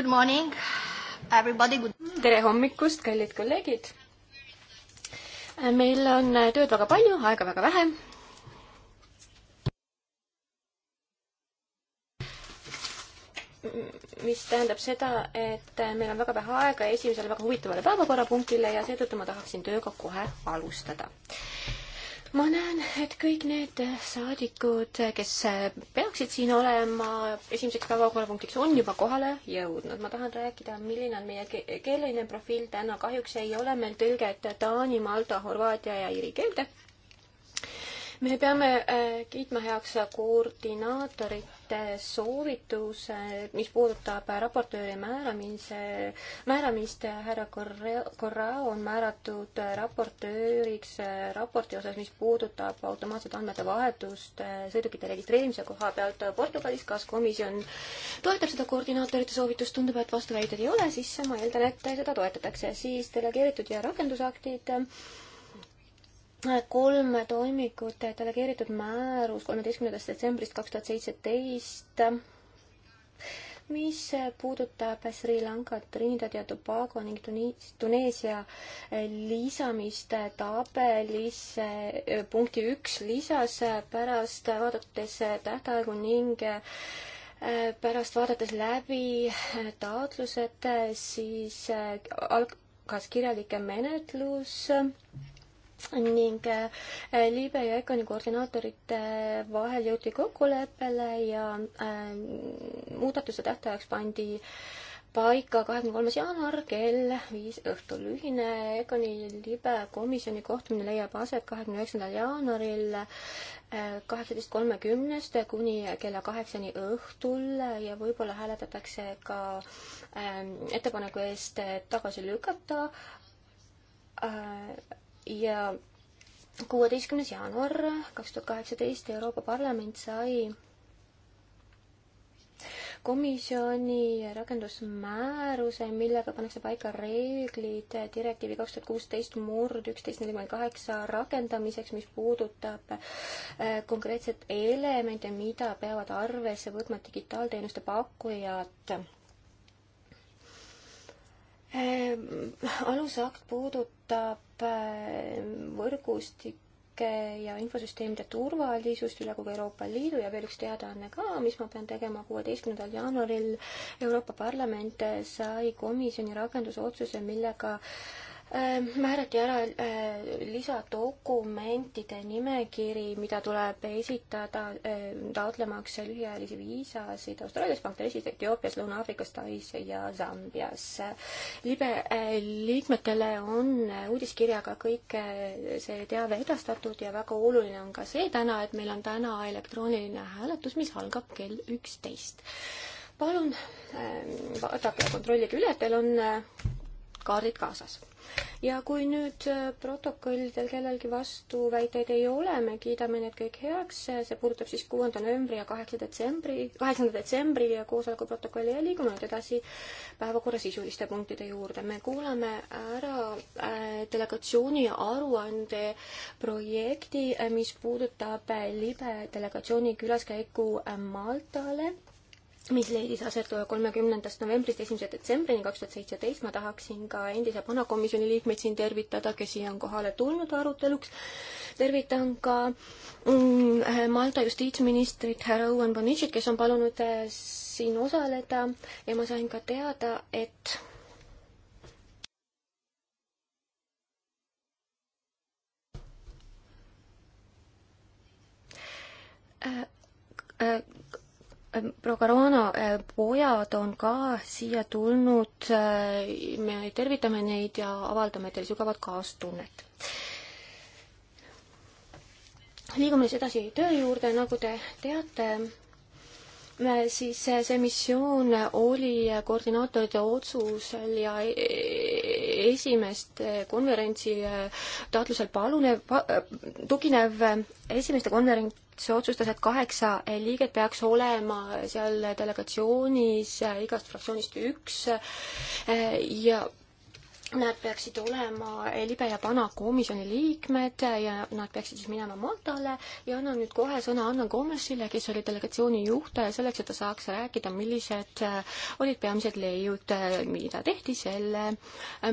Good morning, everybody. Good... tere hommikust, kallid kolleegid. meil on tööd väga palju, aega väga vähe. mis tähendab seda, et meil on väga vähe aega esimesele väga huvitavale päevakorrapunktile ja seetõttu ma tahaksin tööga kohe alustada ma näen, et kõik need saadikud, kes peaksid siin olema, esimeseks päevakorrapunktiks on juba kohale jõudnud. ma tahan rääkida, milline on meie keeleline profiil täna. kahjuks ei ole meil tõlget taani, malta, horvaatia ja iiri keelde. me peame äh, kiitma heaks koordinaatorit ühte soovituse, mis puudutab raportööri määramise, määramist. härra Corrao on määratud raportööriks raporti osas, mis puudutab automaatset andmete vahetust sõidukite registreerimise koha pealt Portugalis. kas komisjon toetab seda koordinaatorite soovitust? tundub, et vastuväiteid ei ole, siis ma eeldan, et seda toetatakse. siis delegeeritud ja rakendusaktid kolm toimikut delegeeritud määrus kolmeteistkümnendast detsembrist kaks tuhat seitseteist, mis puudutab Sri Lankat, Trinidad ja Tobago ning Tunis, Tuneesia lisamist tabelisse punkti üks lisas pärast vaadates tähtaegu ning äh, pärast vaadates läbi taotlused, siis äh, algas kirjalik menetlus ning äh, Liibe ja Econi koordinaatorite vahel jõuti kokkuleppele ja äh, muudatuse tähtajaks pandi paika kahekümne kolmas jaanuar kell viis õhtul. ühine Econi libe komisjoni kohtumine leiab aset kahekümne üheksandal jaanuaril äh, kaheksateist kolmekümnest kuni kella kaheksani õhtul ja võib-olla hääletatakse ka äh, ettepaneku eest tagasi lükata äh, ja kuueteistkümnes jaanuar kaks tuhat kaheksateist Euroopa Parlament sai komisjoni rakendusmääruse, millega pannakse paika reeglid direktiivi kaks tuhat kuusteist murd üksteist nelikümmend kaheksa rakendamiseks, mis puudutab äh, konkreetset elemente, mida peavad arvesse võtma digitaalteenuste pakkujad Ehm, alusakt puudutab ehm, võrgustike ja infosüsteemide turvalisust üle kogu Euroopa Liidu ja veel üks teadaanne ka, mis ma pean tegema kuueteistkümnendal jaanuaril. Euroopa Parlament sai komisjoni rakendusotsuse, millega äh, Äh, määrati ära äh, lisadokumentide nimekiri, mida tuleb esitada äh, taotlemaks lühiajalisi viisasid Austraalias, Bangladeshis, Etioopias, Lõuna-Aafrikas, Tais ja Zambias. libe liikmetele on uudiskirjaga kõik see teave edastatud ja väga oluline on ka see täna, et meil on täna elektrooniline hääletus, mis algab kell üksteist. palun vaadake ja kontrollige üle, et teil on kaardid kaasas ja kui nüüd äh, protokollidel kellelgi vastuväiteid ei ole, me kiidame need kõik heaks, see puudutab siis kuuenda novembri ja kaheksa detsembri, kaheksanda detsembri koosoleku protokolli ja liigume nüüd edasi päevakorra sisuliste punktide juurde. me kuulame ära äh, delegatsiooni aruande projekti, äh, mis puudutab libe delegatsiooni külaskäiku Maltale mis leidis aset kolmekümnendast novembrist esimese detsembrini kaks tuhat seitseteist. ma tahaksin ka endise vanakomisjoni liikmeid siin tervitada, kes siia on kohale tulnud aruteluks. tervitan ka mm, Malta justiitsministrit härra Owen Bonicit, kes on palunud äh, siin osaleda ja ma sain ka teada, et äh, äh, Äh, proua Caruana äh, pojad on ka siia tulnud, äh, me tervitame neid ja avaldame teile sügavat kaastunnet. liigume siis edasi töö juurde, nagu te teate, siis see missioon oli koordinaatorite otsusel ja e-, e-, esimest konverentsi taotlusel palune, tuginev esimeste konverentsi juhatus otsustas, et kaheksa liiget peaks olema seal delegatsioonis, igast fraktsioonist üks ja Nad peaksid olema eh, libe ja pana komisjoni liikmed ja nad peaksid siis minema Maltale ja annan nüüd kohe sõna Anna Gomesile, kes oli delegatsiooni juhtaja, eh, selleks et ta saaks rääkida, millised eh, olid peamised leiud, mida tehti selle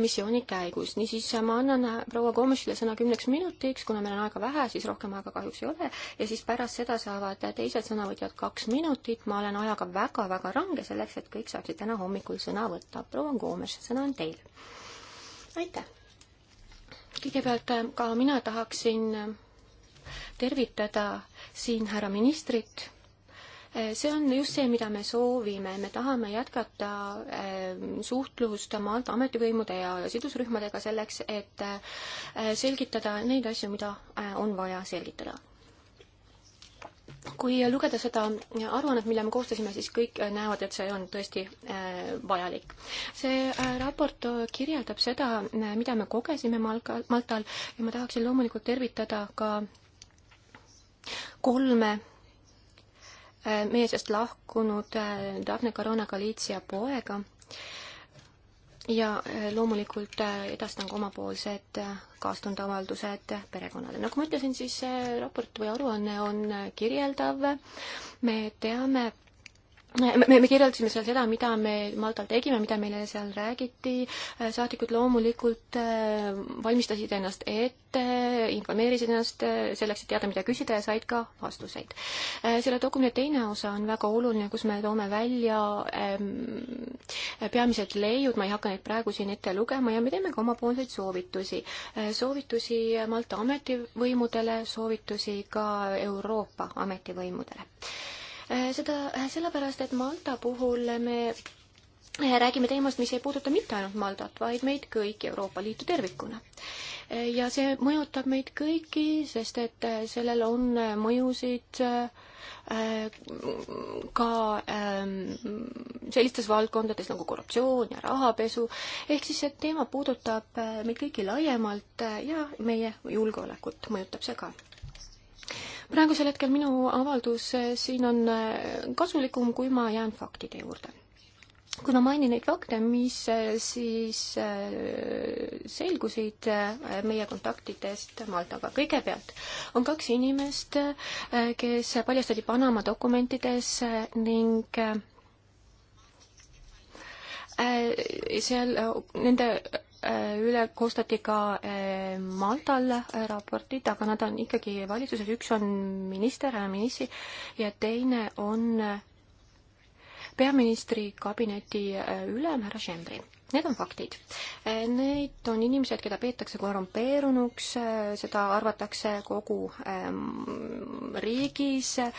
missiooni käigus. niisiis ma annan proua Gomesile sõna kümneks minutiks, kuna meil on aega vähe, siis rohkem aega kahjuks ei ole ja siis pärast seda saavad teised sõnavõtjad kaks minutit. ma olen ajaga väga-väga range selleks, et kõik saaksid täna hommikul sõna võtta. proua Gomes, sõna on teil aitäh! kõigepealt äh, ka mina tahaksin äh, tervitada siin härra ministrit äh, see on just see, mida me soovime, me tahame jätkata suhtlust Malta ametivõimude ja sidusrühmadega selleks, et selgitada neid asju, mida on vaja selgitada kui lugeda seda aruannet, mille me koostasime, siis kõik näevad, et see on tõesti äh, vajalik. see äh, raport äh, kirjeldab seda, mida me kogesime Malka, Maltal ja ma tahaksin loomulikult tervitada ka kolme meie seast lahkunud Daphne Caruana Galizia poega ja eh, loomulikult eh, edastan ka omapoolsed eh, kaastundavaldused perekonnale. nagu ma ütlesin, siis see raport või aruanne on kirjeldav. me teame me, me kirjeldasime seal seda, mida me Maltal tegime, mida meile seal räägiti, saadikud loomulikult äh, valmistasid ennast ette, informeerisid ennast äh, selleks, et teada, mida küsida ja said ka vastuseid. Äh, selle dokumendi teine osa on väga oluline, kus me toome välja ähm, peamised leiud, ma ei hakka neid praegu siin ette lugema ja me teeme ka omapoolseid soovitusi. soovitusi Malta ametivõimudele, soovitusi ka Euroopa ametivõimudele Äh, seda äh, sellepärast, et Malta puhul me äh, räägime teemast, mis ei puuduta mitte ainult Maldat, vaid meid kõiki Euroopa Liitu tervikuna. ja see mõjutab meid kõiki, sest et sellel on mõjusid ka ähm, sellistes valdkondades nagu korruptsioon ja rahapesu, ehk siis see teema puudutab meid kõiki laiemalt ja meie julgeolekut mõjutab see ka praegusel hetkel minu avaldus eh, siin on eh, kasulikum, kui ma jään faktide juurde. kui ma mainin neid fakte, mis eh, siis selgusid meie kontaktidest Maltaga. kõigepealt on kaks inimest, kes paljastati Panama dokumentides ning seal nende Äh, üle koostati ka äh, Maltal äh, raportid, aga nad on ikkagi valitsuses, üks on minister, ministri, ja teine on peaministri kabineti ülem, härra Schembri. Need on faktid. Need on inimesed, keda peetakse korrumpeerunuks, seda arvatakse kogu ähm, riigis äh,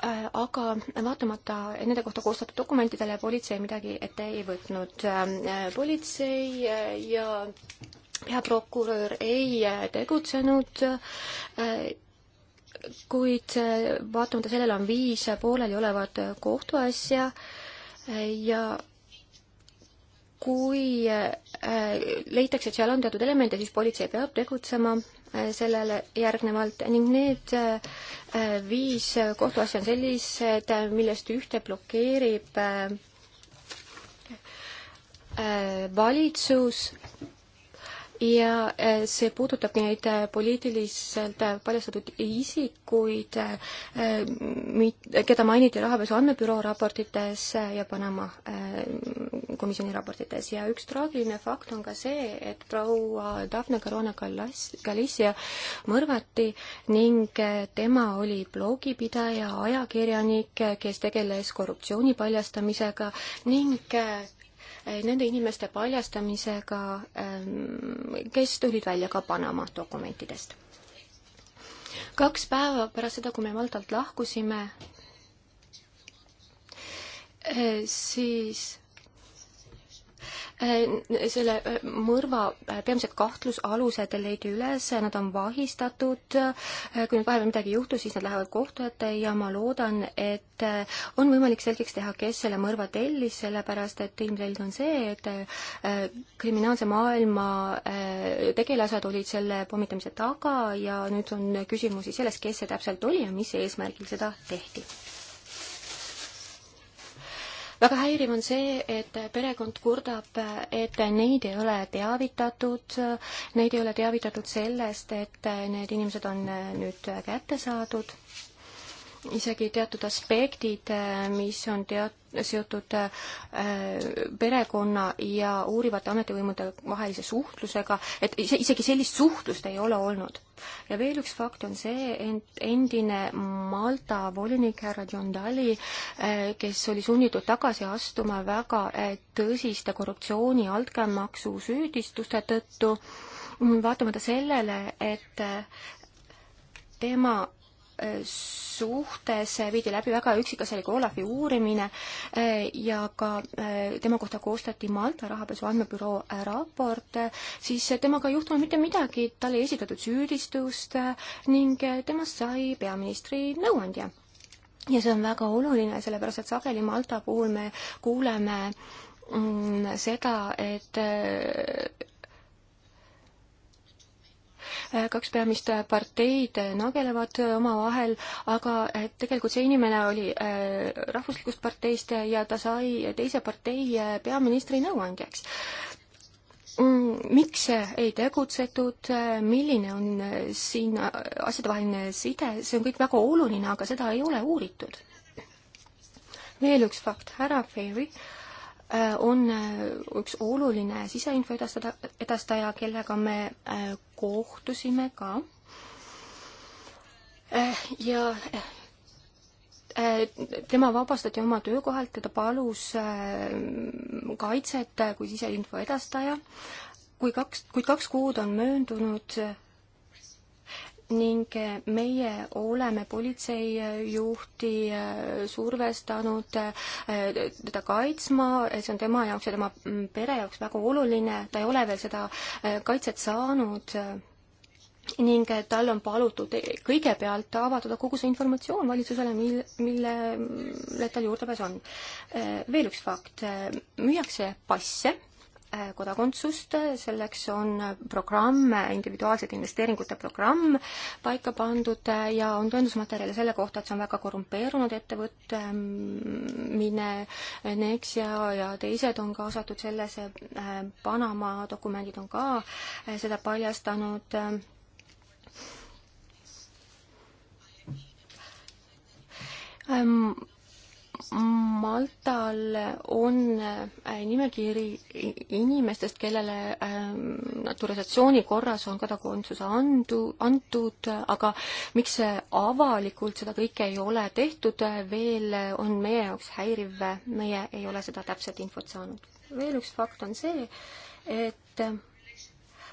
Äh, aga vaatamata nende kohta koostatud dokumentidele politsei midagi ette ei võtnud. Ähm, äh, politsei äh, ja peaprokurör ei tegutsenud, kuid vaatamata sellele on viis pooleliolevat kohtuasja ja kui leitakse, et seal on teatud elemente, siis politsei peab tegutsema Äh, sellele järgnevalt ning need äh, viis kohtuasja on sellised, äh, millest ühte blokeerib valitsus ja see puudutab neid poliitiliselt paljastatud isikuid, keda mainiti rahapesu andmebüroo raportites ja Panama komisjoni raportites ja üks traagiline fakt on ka see, et proua Daphne Caruana Galicia mõrvati ning tema oli blogipidaja, ajakirjanik, kes tegeles korruptsiooni paljastamisega ning eh, nende inimeste paljastamisega, ehm, kes tulid välja ka Panama dokumentidest. kaks päeva pärast seda, kui me Maltalt lahkusime, eh, siis Äh, selle äh, mõrva äh, peamised kahtlusalused leidi üles, nad on vahistatud, kui nüüd vahel midagi juhtus, siis nad lähevad kohtu ette ja ma loodan, et on võimalik selgeks teha, kes selle mõrva tellis, sellepärast et ilmselge on see, et kriminaalse maailma tegelased olid selle pommitamise taga ja nüüd on küsimusi selles, kes see täpselt oli ja mis eesmärgil seda tehti väga häiriv on see, et perekond kurdab, et neid ei ole teavitatud, neid ei ole teavitatud sellest, et need inimesed on nüüd kätte saadud isegi teatud aspektid, eh, mis on teat-, seotud eh, perekonna ja uurivate ametivõimude vahelise suhtlusega, et isegi sellist suhtlust ei ole olnud. ja veel üks fakt on see, et endine Malta volinik härra John Daly, eh, kes oli sunnitud tagasi astuma väga tõsiste korruptsiooni altkäemaksu süüdistuste tõttu, vaatamata sellele, et tema suhtes viidi läbi väga üksikasjalik Olavi uurimine eh, ja ka eh, tema kohta koostati Malta rahapesu andmebüroo eh, raport, siis temaga ei juhtunud mitte midagi, talle ei esitatud süüdistust ning temast sai peaministri nõuandja. ja see on väga oluline, sellepärast et sageli Malta puhul me kuuleme mm, seda, et kaks peamist parteid nagelevad omavahel, aga eh, tegelikult see inimene oli eh, rahvuslikust parteist ja ta sai teise partei eh, peaministri nõuandjaks mm, miks ei tegutsetud, milline on siin äh, asjadevaheline side, see on kõik väga oluline, aga seda ei ole uuritud. veel üks fakt, härra Ferry äh, Äh, on äh, üks oluline siseinfo edastada, edastaja, kellega me äh, kohtusime ka. ja tema vabastati oma töökohalt, teda palus kaitset kui siseinfo edastaja. kui kaks, kuid kaks kuud on möödunud ning meie oleme politseijuhti äh, survestanud äh, teda kaitsma, see on tema jaoks ja tema mm, pere jaoks väga oluline, ta ei ole veel seda äh, kaitset saanud ning tal on palutud kõigepealt avaldada kogu see informatsioon valitsusele, mil, millele tal juurdepääs on. veel üks fakt, müüakse passe Äh, kodakondsust, selleks on programm, individuaalsete investeeringute programm paika pandud ja on tõendusmaterjale selle kohta, et see on väga korrumpeerunud ettevõtmine, Nexia ja teised on kaasatud sellesse, äh, Panama dokumendid on ka äh, seda paljastanud ähm, Maltal on äh, nimekiri inimestest, kellele ähm, naturalisatsiooni korras on kodakondsus andu, antud, aga miks avalikult seda kõike ei ole tehtud veel, on meie jaoks häiriv, meie ei ole seda täpset infot saanud. veel üks fakt on see, et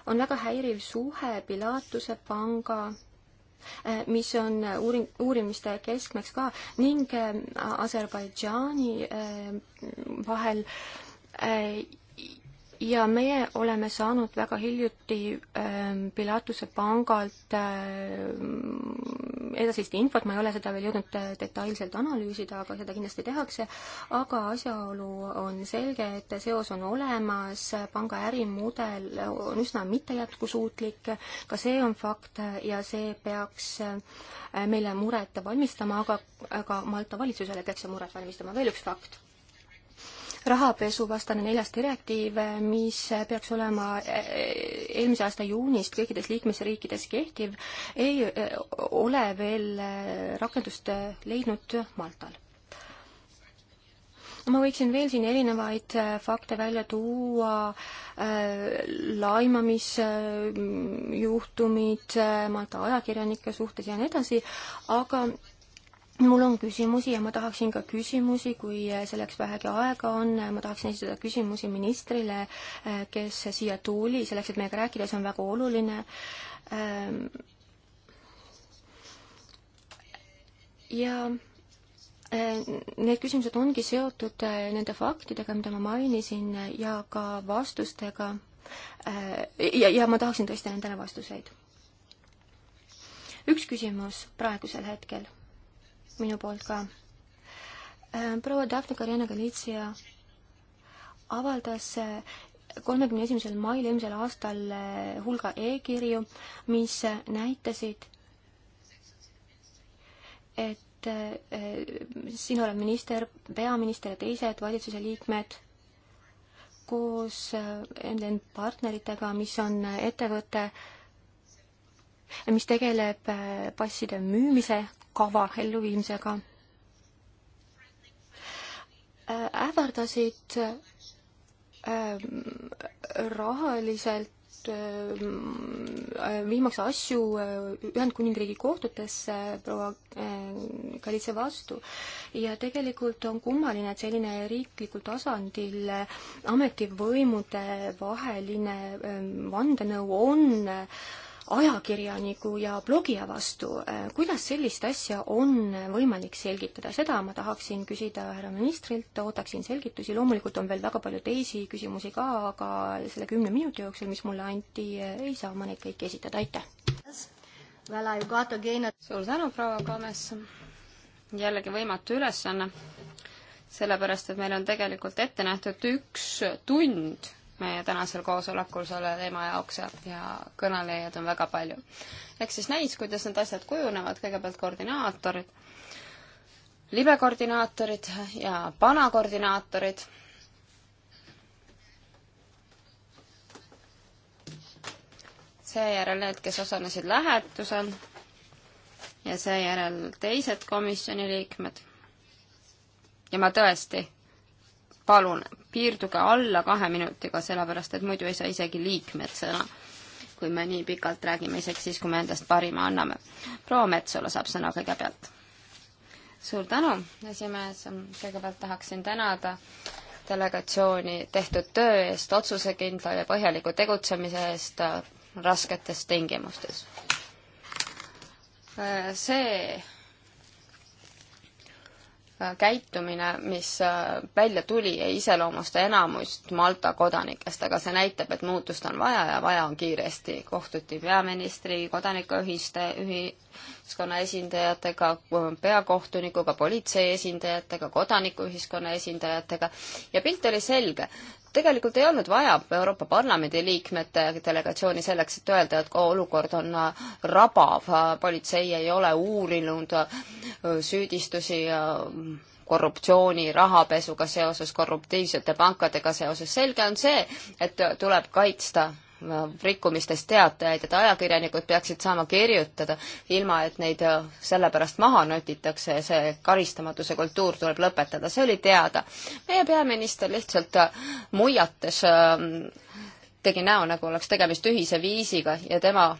on väga häiriv suhe Pilatuse panga Äh, mis on uuring, uurimiste keskmeks ka ning äh, Aserbaidžaani äh, vahel ja meie oleme saanud väga hiljuti ähm, Pilatuse pangalt ähm, edasist infot, ma ei ole seda veel jõudnud äh, detailselt analüüsida, aga seda kindlasti tehakse, aga asjaolu on selge, et seos on olemas, panga ärimudel on üsna mittejätkusuutlik, ka see on fakt ja see peaks äh, meile muret valmistama, aga ka Malta valitsusele peaks see muret valmistama, veel üks fakt rahapesuvastane neljas direktiiv, mis peaks olema eh, eelmise aasta juunist kõikides liikmesriikides kehtiv, ei eh, ole veel eh, rakendust leidnud Maltal. ma võiksin veel siin erinevaid fakte välja tuua, laimamisjuhtumid Malta ajakirjanike suhtes ja nii edasi, aga mul on küsimusi ja ma tahaksin ka küsimusi, kui eh, selleks vähegi aega on, ma tahaksin esitada küsimusi ministrile, eh, kes siia tuli, selleks et meiega rääkida, see on väga oluline. Ehm, ja eh, Need küsimused ongi seotud nende faktidega, mida ma mainisin ja ka vastustega. ja, ja ma tahaksin tõesti nendele vastuseid. üks küsimus praegusel hetkel minu poolt ka. Äh, proua Daphne Caruana Galizia avaldas äh, kolmekümne esimesel mail eelmisel aastal äh, hulga e-kirju, mis näitasid, et siin olev minister, peaminister ja teised valitsuse liikmed koos NLN partneritega, mis on ettevõte, mis tegeleb passide müümise kava elluviimisega. Äh, ähvardasid ähm, rahaliselt ähm, viimaks asju äh, Ühendkuningriigi kohtutesse proua Kalitse äh, vastu ja tegelikult on kummaline, et selline riiklikul tasandil ametivõimude vaheline ähm, vandenõu on ajakirjaniku ja blogija vastu. kuidas sellist asja on võimalik selgitada, seda ma tahaksin küsida härra ministrilt, ootaksin selgitusi, loomulikult on veel väga palju teisi küsimusi ka, aga selle kümne minuti jooksul, mis mulle anti, ei saa ma neid kõiki esitada, aitäh! suur tänu, proua Kames! jällegi võimatu ülesanne, sellepärast et meil on tegelikult ette nähtud üks tund meie tänasel koosolekul selle teema jaoks ja, ja kõnelejaid on väga palju. eks siis näis, kuidas need asjad kujunevad, kõigepealt koordinaatorid, libekoordinaatorid ja panakoordinaatorid. seejärel need, kes osalesid lähetusel ja seejärel teised komisjoni liikmed. ja ma tõesti palun piirduge alla kahe minutiga, sellepärast et muidu ei saa isegi liikmed sõna. kui me nii pikalt räägime, isegi siis, kui me endast parima anname. proua Metsola saab sõna kõigepealt. suur tänu, esimees, kõigepealt tahaksin tänada delegatsiooni tehtud töö eest, otsusekindla ja põhjaliku tegutsemise eest rasketes tingimustes. see Äh, käitumine, mis äh, välja tuli, ei iseloomusta enamust Malta kodanikest, aga see näitab, et muutust on vaja ja vaja on kiiresti. kohtuti peaministri, kodanikuühiste, ühiskonna esindajatega, peakohtunikuga, politsei esindajatega, kodanikuühiskonna esindajatega ja pilt oli selge tegelikult ei olnud vaja Euroopa Parlamendi liikmete delegatsiooni selleks, et öelda, et olukord on äh, rabav, politsei ei ole uurinud äh, süüdistusi äh, korruptsiooni, rahapesuga seoses, korruptiivsete pankadega seoses. selge on see, et tuleb kaitsta rikkumistest teatajaid, et ajakirjanikud peaksid saama kirjutada, ilma et neid äh, selle pärast maha notitakse ja see karistamatuse kultuur tuleb lõpetada, see oli teada. meie peaminister lihtsalt äh, muiates ähm, tegi näo, nagu oleks tegemist ühise viisiga ja tema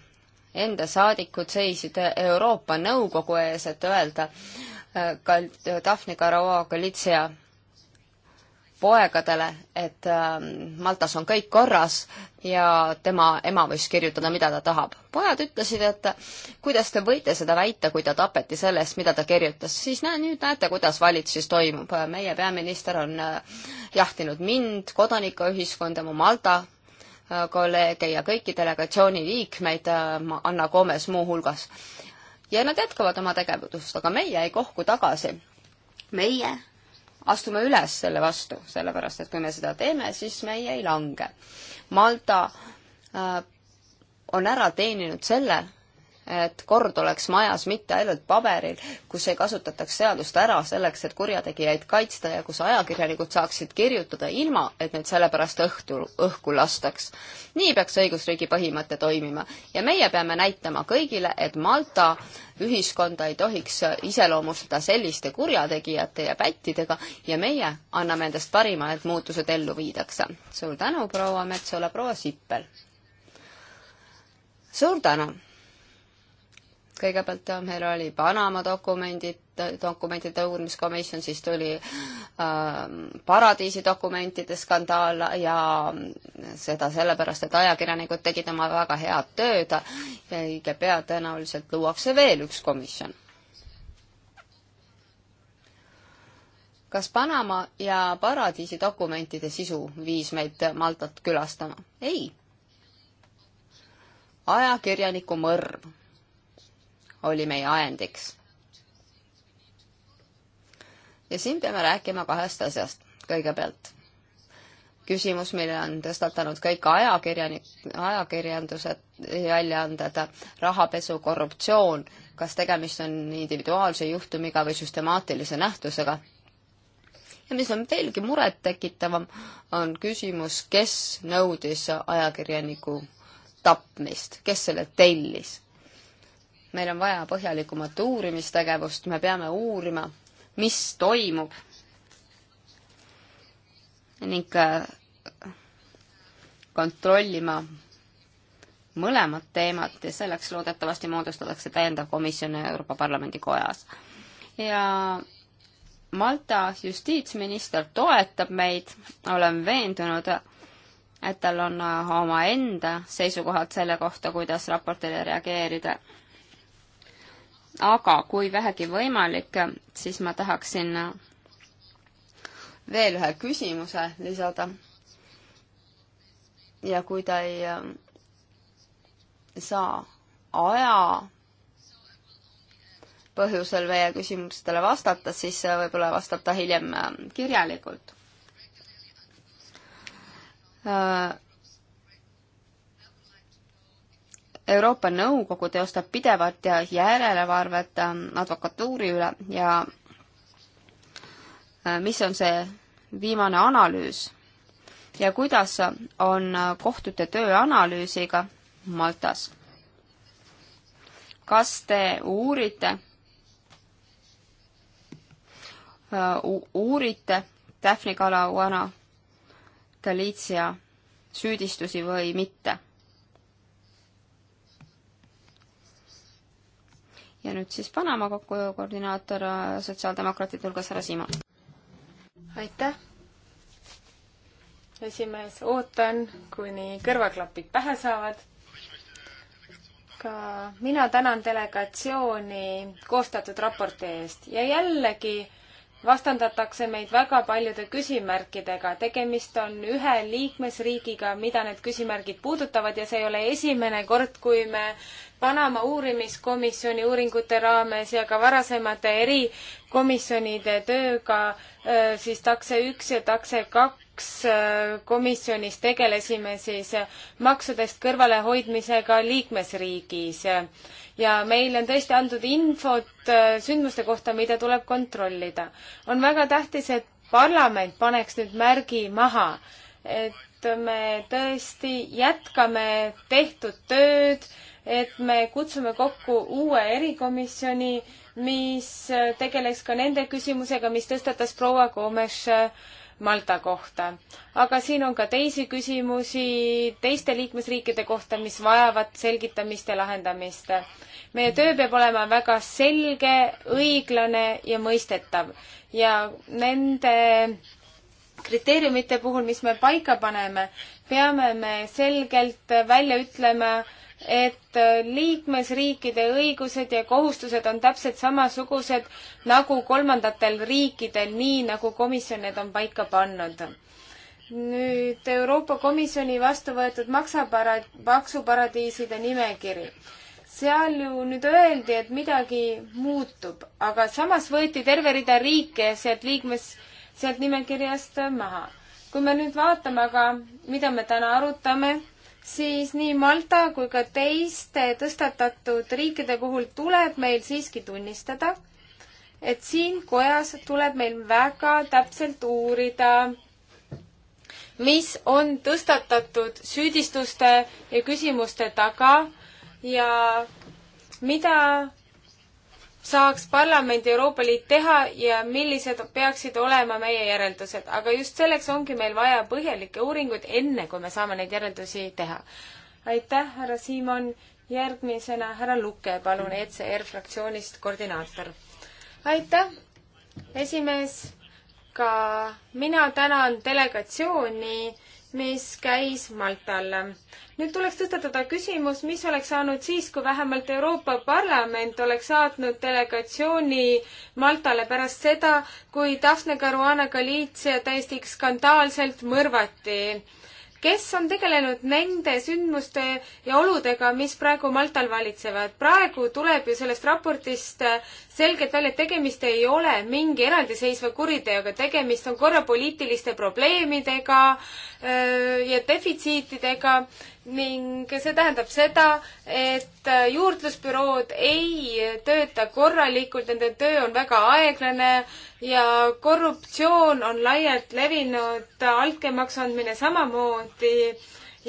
enda saadikud seisid Euroopa Nõukogu ees, et öelda äh, Daphne Caruana Galizia poegadele, et ähm, Maltas on kõik korras ja tema ema võis kirjutada, mida ta tahab. pojad ütlesid, et kuidas te võite seda väita, kui ta tapeti selle eest, mida ta kirjutas, siis näe, nüüd näete, kuidas valitsus toimub. meie peaminister on äh, jahtinud mind, kodanikuühiskonda, mu Malta äh, kolleege ja kõiki delegatsiooni liikmeid, äh, Anna Gomes muuhulgas. ja nad jätkavad oma tegevust, aga meie ei kohku tagasi. meie astume üles selle vastu, sellepärast et kui me seda teeme, siis meie ei lange. Malta äh, on ära teeninud selle, et kord oleks majas mitte ainult paberil, kus ei kasutataks seadust ära selleks, et kurjategijaid kaitsta ja kus ajakirjanikud saaksid kirjutada ilma, et neid sellepärast õhtu, õhku lastaks. nii peaks õigusriigi põhimõte toimima ja meie peame näitama kõigile, et Malta ühiskonda ei tohiks iseloomustada selliste kurjategijate ja pättidega ja meie anname endast parima, et muutused ellu viidakse. suur tänu, proua Metsola, proua Sippel! suur tänu! kõigepealt meil oli Panama dokumendid, dokumentide uurimiskomisjon, siis tuli äh, paradiisi dokumentide skandaal ja seda sellepärast, et ajakirjanikud tegid oma väga head tööd ja õige pea tõenäoliselt luuakse veel üks komisjon. kas Panama ja paradiisi dokumentide sisu viis meid Maltat külastama? ei. ajakirjaniku mõrv oli meie ajendiks. ja siin peame rääkima kahest asjast. kõigepealt küsimus, mille on tõstatanud kõik ajakirjanik, ajakirjandused, väljaanded, rahapesu, korruptsioon, kas tegemist on individuaalse juhtumiga või süstemaatilise nähtusega ja mis on veelgi murettekitavam, on küsimus, kes nõudis ajakirjaniku tapmist, kes selle tellis meil on vaja põhjalikumat uurimistegevust, me peame uurima, mis toimub. ning äh, kontrollima mõlemat teemat ja selleks loodetavasti moodustatakse täiendav komisjon Euroopa Parlamendi kojas. ja Malta justiitsminister toetab meid, olen veendunud, et tal on omaenda seisukohad selle kohta, kuidas raportile reageerida aga kui vähegi võimalik, siis ma tahaksin veel ühe küsimuse lisada. ja kui ta ei äh, saa aja põhjusel meie küsimustele vastata, siis äh, võib-olla vastab ta hiljem äh, kirjalikult Euroopa Nõukogu teostab pidevat järelevalvet ähm, advokatuuri üle ja äh, mis on see viimane analüüs ja kuidas on äh, kohtute töö analüüsiga Maltas? kas te uurite äh, uurite Daphne Caruana Galizia süüdistusi või mitte? ja nüüd siis Panama kokkuhoiu koordinaator äh, sotsiaaldemokraatide hulgas, härra Siimann. aitäh! esimees, ootan, kuni kõrvaklapid pähe saavad. ka mina tänan delegatsiooni koostatud raporti eest ja jällegi vastandatakse meid väga paljude küsimärkidega. tegemist on ühe liikmesriigiga, mida need küsimärgid puudutavad ja see ei ole esimene kord, kui me Panama uurimiskomisjoni uuringute raames ja ka varasemate erikomisjonide tööga äh, siis takse üks ja takse kaks äh, komisjonis tegelesime siis maksudest kõrvalehoidmisega liikmesriigis. ja meile on tõesti antud infot äh, sündmuste kohta, mida tuleb kontrollida. on väga tähtis, et parlament paneks nüüd märgi maha, et me tõesti jätkame tehtud tööd, et me kutsume kokku uue erikomisjoni, mis tegeleks ka nende küsimusega, mis tõstatas proua Gomes Malta kohta. aga siin on ka teisi küsimusi teiste liikmesriikide kohta, mis vajavad selgitamist ja lahendamist. meie töö peab olema väga selge, õiglane ja mõistetav ja nende kriteeriumite puhul, mis me paika paneme, peame me selgelt välja ütlema, et äh, liikmesriikide õigused ja kohustused on täpselt samasugused nagu kolmandatel riikidel, nii nagu komisjon need on paika pannud. nüüd Euroopa Komisjoni vastu võetud maksapara-, maksuparadiiside nimekiri. seal ju nüüd öeldi, et midagi muutub, aga samas võeti terve rida riike sealt liikmes, sealt nimekirjast maha. kui me nüüd vaatame aga, mida me täna arutame, siis nii Malta kui ka teiste tõstatatud riikide puhul tuleb meil siiski tunnistada, et siin kojas tuleb meil väga täpselt uurida, mis on tõstatatud süüdistuste ja küsimuste taga ja mida saaks parlament Euroopa Liit teha ja millised peaksid olema meie järeldused, aga just selleks ongi meil vaja põhjalikke uuringuid, enne kui me saame neid järeldusi teha. aitäh, härra Siimon, järgmisena härra Luke, palun, ECR fraktsioonist koordinaator. aitäh, esimees, ka mina tänan delegatsiooni mis käis Maltal. nüüd tuleks tõstatada küsimus, mis oleks saanud siis, kui vähemalt Euroopa Parlament oleks saatnud delegatsiooni Maltale pärast seda, kui Daphne Caruana Galizia täiesti skandaalselt mõrvati kes on tegelenud nende sündmuste ja oludega, mis praegu Maltal valitsevad. praegu tuleb ju sellest raportist äh, selgelt välja, et tegemist ei ole mingi eraldiseisva kuriteoga, tegemist on korra poliitiliste probleemidega äh, ja defitsiitidega ning see tähendab seda, et juurdlusbürood ei tööta korralikult, nende töö on väga aeglane ja korruptsioon on laialt levinud, altkäemaksu andmine samamoodi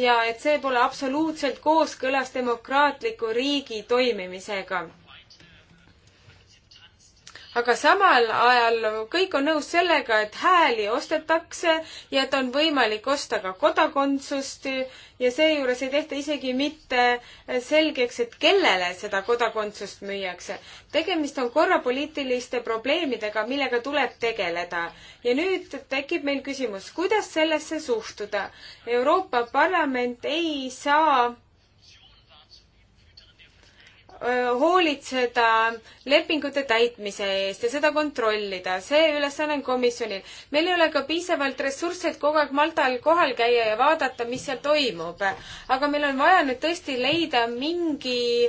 ja et see pole absoluutselt kooskõlas demokraatliku riigi toimimisega aga samal ajal kõik on nõus sellega, et hääli ostetakse ja et on võimalik osta ka kodakondsust ja seejuures ei tehta isegi mitte selgeks, et kellele seda kodakondsust müüakse. tegemist on korrapoliitiliste probleemidega, millega tuleb tegeleda. ja nüüd tekib meil küsimus, kuidas sellesse suhtuda. Euroopa Parlament ei saa hoolitseda lepingute täitmise eest ja seda kontrollida. see ülesanne on komisjonil. meil ei ole ka piisavalt ressursse, et kogu aeg Maltal kohal käia ja vaadata, mis seal toimub. aga meil on vaja nüüd tõesti leida mingi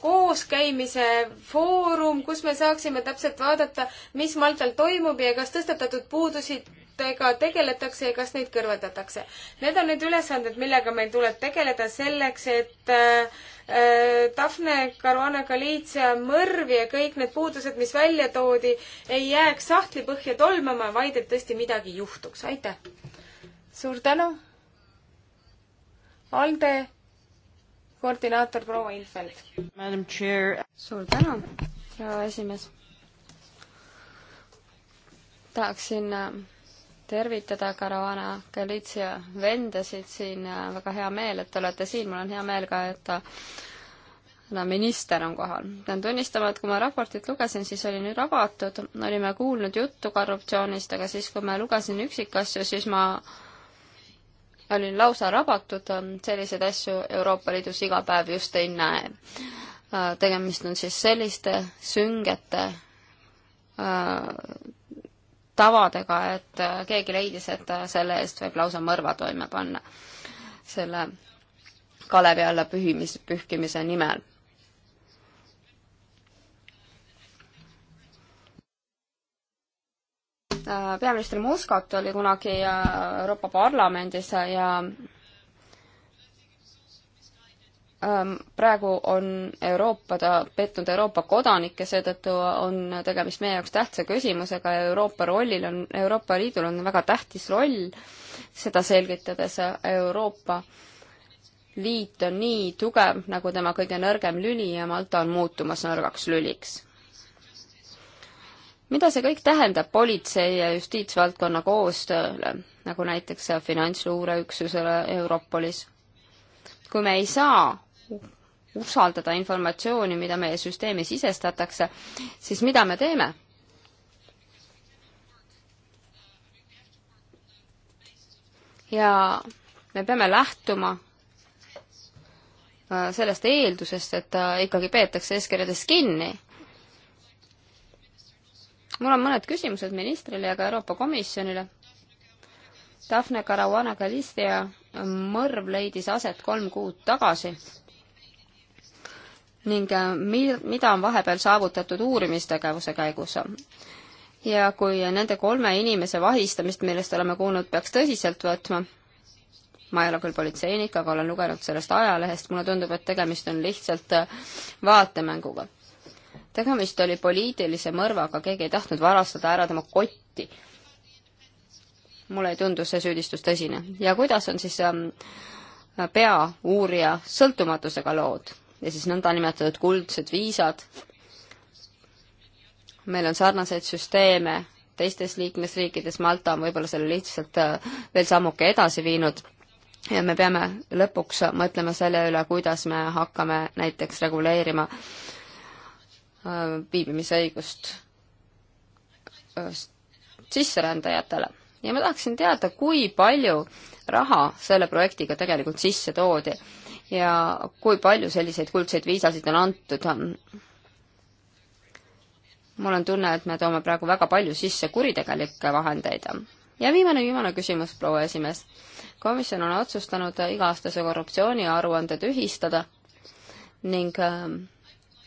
kooskäimise foorum, kus me saaksime täpselt vaadata, mis Maltal toimub ja kas tõstatatud puudusid tega tegeletakse ja kas neid kõrvaldatakse. Need on need ülesanded, millega meil tuleb tegeleda selleks, et äh, äh Daphne Caruana Galizia mõrv ja kõik need puudused, mis välja toodi, ei jääks sahtlipõhja tolmama, vaid et tõesti midagi juhtuks. aitäh! suur tänu! ALDE koordinaator proua Infeld. suur tänu, proua esimees! tahaksin äh, tervitada Caravana Galizia vendasid siin, väga hea meel, et te olete siin, mul on hea meel ka, et no minister on kohal. pean tunnistama, et kui ma raportit lugesin, siis olin nüüd avatud, olime kuulnud juttu korruptsioonist, aga siis, kui ma lugesin üksikasju, siis ma olin lausa rabatud, selliseid asju Euroopa Liidus iga päev just ei näe. Äh, tegemist on siis selliste süngete äh, tavadega, et äh, keegi leidis, et äh, selle eest võib lausa mõrva toime panna. selle kalevi alla pühimis, pühkimise nimel. Äh, peaminister Muscat oli kunagi Euroopa Parlamendis ja Ähm, praegu on Euroopa, ta petnud Euroopa kodanikke, seetõttu on tegemist meie jaoks tähtsa küsimusega ja Euroopa rollil on, Euroopa Liidul on väga tähtis roll, seda selgitades Euroopa Liit on nii tugev, nagu tema kõige nõrgem lüli ja Malta on muutumas nõrgaks lüliks. mida see kõik tähendab politsei ja justiitsvaldkonna koostööle, nagu näiteks finantsluureüksusele Europolis? kui me ei saa usaldada informatsiooni, mida meie süsteemi sisestatakse, siis mida me teeme? ja me peame lähtuma äh, sellest eeldusest, et äh, ikkagi peetakse eeskirjadest kinni. mul on mõned küsimused ministrile ja ka Euroopa Komisjonile. Daphne Caruana Galizia mõrv leidis aset kolm kuud tagasi ning äh, mi-, mida on vahepeal saavutatud uurimistegevuse käigus. ja kui nende kolme inimese vahistamist, millest oleme kuulnud, peaks tõsiselt võtma, ma ei ole küll politseinik, aga olen lugenud sellest ajalehest, mulle tundub, et tegemist on lihtsalt äh, vaatemänguga. tegemist oli poliitilise mõrvaga, keegi ei tahtnud varastada ära tema kotti. mulle ei tundu see süüdistus tõsine. ja kuidas on siis ähm, peauurija sõltumatusega lood? ja siis nõndanimetatud kuldsed viisad. meil on sarnaseid süsteeme teistes liikmesriikides, Malta on võib-olla selle lihtsalt äh, veel sammuke edasi viinud ja me peame lõpuks mõtlema selle üle, kuidas me hakkame näiteks reguleerima äh, viibimisõigust äh, sisserändajatele. ja ma tahaksin teada, kui palju raha selle projektiga tegelikult sisse toodi ja kui palju selliseid kuldseid viisasid on antud. mul on tunne, et me toome praegu väga palju sisse kuritegelikke vahendeid. ja viimane, viimane küsimus, proua esimees. komisjon on otsustanud iga-aastase korruptsiooniaruande tühistada ning äh,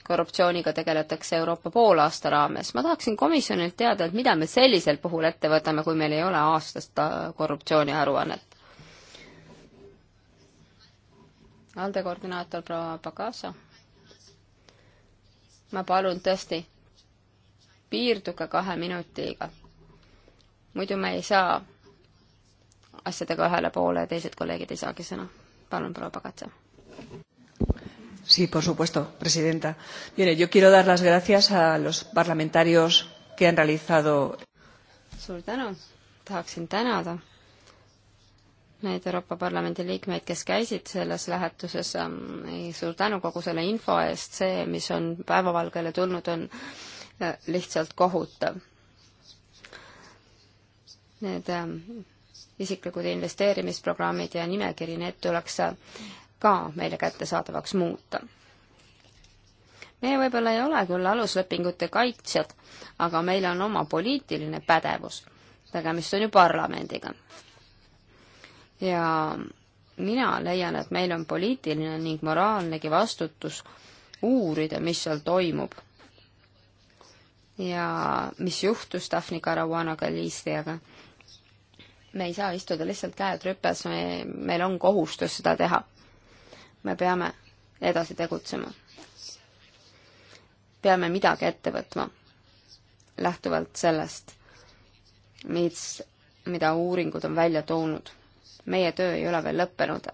korruptsiooniga tegeletakse Euroopa poolaasta raames. ma tahaksin komisjonilt teada, et mida me sellisel puhul ette võtame, kui meil ei ole aastast äh, korruptsiooniaruannet? ALDE koordinaator proua Pagasa. ma palun tõesti, piirduge kahe minutiga. muidu me ei saa asjadega ühele poole ja teised kolleegid ei saagi sõna. palun, proua Pagatsa. Sí, por supuesto, presidenta. Mire, yo quiero dar las gracias a los parlamentarios que han realizado. Suur tänu, tahaksin tänada neid Euroopa Parlamendi liikmeid, kes käisid selles lähetuses. Ähm, suur tänu kogu selle info eest, see, mis on päevavalgele tulnud, on äh, lihtsalt kohutav. Need ähm, isiklikud investeerimisprogrammid ja nimekiri, need tuleks äh, ka meile kättesaadavaks muuta. meie võib-olla ei ole küll aluslepingute kaitsjad, aga meil on oma poliitiline pädevus. tegemist on ju parlamendiga ja mina leian, et meil on poliitiline ning moraalnegi vastutus uurida, mis seal toimub. ja mis juhtus Daphne Caruana Galiziaga. me ei saa istuda lihtsalt käed rüpes, me, meil on kohustus seda teha. me peame edasi tegutsema. peame midagi ette võtma, lähtuvalt sellest, mis, mida uuringud on välja toonud meie töö ei ole veel lõppenud.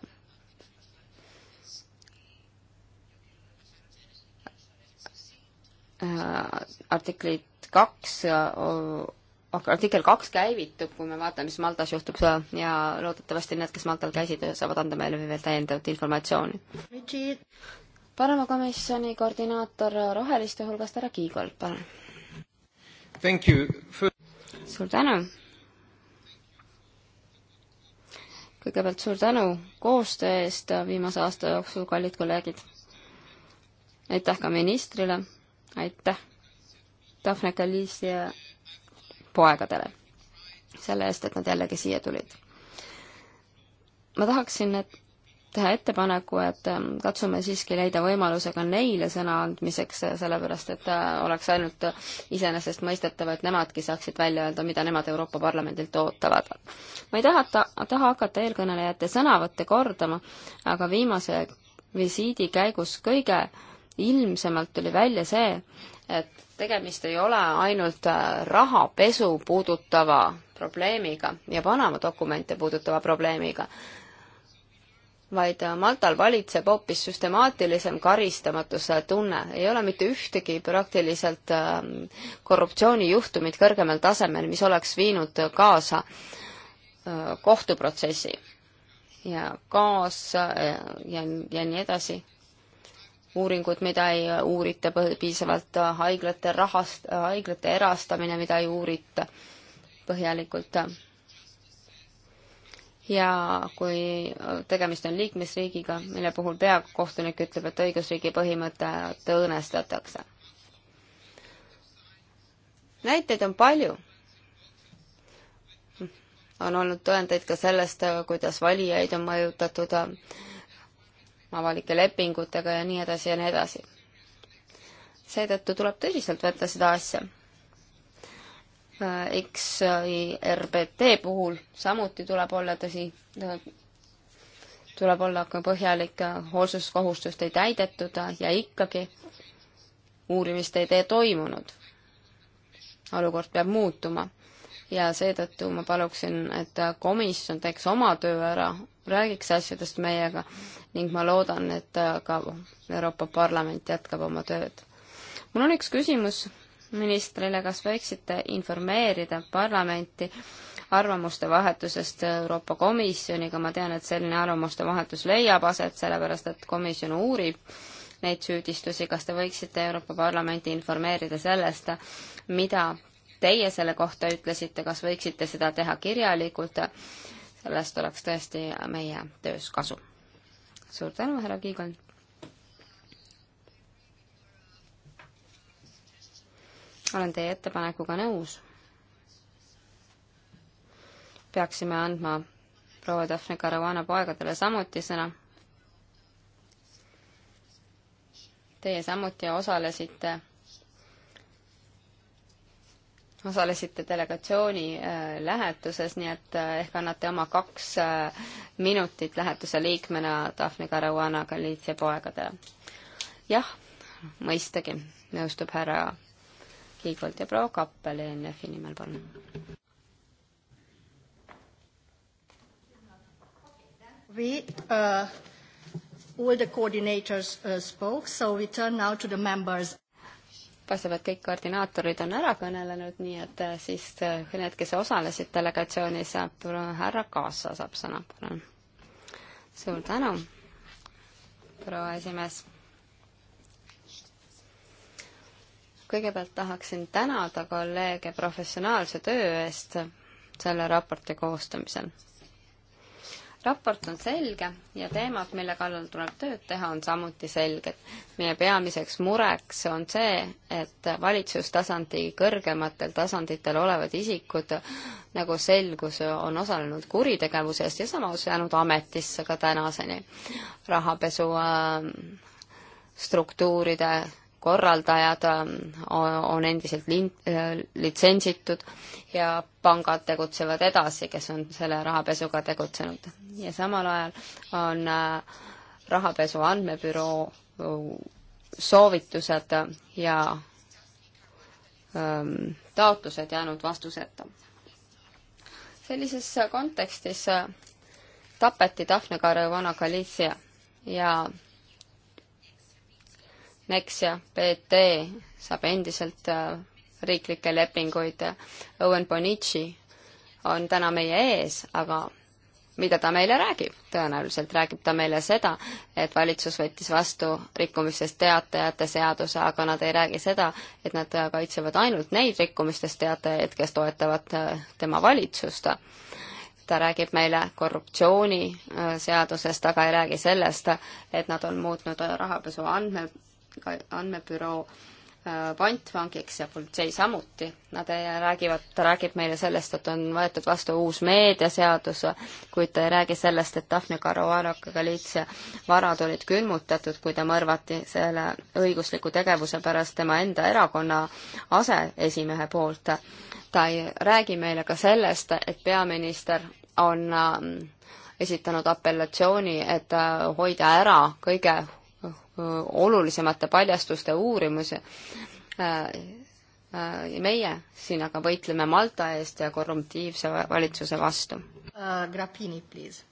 Äh, artiklit kaks, äh, oh, oh, artikkel kaks käivitub, kui me vaatame, mis Maltas juhtub äh, ja loodetavasti need, kes Maltal käisid, saavad anda meile veel täiendavat informatsiooni. Panama komisjoni koordinaator roheliste hulgast, härra Kiigol, palun. suur tänu kõigepealt suur tänu koostöö eest viimase aasta jooksul, kallid kolleegid. aitäh ka ministrile, aitäh Daphne Galisi poegadele selle eest, et nad jällegi siia tulid. ma tahaksin, et teha ettepaneku, et ähm, katsume siiski leida võimaluse ka neile sõna andmiseks, äh, sellepärast et äh, oleks ainult äh, iseenesestmõistetav, et nemadki saaksid välja öelda, mida nemad Euroopa Parlamendilt ootavad. ma ei taha ta,, taha hakata eelkõnelejate sõnavõtte kordama, aga viimase visiidi käigus kõige ilmsemalt tuli välja see, et tegemist ei ole ainult rahapesu puudutava probleemiga ja Panama dokumente puudutava probleemiga, vaid Maltal valitseb hoopis süstemaatilisem karistamatuse tunne. ei ole mitte ühtegi praktiliselt ähm, korruptsioonijuhtumit kõrgemal tasemel, mis oleks viinud kaasa äh, kohtuprotsessi ja kaas äh, ja, ja nii edasi. uuringud, mida ei uurita piisavalt, äh, haiglate rahast, haiglate erastamine, mida ei uurita põhjalikult ja kui äh, tegemist on liikmesriigiga, mille puhul peakohtunik ütleb, et õigusriigi põhimõtet õõnestatakse. näiteid on palju. on olnud tõendeid ka sellest, äh, kuidas valijaid on mõjutatud äh, avalike lepingutega ja nii edasi ja nii edasi. seetõttu tuleb tõsiselt võtta seda asja Äh, XRBT puhul samuti tuleb olla tõsi, tuleb olla ka põhjalik, äh, hoolsuskohustust ei täidetud äh, ja ikkagi uurimist ei tee toimunud. olukord peab muutuma ja seetõttu ma paluksin, et komisjon teeks oma töö ära, räägiks asjadest meiega ning ma loodan, et ka Euroopa Parlament jätkab oma tööd. mul on üks küsimus ministrile, kas võiksite informeerida parlamenti arvamuste vahetusest Euroopa Komisjoniga, ma tean, et selline arvamuste vahetus leiab aset, sellepärast et komisjon uurib neid süüdistusi, kas te võiksite Euroopa Parlamenti informeerida sellest, mida teie selle kohta ütlesite, kas võiksite seda teha kirjalikult, sellest oleks tõesti meie töös kasu. suur tänu, härra Kiigold! olen teie ettepanekuga nõus. peaksime andma proua Daphne Caruana poegadele samuti sõna. Teie samuti osalesite, osalesite delegatsiooni äh, lähetuses, nii et äh, ehk annate oma kaks äh, minutit lähetuse liikmena Daphne Caruana Galizia poegadele. jah, mõistagi, nõustub härra Kiigolt ja proua Kappel ENF-i nimel, palun. We uh, all the coordinators uh, spoke, so we turn now to the members. paistab, et kõik koordinaatorid on ära kõnelenud, nii et uh, siis uh, need, kes osalesid delegatsioonis, uh, härra Kaasa saab sõna, palun. suur tänu, proua esimees kõigepealt tahaksin tänada kolleege professionaalse töö eest selle raporti koostamisel. raport on selge ja teemad, mille kallal tuleb tööd teha, on samuti selged. meie peamiseks mureks on see, et valitsustasandi kõrgematel tasanditel olevad isikud, nagu selgus, on osalenud kuritegevuses ja samas jäänud ametisse ka tänaseni. rahapesu ähm, struktuuride korraldajad ähm, on endiselt lin-, äh, litsentsitud ja pangad tegutsevad edasi, kes on selle rahapesuga tegutsenud. ja samal ajal on äh, rahapesu andmebüroo äh, soovitused ja ähm, taotlused jäänud vastuseta. sellises kontekstis tapeti Daphne Caruana Galizia ja Nexia BT saab endiselt äh, riiklikke lepinguid. Owen Bonici on täna meie ees, aga mida ta meile räägib? tõenäoliselt räägib ta meile seda, et valitsus võttis vastu rikkumistest teatajate seaduse, aga nad ei räägi seda, et nad kaitsevad ainult neid rikkumistest teatajaid, kes toetavad äh, tema valitsust. ta räägib meile korruptsiooniseadusest, äh, aga ei räägi sellest, et nad on muutnud rahapesu andme andmebüroo äh, pantvangiks ja politsei samuti. Nad räägivad, ta räägib meile sellest, et on võetud vastu uus meediaseadus, kuid ta ei räägi sellest, et Daphne Caruanaga liitse varad olid külmutatud, kui ta mõrvati selle õigusliku tegevuse pärast tema enda erakonna aseesimehe poolt. ta ei räägi meile ka sellest, et peaminister on äh, esitanud apellatsiooni, et äh, hoida ära kõige olulisemate paljastuste uurimise. Äh, äh, meie siin aga võitleme Malta eest ja korruptiivse valitsuse vastu uh,. Grappini, please.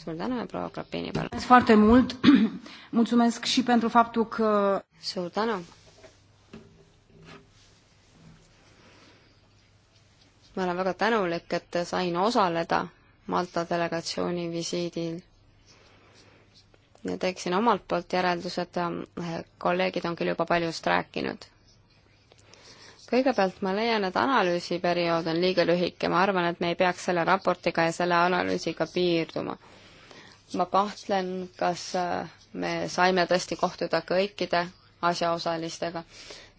suur tänu ja proua Grappini, palun. suur tänu. ma olen väga tänulik, et sain osaleda Malta delegatsiooni visiidil ja teeksin omalt poolt järeldused, ähm, eh, kolleegid on küll juba paljust rääkinud. kõigepealt ma leian, et analüüsiperiood on liiga lühike, ma arvan, et me ei peaks selle raportiga ja selle analüüsiga piirduma. ma kahtlen, kas äh, me saime tõesti kohtuda kõikide asjaosalistega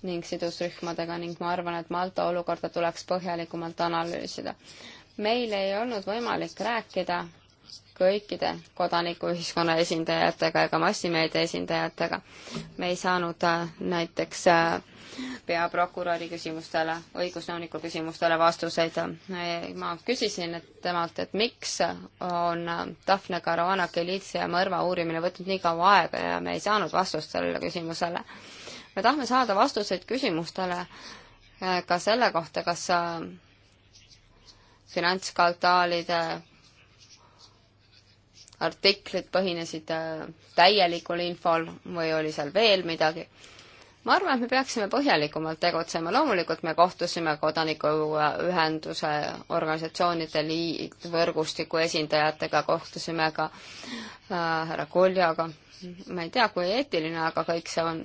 ning sidusrühmadega ning ma arvan, et Malta olukorda tuleks põhjalikumalt analüüsida. meil ei olnud võimalik rääkida kõikide kodanikuühiskonna esindajatega ega massimeedia esindajatega. me ei saanud äh, näiteks äh, peaprokuröri küsimustele, õigusnõuniku küsimustele vastuseid. ma küsisin et temalt, et miks on äh, Daphne Caruana Galizia mõrva uurimine võtnud nii kaua aega ja me ei saanud vastust sellele küsimusele. me tahame saada vastuseid küsimustele ka selle kohta, kas finantsskandaalide artiklid põhinesid äh, täielikul infol või oli seal veel midagi. ma arvan, et me peaksime põhjalikumalt tegutsema, loomulikult me kohtusime kodanikuühenduse organisatsioonide liit, võrgustiku esindajatega, kohtusime ka äh, härra äh, Koljaga, ma ei tea, kui eetiline, aga kõik see on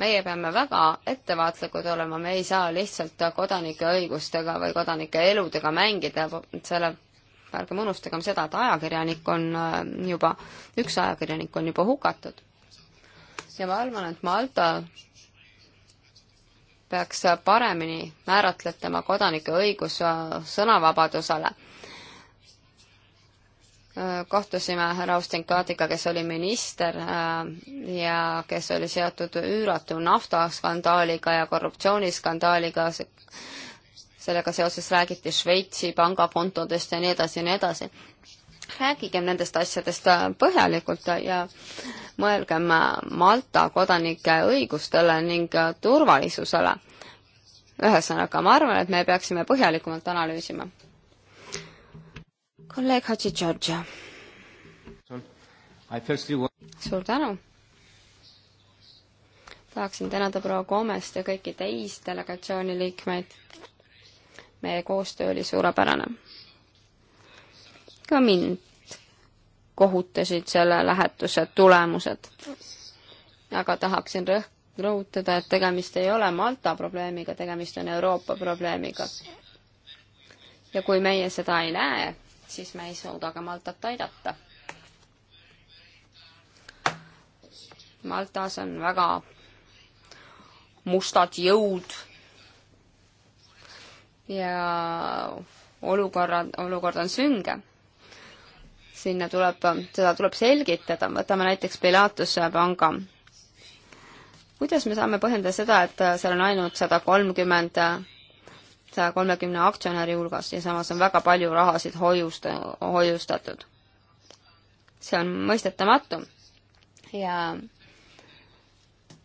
meie peame väga ettevaatlikud olema, me ei saa lihtsalt kodanike õigustega või kodanike eludega mängida, selle ärgem unustagem seda, et ajakirjanik on äh, juba, üks ajakirjanik on juba hukatud. ja ma arvan, et Malta peaks paremini määratletama kodanike õigus äh, sõnavabadusele. Äh, kohtusime härra Ostenkaadiga, kes oli minister ja kes oli seotud üüratu naftaskandaaliga ja korruptsiooniskandaaliga sellega seoses räägiti Šveitsi pangakontodest ja nii edasi ja nii edasi. rääkigem nendest asjadest äh, põhjalikult ja mõelgem äh, Malta kodanike õigustele ning äh, turvalisusele. ühesõnaga, ma arvan, et me peaksime põhjalikumalt analüüsima. kolleeg Hadži Georgia. suur tänu tahaksin tänada proua Koomest ja kõiki teisi delegatsiooni liikmeid meie koostöö oli suurepärane. ka mind kohutasid selle lähetuse tulemused. aga tahaksin rõh-, rõhutada, et tegemist ei ole Malta probleemiga, tegemist on Euroopa probleemiga. ja kui meie seda ei näe, siis me ei suuda ka Maltat aidata. Maltas on väga mustad jõud ja olukorra, olukord on sünge. sinna tuleb, seda tuleb selgitada, võtame näiteks Pilatuse panga. kuidas me saame põhjendada seda, et seal on ainult sada kolmkümmend, saja kolmekümne aktsionäri hulgas ja samas on väga palju rahasid hoiust-, hoiustatud? see on mõistetamatu ja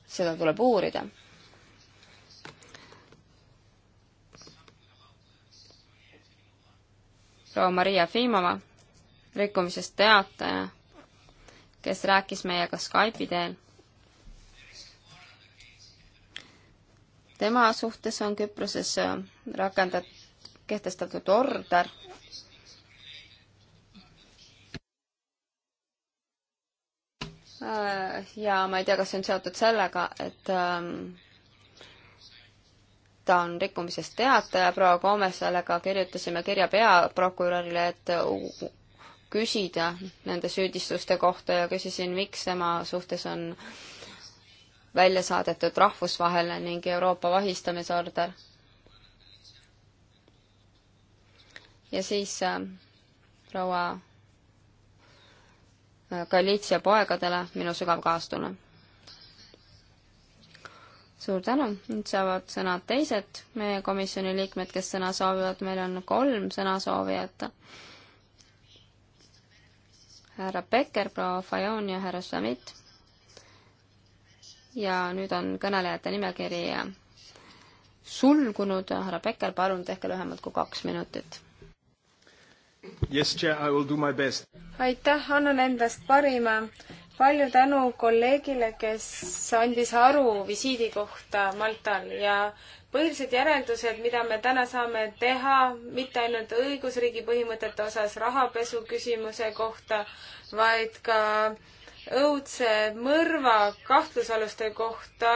seda tuleb uurida proua Maria Fimova, rikkumisest teataja, kes rääkis meiega Skype'i teel. tema suhtes on Küproses äh, rakendat-, kehtestatud order, äh, ja ma ei tea, kas see on seotud sellega, et ähm, ta on rikkumisest teataja, proua Koomesele ka kirjutasime kirja peaprokurörile, et küsida nende süüdistuste kohta ja küsisin, miks tema suhtes on välja saadetud rahvusvaheline ning Euroopa vahistamisorder. ja siis äh, proua äh, Galitsia poegadele minu sügav kaastunne suur tänu, nüüd saavad sõna teised meie komisjoni liikmed, kes sõna soovivad, meil on kolm sõnasoovijat. härra Becker, proua Fajon ja härra Šamit. ja nüüd on kõnelejate nimekiri sulgunud, härra Becker, palun tehke lühemalt kui kaks minutit Yes, chair, aitäh, annan endast parima palju tänu kolleegile, kes andis aru visiidi kohta Maltal ja põhilised järeldused, mida me täna saame teha, mitte ainult õigusriigi põhimõtete osas rahapesu küsimuse kohta, vaid ka õudse mõrva kahtlusaluste kohta.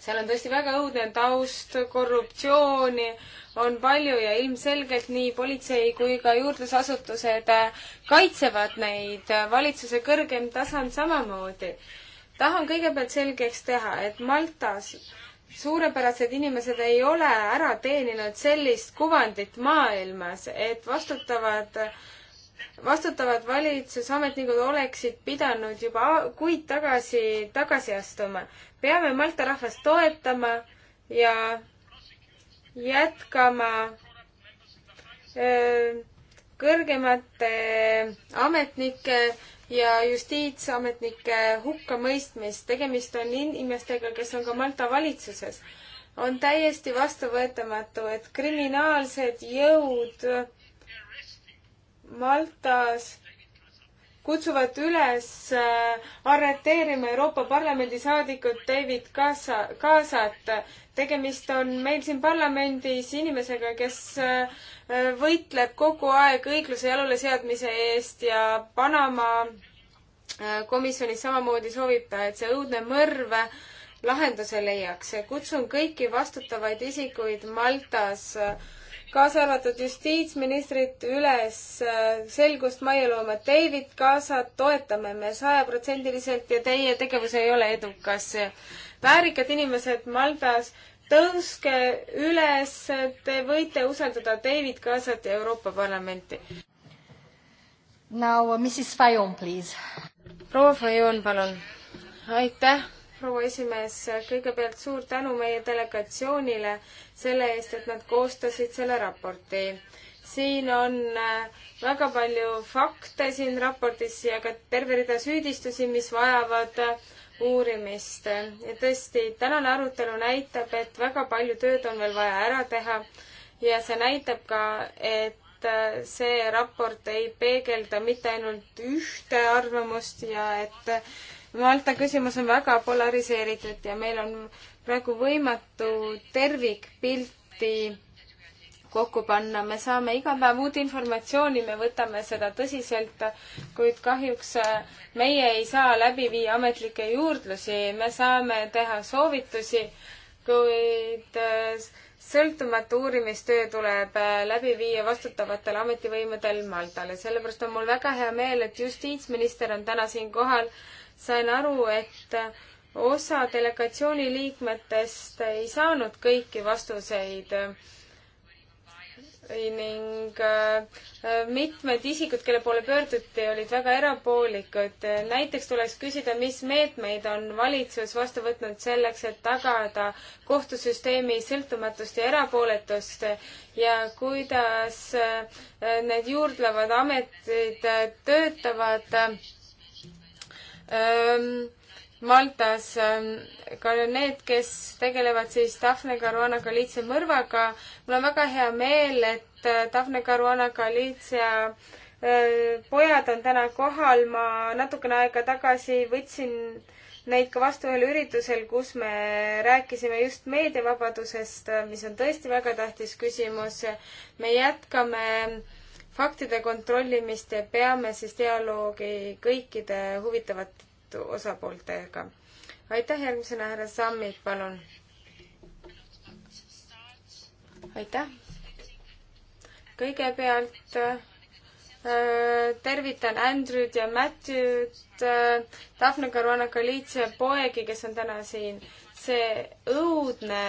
seal on tõesti väga õudne taust, korruptsiooni on palju ja ilmselgelt nii politsei kui ka juurdlusasutused kaitsevad neid, valitsuse kõrgem tasand samamoodi. tahan kõigepealt selgeks teha, et Maltas suurepärased inimesed ei ole ära teeninud sellist kuvandit maailmas, et vastutavad, vastutavad valitsusametnikud oleksid pidanud juba kuid tagasi, tagasi astuma. peame Malta rahvast toetama ja jätkama äh, kõrgemate ametnike ja justiitsametnike hukkamõistmist. tegemist on inimestega, kes on ka Malta valitsuses. on täiesti vastuvõetamatu, et kriminaalsed jõud Maltas kutsuvad üles äh, arreteerima Euroopa Parlamendi saadikut David Kaasa, Kaasat. tegemist on meil siin parlamendis inimesega, kes äh, võitleb kogu aeg õigluse jaluleseadmise eest ja Panama äh, komisjonis samamoodi soovib ta, et see õudne mõrv lahenduse leiaks. kutsun kõiki vastutavaid isikuid Maltas äh, kaasa arvatud justiitsministrit üles äh, selgust majja looma. David Kaasat toetame me sajaprotsendiliselt ja teie tegevus ei ole edukas. väärikad inimesed Maltas, tõuske üles, te võite usaldada David Kaasat ja Euroopa Parlamenti. Now uh, Mrs Fajon, please. proua Fajon, palun. aitäh proua esimees, kõigepealt suur tänu meie delegatsioonile selle eest, et nad koostasid selle raporti. siin on äh, väga palju fakte siin raportis ja ka terve rida süüdistusi, mis vajavad äh, uurimist. ja tõesti, tänane arutelu näitab, et väga palju tööd on veel vaja ära teha ja see näitab ka, et äh, see raport ei peegelda mitte ainult ühte arvamust ja et Malta küsimus on väga polariseeritud ja meil on praegu võimatu tervikpilti kokku panna, me saame iga päev uut informatsiooni, me võtame seda tõsiselt, kuid kahjuks äh, meie ei saa läbi viia ametlikke juurdlusi, me saame teha soovitusi, kuid äh, sõltumatu uurimistöö tuleb äh, läbi viia vastutavatel ametivõimudel Maltal ja sellepärast on mul väga hea meel, et justiitsminister on täna siin kohal sain aru, et osa delegatsiooni liikmetest ei saanud kõiki vastuseid ning äh, mitmed isikud, kelle poole pöörduti, olid väga erapoolikud. näiteks tuleks küsida, mis meetmeid on valitsus vastu võtnud selleks, et tagada kohtusüsteemi sõltumatust ja erapooletust ja kuidas äh, need juurdlevad ametid töötavad Maltas ka need, kes tegelevad siis Daphne Caruana Galizia mõrvaga. mul on väga hea meel, et äh, Daphne Caruana Galizia äh, pojad on täna kohal. ma natukene aega tagasi võtsin neid ka vastu ühel üritusel, kus me rääkisime just meediavabadusest, mis on tõesti väga tähtis küsimus. me jätkame faktide kontrollimist ja peame siis dialoogi kõikide huvitavate osapooltega. aitäh, järgmisena härra Sammik, palun. aitäh. kõigepealt äh, tervitan Andrewd ja Matthewd, äh, Daphne Caruana Galizia poegi, kes on täna siin. see õudne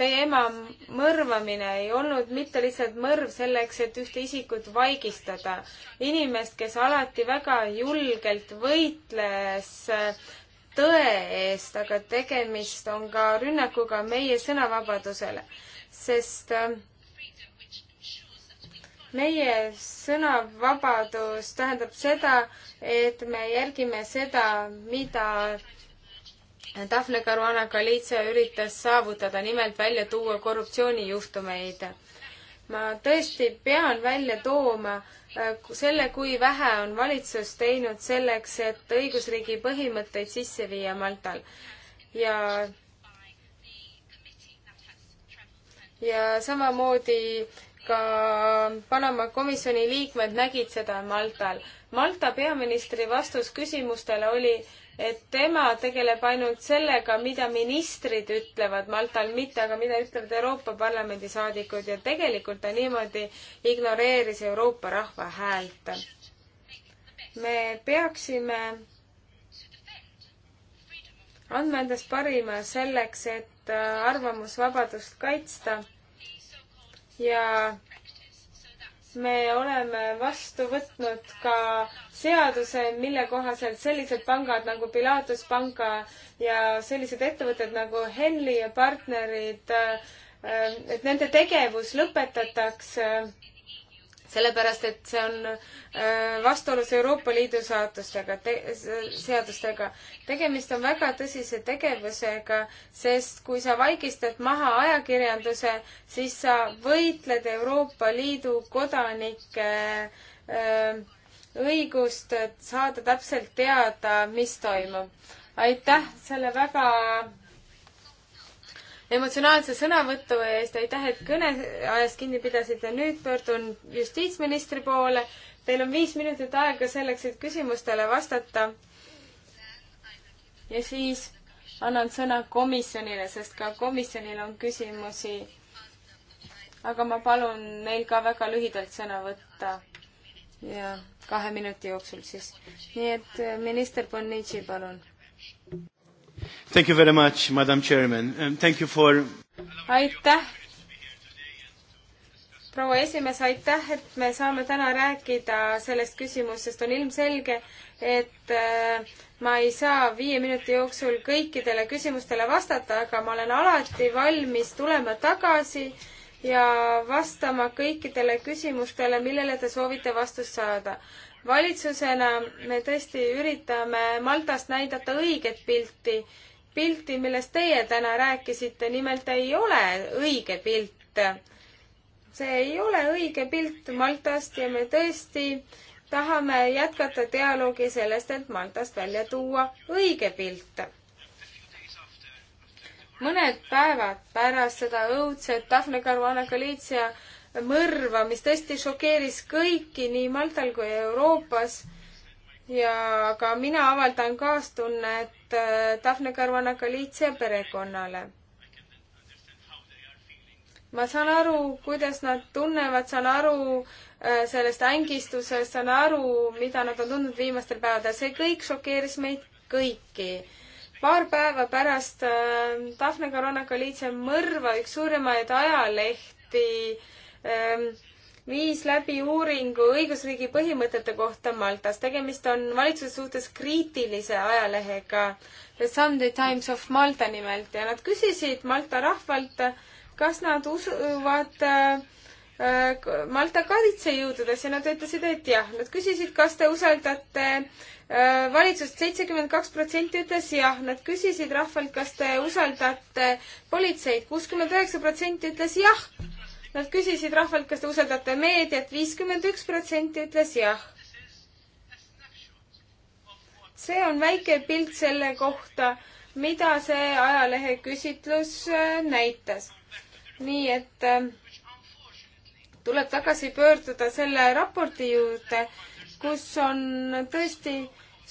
Teie ema mõrvamine ei olnud mitte lihtsalt mõrv selleks, et ühte isikut vaigistada. inimest, kes alati väga julgelt võitles äh, tõe eest, aga tegemist on ka rünnakuga meie sõnavabadusele, sest äh, meie sõnavabadus tähendab seda, et me järgime seda, mida Daphne Caruana Galizia üritas saavutada, nimelt välja tuua korruptsioonijuhtumeid. ma tõesti pean välja tooma äh, selle, kui vähe on valitsus teinud selleks, et õigusriigi põhimõtteid sisse viia Maltal. ja ja samamoodi ka Panama komisjoni liikmed nägid seda Maltal. Malta peaministri vastus küsimustele oli, et tema tegeleb ainult sellega, mida ministrid ütlevad Maltal, mitte aga mida ütlevad Euroopa Parlamendi saadikud ja tegelikult ta niimoodi ignoreeris Euroopa rahva häält. me peaksime andma endast parima selleks, et äh, arvamusvabadust kaitsta ja me oleme vastu võtnud ka seaduse, mille kohaselt sellised pangad nagu Pilatus panga ja sellised ettevõtted nagu Henley ja partnerid, äh, et nende tegevus lõpetatakse sellepärast, et see on äh, vastuolus Euroopa Liidu saatustega te,, seadustega. tegemist on väga tõsise tegevusega, sest kui sa vaigistad maha ajakirjanduse, siis sa võitled Euroopa Liidu kodanike öö, äh, õigust saada täpselt teada, mis toimub. aitäh selle väga emotsionaalse sõnavõtu eest, aitäh, et kõneajast kinni pidasid ja nüüd pöördun justiitsministri poole. Teil on viis minutit aega selleks, et küsimustele vastata. ja siis annan sõna komisjonile, sest ka komisjonil on küsimusi. aga ma palun neil ka väga lühidalt sõna võtta ja kahe minuti jooksul siis. nii et minister Bonnici, palun Thank you very much, Madam Chairman um,. Thank you for. aitäh. proua esimees, aitäh, et me saame täna rääkida sellest küsimusest, on ilmselge, et äh, ma ei saa viie minuti jooksul kõikidele küsimustele vastata, aga ma olen alati valmis tulema tagasi ja vastama kõikidele küsimustele, millele te soovite vastust saada valitsusena me tõesti üritame Maltast näidata õiget pilti, pilti, millest teie täna rääkisite, nimelt ei ole õige pilt. see ei ole õige pilt Maltast ja me tõesti tahame jätkata dialoogi sellest, et Maltast välja tuua õige pilt. mõned päevad pärast seda õudset Daphne Caruana Galizia mõrva, mis tõesti šokeeris kõiki nii Maltal kui Euroopas. ja ka mina avaldan kaastunnet äh, Daphne Caruana Galizia perekonnale. ma saan aru, kuidas nad tunnevad, saan aru äh, sellest ängistusest, saan aru, mida nad on tundnud viimastel päevadel. see kõik šokeeris meid kõiki paar päeva pärast äh, Daphne Caruana Galizia mõrva üks suurimaid ajalehti Ehm, viis läbi uuringu õigusriigi põhimõtete kohta Maltas. tegemist on valitsuse suhtes kriitilise ajalehega The Sunday Times of Malta nimelt ja nad küsisid Malta rahvalt, kas nad usuvad äh, Malta kaitsejõududes ja nad ütlesid, et jah. Nad küsisid, kas te usaldate äh, valitsust, seitsekümmend kaks protsenti ütles jah. Nad küsisid rahvalt, kas te usaldate politseid, kuuskümmend üheksa protsenti ütles jah Nad küsisid rahvalt, kas te usaldate meediat, viiskümmend üks protsenti ütles jah. see on väike pilt selle kohta, mida see ajaleheküsitlus äh, näitas. nii et ähm, tuleb tagasi pöörduda selle raporti juurde, kus on tõesti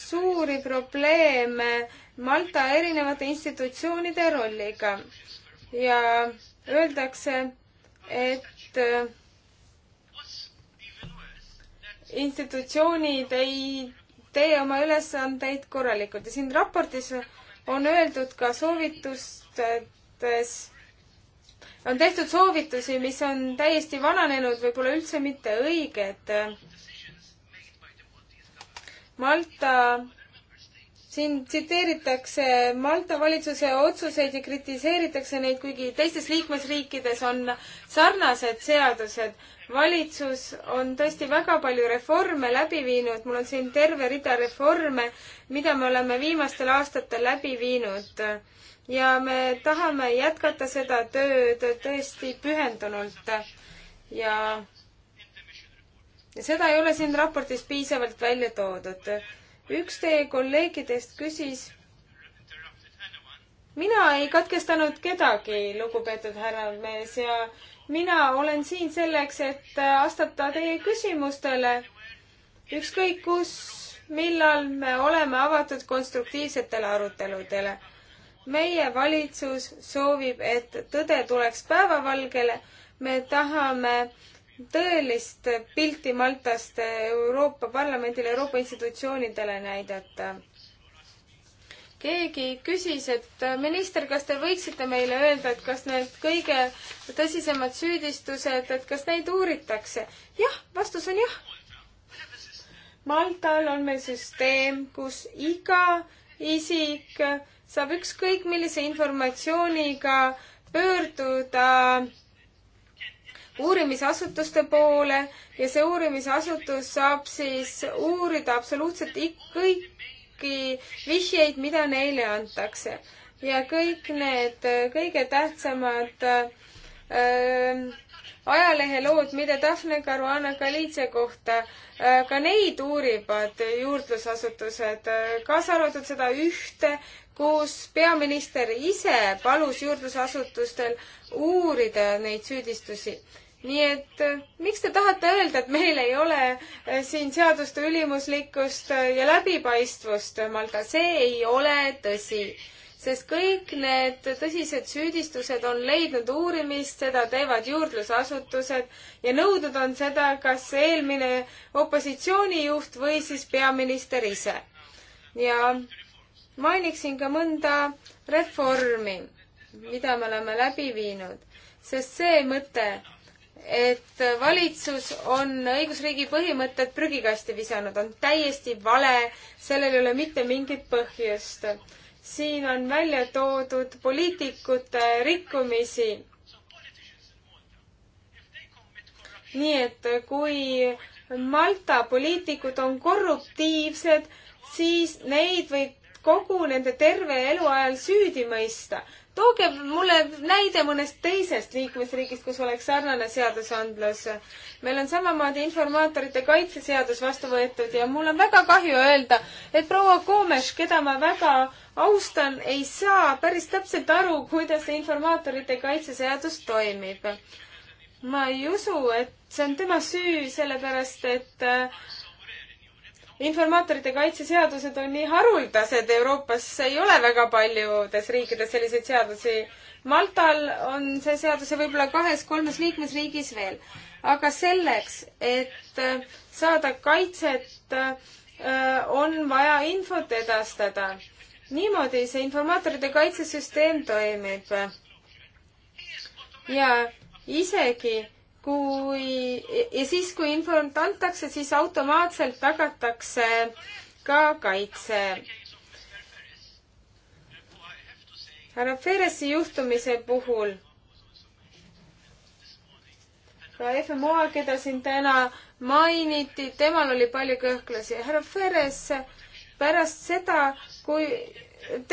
suuri probleeme Malta erinevate institutsioonide rolliga ja öeldakse, et äh, institutsioonid ei tee oma ülesandeid korralikult ja siin raportis on öeldud ka soovitustes, on tehtud soovitusi, mis on täiesti vananenud, võib-olla üldse mitte õiged. Malta siin tsiteeritakse Malta valitsuse otsuseid ja kritiseeritakse neid, kuigi teistes liikmesriikides on sarnased seadused. valitsus on tõesti väga palju reforme läbi viinud, mul on siin terve rida reforme, mida me oleme viimastel aastatel läbi viinud. ja me tahame jätkata seda tööd tõesti pühendunult ja ja seda ei ole siin raportis piisavalt välja toodud üks teie kolleegidest küsis. mina ei katkestanud kedagi, lugupeetud härramees ja mina olen siin selleks, et vastata teie küsimustele. ükskõik kus, millal me oleme avatud konstruktiivsetele aruteludele. meie valitsus soovib, et tõde tuleks päevavalgele. me tahame tõelist pilti Maltast Euroopa Parlamendile, Euroopa institutsioonidele näidata. keegi küsis, et minister, kas te võiksite meile öelda, et kas need kõige tõsisemad süüdistused, et kas neid uuritakse? jah, vastus on jah. Maltal on meil süsteem, kus iga isik saab ükskõik millise informatsiooniga pöörduda äh, uurimisasutuste poole ja see uurimisasutus saab siis uurida absoluutselt kõiki vihjeid, mida neile antakse. ja kõik need äh, kõige tähtsamad äh, ajalehelood, mida Daphne Caruana Galizia kohta äh,, ka neid uurivad juurdlusasutused, äh, kaasa arvatud seda ühte, kus peaminister ise palus juurdlusasutustel uurida neid süüdistusi nii et äh, miks te tahate öelda, et meil ei ole äh, siin seaduste ülimuslikkust äh, ja läbipaistvust Malta, see ei ole tõsi. sest kõik need tõsised süüdistused on leidnud uurimist, seda teevad juurdlusasutused ja nõudnud on seda kas eelmine opositsioonijuht või siis peaminister ise. ja mainiksin ka mõnda reformi, mida me oleme läbi viinud, sest see mõte, et valitsus on õigusriigi põhimõtted prügikasti visanud, on täiesti vale, sellel ei ole mitte mingit põhjust. siin on välja toodud poliitikute rikkumisi. nii et kui Malta poliitikud on korruptiivsed, siis neid võib kogu nende terve eluajal süüdi mõista tooge mulle näide mõnest teisest liikmesriigist, kus oleks sarnane seadusandlus. meil on samamoodi informaatorite kaitseseadus vastu võetud ja mul on väga kahju öelda, et proua Koomes, keda ma väga austan, ei saa päris täpselt aru, kuidas informaatorite kaitseseadus toimib ma ei usu, et see on tema süü, sellepärast et informaatorite kaitseseadused on nii haruldased Euroopas, ei ole väga paljudes riikides selliseid seadusi. Maltal on see seaduse võib-olla kahes-kolmes liikmesriigis veel. aga selleks, et äh, saada kaitset, äh, on vaja infot edastada. niimoodi see informaatorite kaitsesüsteem toimib. ja isegi kui, ja siis, kui infot antakse, siis automaatselt tagatakse ka kaitse. härra Feresi juhtumise puhul ka FMO-l, keda siin täna mainiti, temal oli palju kõhklusi. härra Feres pärast seda, kui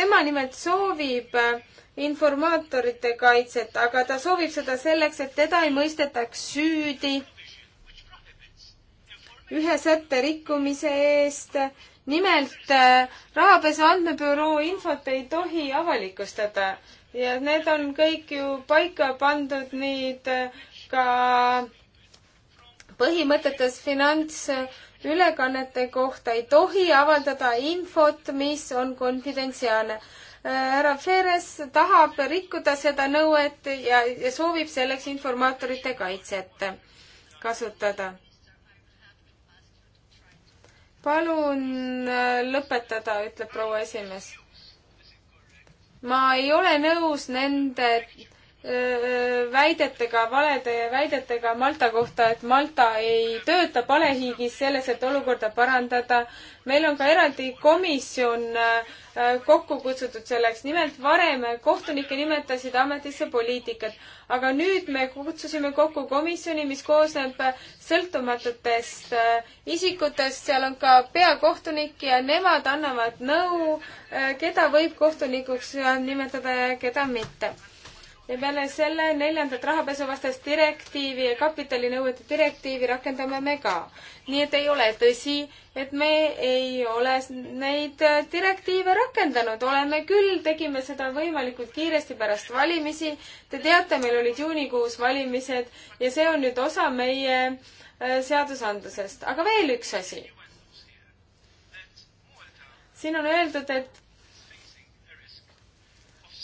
tema nimelt soovib äh, informaatorite kaitset, aga ta soovib seda selleks, et teda ei mõistetaks süüdi ühe sätte rikkumise eest. nimelt äh, rahapesu andmebüroo infot ei tohi avalikustada ja need on kõik ju paika pandud nüüd äh, ka põhimõtetes finantsülekannete kohta ei tohi avaldada infot, mis on konfidentsiaalne härra Feres tahab rikkuda seda nõuet ja, ja soovib selleks informaatorite kaitset kasutada. palun äh, lõpetada, ütleb proua esimees. ma ei ole nõus nende väidetega, valede väidetega Malta kohta, et Malta ei tööta palehiigis selles, et olukorda parandada. meil on ka eraldi komisjon kokku kutsutud selleks, nimelt varem kohtunikke nimetasid ametisse poliitikat, aga nüüd me kutsusime kokku komisjoni, mis koosneb sõltumatutest isikutest, seal on ka peakohtunik ja nemad annavad nõu, keda võib kohtunikuks nimetada ja keda mitte ja peale selle neljandat rahapesuvastast direktiivi ja kapitalinõuete direktiivi rakendame me ka. nii et ei ole tõsi, et me ei ole neid direktiive rakendanud, oleme küll, tegime seda võimalikult kiiresti pärast valimisi. Te teate, meil olid juunikuus valimised ja see on nüüd osa meie äh, seadusandlusest. aga veel üks asi. siin on öeldud, et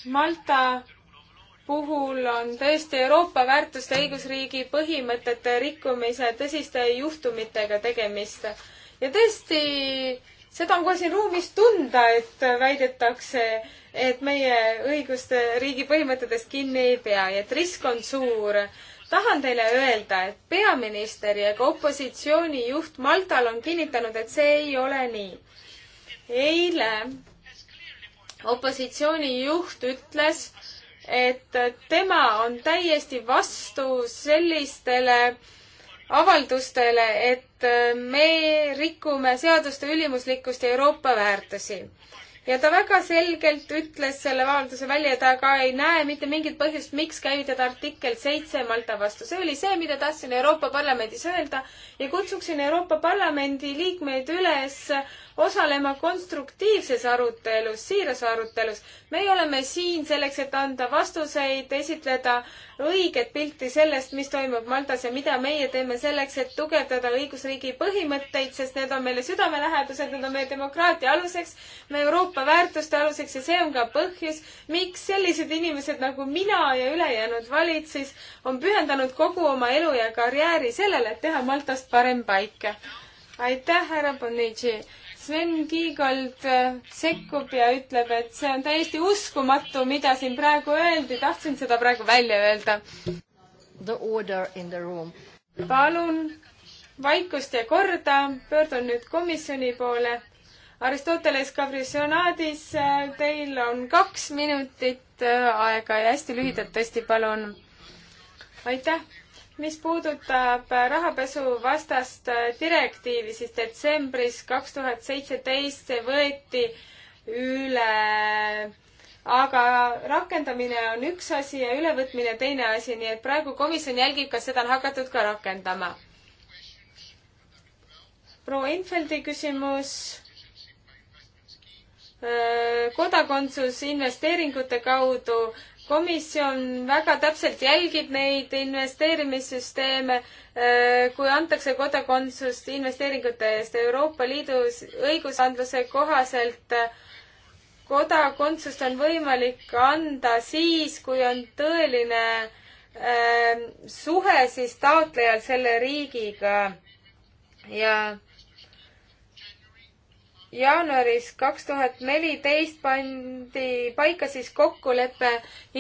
Malta puhul on tõesti Euroopa väärtuste õigusriigi põhimõtete rikkumise tõsiste juhtumitega tegemist. ja tõesti, seda on kohe siin ruumis tunda, et väidetakse, et meie õiguste riigi põhimõtetest kinni ei pea ja et risk on suur. tahan teile öelda, et peaminister ja ka opositsiooni juht Maltal on kinnitanud, et see ei ole nii. eile opositsiooni juht ütles, et tema on täiesti vastu sellistele avaldustele, et me rikume seaduste ülimuslikkust ja Euroopa väärtusi. ja ta väga selgelt ütles selle avalduse välja ja ta ka ei näe mitte mingit põhjust, miks käivitada artikkel seitse Malta vastu. see oli see, mida tahtsin Euroopa Parlamendis öelda ja kutsuksin Euroopa Parlamendi liikmeid üles osalema konstruktiivses arutelus, siiras arutelus. meie oleme siin selleks, et anda vastuseid, esitleda õiget pilti sellest, mis toimub Maltas ja mida meie teeme selleks, et tugevdada õigusriigi põhimõtteid, sest need on meile südamelähedased, need on meie demokraatia aluseks, meie Euroopa väärtuste aluseks ja see on ka põhjus, miks sellised inimesed nagu mina ja ülejäänud valitsus on pühendanud kogu oma elu ja karjääri sellele, et teha Maltast parem paik. aitäh, härra Bonici! Sven Kiigold äh, sekkub ja ütleb, et see on täiesti uskumatu, mida siin praegu öeldi, tahtsin seda praegu välja öelda. palun vaikust ja korda, pöördun nüüd komisjoni poole. Aristoteles Kavrisonadis, äh, teil on kaks minutit äh, aega ja hästi lühidalt tõesti palun. aitäh mis puudutab rahapesuvastast direktiivi, siis detsembris kaks tuhat seitseteist see võeti üle. aga rakendamine on üks asi ja ülevõtmine teine asi, nii et praegu komisjon jälgib, kas seda on hakatud ka rakendama. proua Infeldi küsimus. kodakondsus investeeringute kaudu komisjon väga täpselt jälgib neid investeerimissüsteeme, äh, kui antakse kodakondsust investeeringute eest. Euroopa Liidus õigusandluse kohaselt äh, kodakondsust on võimalik anda siis, kui on tõeline äh, suhe siis taotlejal selle riigiga ja jaanuaris kaks tuhat neliteist pandi paika siis kokkulepe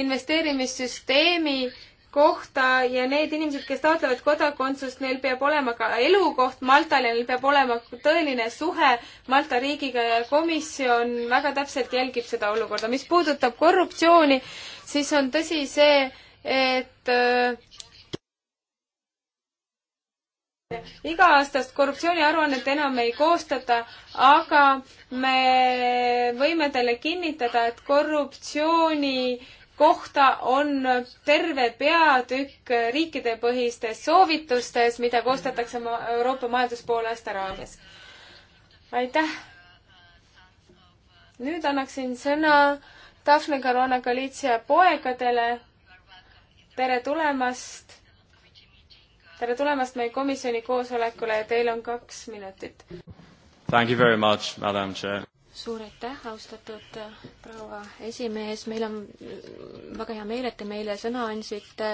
investeerimissüsteemi kohta ja need inimesed, kes taotlevad kodakondsust, neil peab olema ka elukoht Maltal ja neil peab olema tõeline suhe Malta riigiga ja komisjon väga täpselt jälgib seda olukorda. mis puudutab korruptsiooni, siis on tõsi see, et äh, iga-aastast korruptsiooniaruannet enam ei koostata, aga me võime teile kinnitada, et korruptsiooni kohta on terve peatükk riikidepõhistes soovitustes, mida koostatakse Euroopa majanduspoolaasta raames. aitäh! nüüd annaksin sõna Daphne Caruana Galizia poegadele. tere tulemast! tere tulemast meie komisjoni koosolekule ja teil on kaks minutit. Thank you very much, madam chair suur aitäh, austatud äh, proua esimees, meil on äh, väga hea meel, et te meile sõna andsite.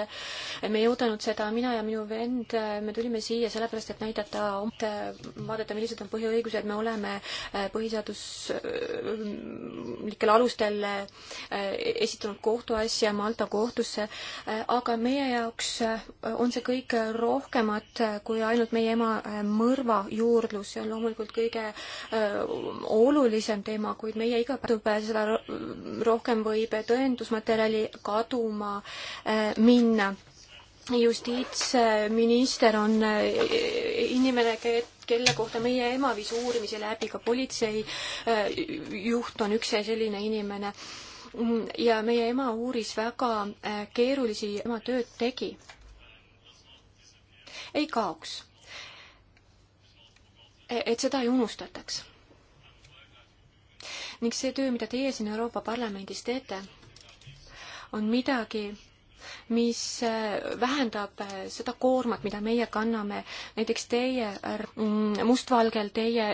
me ei oodanud seda, mina ja minu vend, äh, me tulime siia sellepärast, et näidata, vaadata, millised on põhiõigused, me oleme põhiseaduslikel alustel esitanud kohtuasja Malta kohtusse, aga meie jaoks on see kõik rohkemat kui ainult meie ema mõrva juurdlus, see on loomulikult kõige olulisem laiem teema, kuid meie iga päev seda rohkem võib tõendusmaterjali kaduma äh, minna. justiitsminister on äh, inimene, kelle kohta meie ema viis uurimise läbi, ka politseijuht äh, on üks selline inimene. ja meie ema uuris väga keerulisi, ema tööd tegi. ei kaoks e-, et seda ei unustataks ning see töö, mida teie siin Euroopa Parlamendis teete, on midagi, mis äh, vähendab äh, seda koormat, mida meie kanname. näiteks teie äh, mm, mustvalgel teie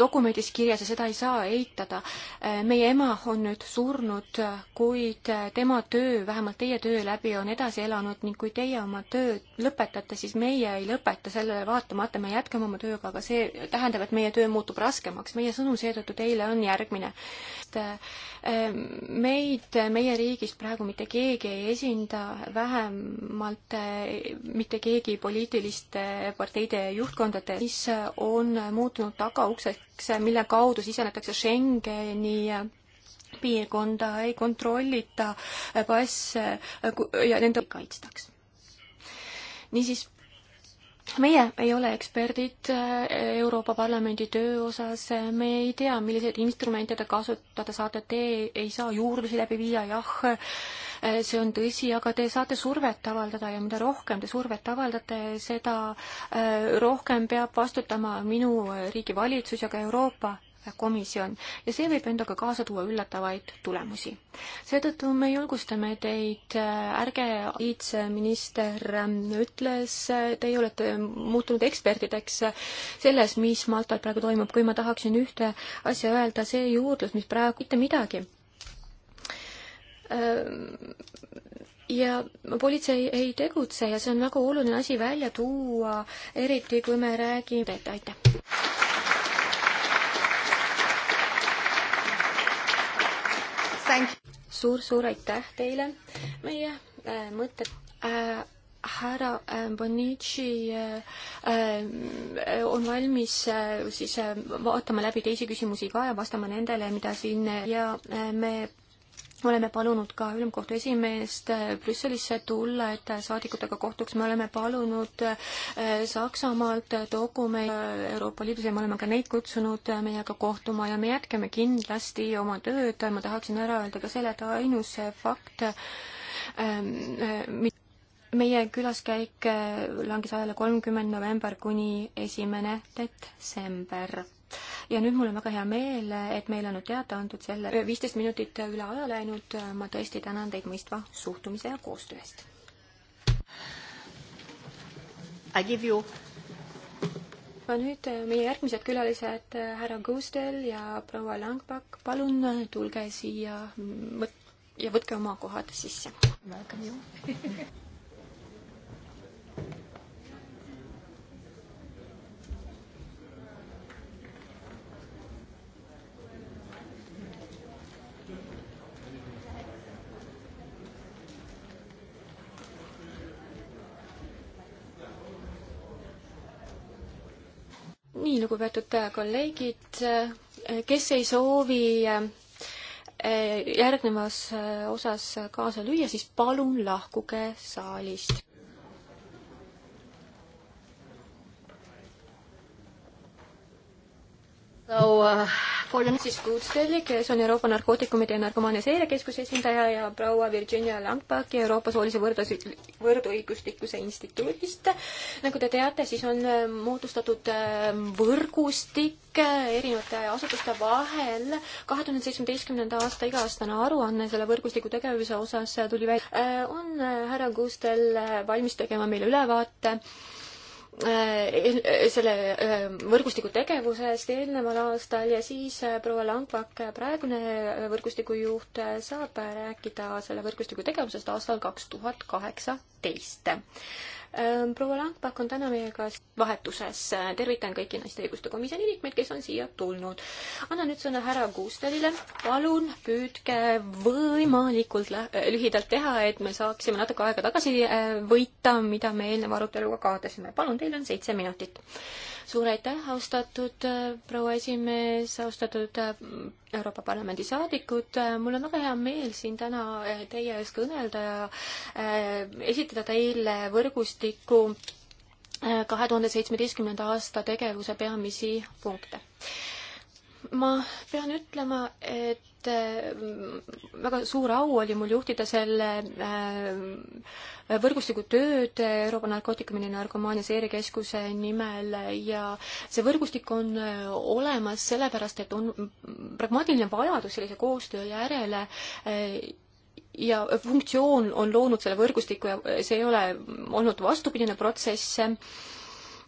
dokumendis kirjas ja seda ei saa eitada. meie ema on nüüd surnud, kuid tema töö, vähemalt teie töö läbi on edasi elanud ning kui teie oma töö lõpetate, siis meie ei lõpeta sellele vaatamata, me jätkame oma tööga, aga see tähendab, et meie töö muutub raskemaks. meie sõnum seetõttu teile on järgmine. meid meie riigist praegu mitte keegi ei esinda, vähemalt eh, mitte keegi poliitiliste parteide juhtkondades, mis on muutunud tagaukseks, mille kaudu sisenetakse Schengeni piirkonda, ei kontrollita passe ja nende kaitstaks. niisiis meie ei ole eksperdid eh, Euroopa Parlamendi töö osas, me ei tea, milliseid instrumente te kasutada saate, te ei saa juurdlusi läbi viia, jah, eh, see on tõsi, aga te saate survet avaldada ja mida rohkem te survet avaldate, seda eh, rohkem peab vastutama minu riigi valitsus ja ka Euroopa komisjon ja see võib endaga kaasa tuua üllatavaid tulemusi. seetõttu me julgustame teid, äh, ärge, viitseminister ähm, ütles, äh, teie olete muutunud ekspertideks äh, selles, mis Maltal praegu toimub, kui ma tahaksin ühte asja öelda, see juurdlus, mis praegu, mitte midagi ja politsei ei tegutse ja see on väga oluline asi välja tuua, eriti kui me räägime, aitäh. suur-suur aitäh teile. meie äh, mõtted äh, härra äh, Bonici äh, äh, on valmis siis vaatama läbi teisi küsimusi ka ja vastama nendele, mida siin ja me oleme palunud ka ülemkohtu esimeest äh, Brüsselisse tulla, et äh, saadikutega kohtuks, me oleme palunud äh, Saksamaalt dokumente Euroopa Liidus ja me oleme ka neid kutsunud meiega kohtuma ja me jätkame kindlasti oma tööd, ma tahaksin ära öelda ka selle, et ainus fakt, ähm, meie külaskäik langes ajale kolmkümmend november kuni esimene detsember ja nüüd mul on väga hea meel, et meile on nüüd teada antud selle äh, viisteist minutit üle aja läinud, ma tõesti tänan teid mõistva suhtumise ja koostöö eest. I give you ma nüüd, äh, meie järgmised külalised, äh, härra Kuustel ja proua Langbak, palun tulge siia võt- ja võtke oma kohad sisse. lugupeetud kolleegid, kes ei soovi eh, järgnevas eh, osas kaasa lüüa, siis palun lahkuge saalist. So uh, Francis Goodstelli, kes on Euroopa Narkootikumide ja Narkomaania Seirekeskuse esindaja ja proua Virginia Langbaki Euroopa Soolise Võrdus-, Võrdõiguslikkuse Instituudist. nagu te teate, siis on äh, moodustatud äh, võrgustik äh, erinevate asutuste vahel. kahe tuhande seitsmeteistkümnenda aasta iga-aastane aruanne selle võrgustiku tegevuse osas tuli välja. on härra Goodstell valmis tegema meile ülevaate Äh, selle äh, võrgustiku tegevusest eelneval aastal ja siis äh, proua Langvak, praegune võrgustiku juht, saab rääkida selle võrgustiku tegevusest aastal kaks tuhat kaheksateist. Ähm, proua Langpak on täna meiega vahetuses. tervitan kõiki naiste õiguste komisjoni liikmeid, kes on siia tulnud. annan nüüd sõna härra Kuustelile. palun püüdke võimalikult äh, lühidalt teha, et me saaksime natuke aega tagasi äh, võita, mida me eelneva aruteluga kaotasime. palun, teil on seitse minutit. suur aitäh, austatud äh, proua esimees, austatud Euroopa Parlamendi saadikud, mul on väga hea meel siin täna eh, teie ees kõnelda ja eh, esitada teile võrgustiku eh, kahe tuhande seitsmeteistkümnenda aasta tegevuse peamisi punkte ma pean ütlema, et äh, väga suur au oli mul juhtida selle äh, võrgustiku tööd Euroopa narkootikumide narkomaania seirekeskuse nimel ja see võrgustik on äh, olemas sellepärast, et on pragmaatiline vajadus sellise koostöö järele ja funktsioon on loonud selle võrgustiku ja see ei ole olnud vastupidine protsess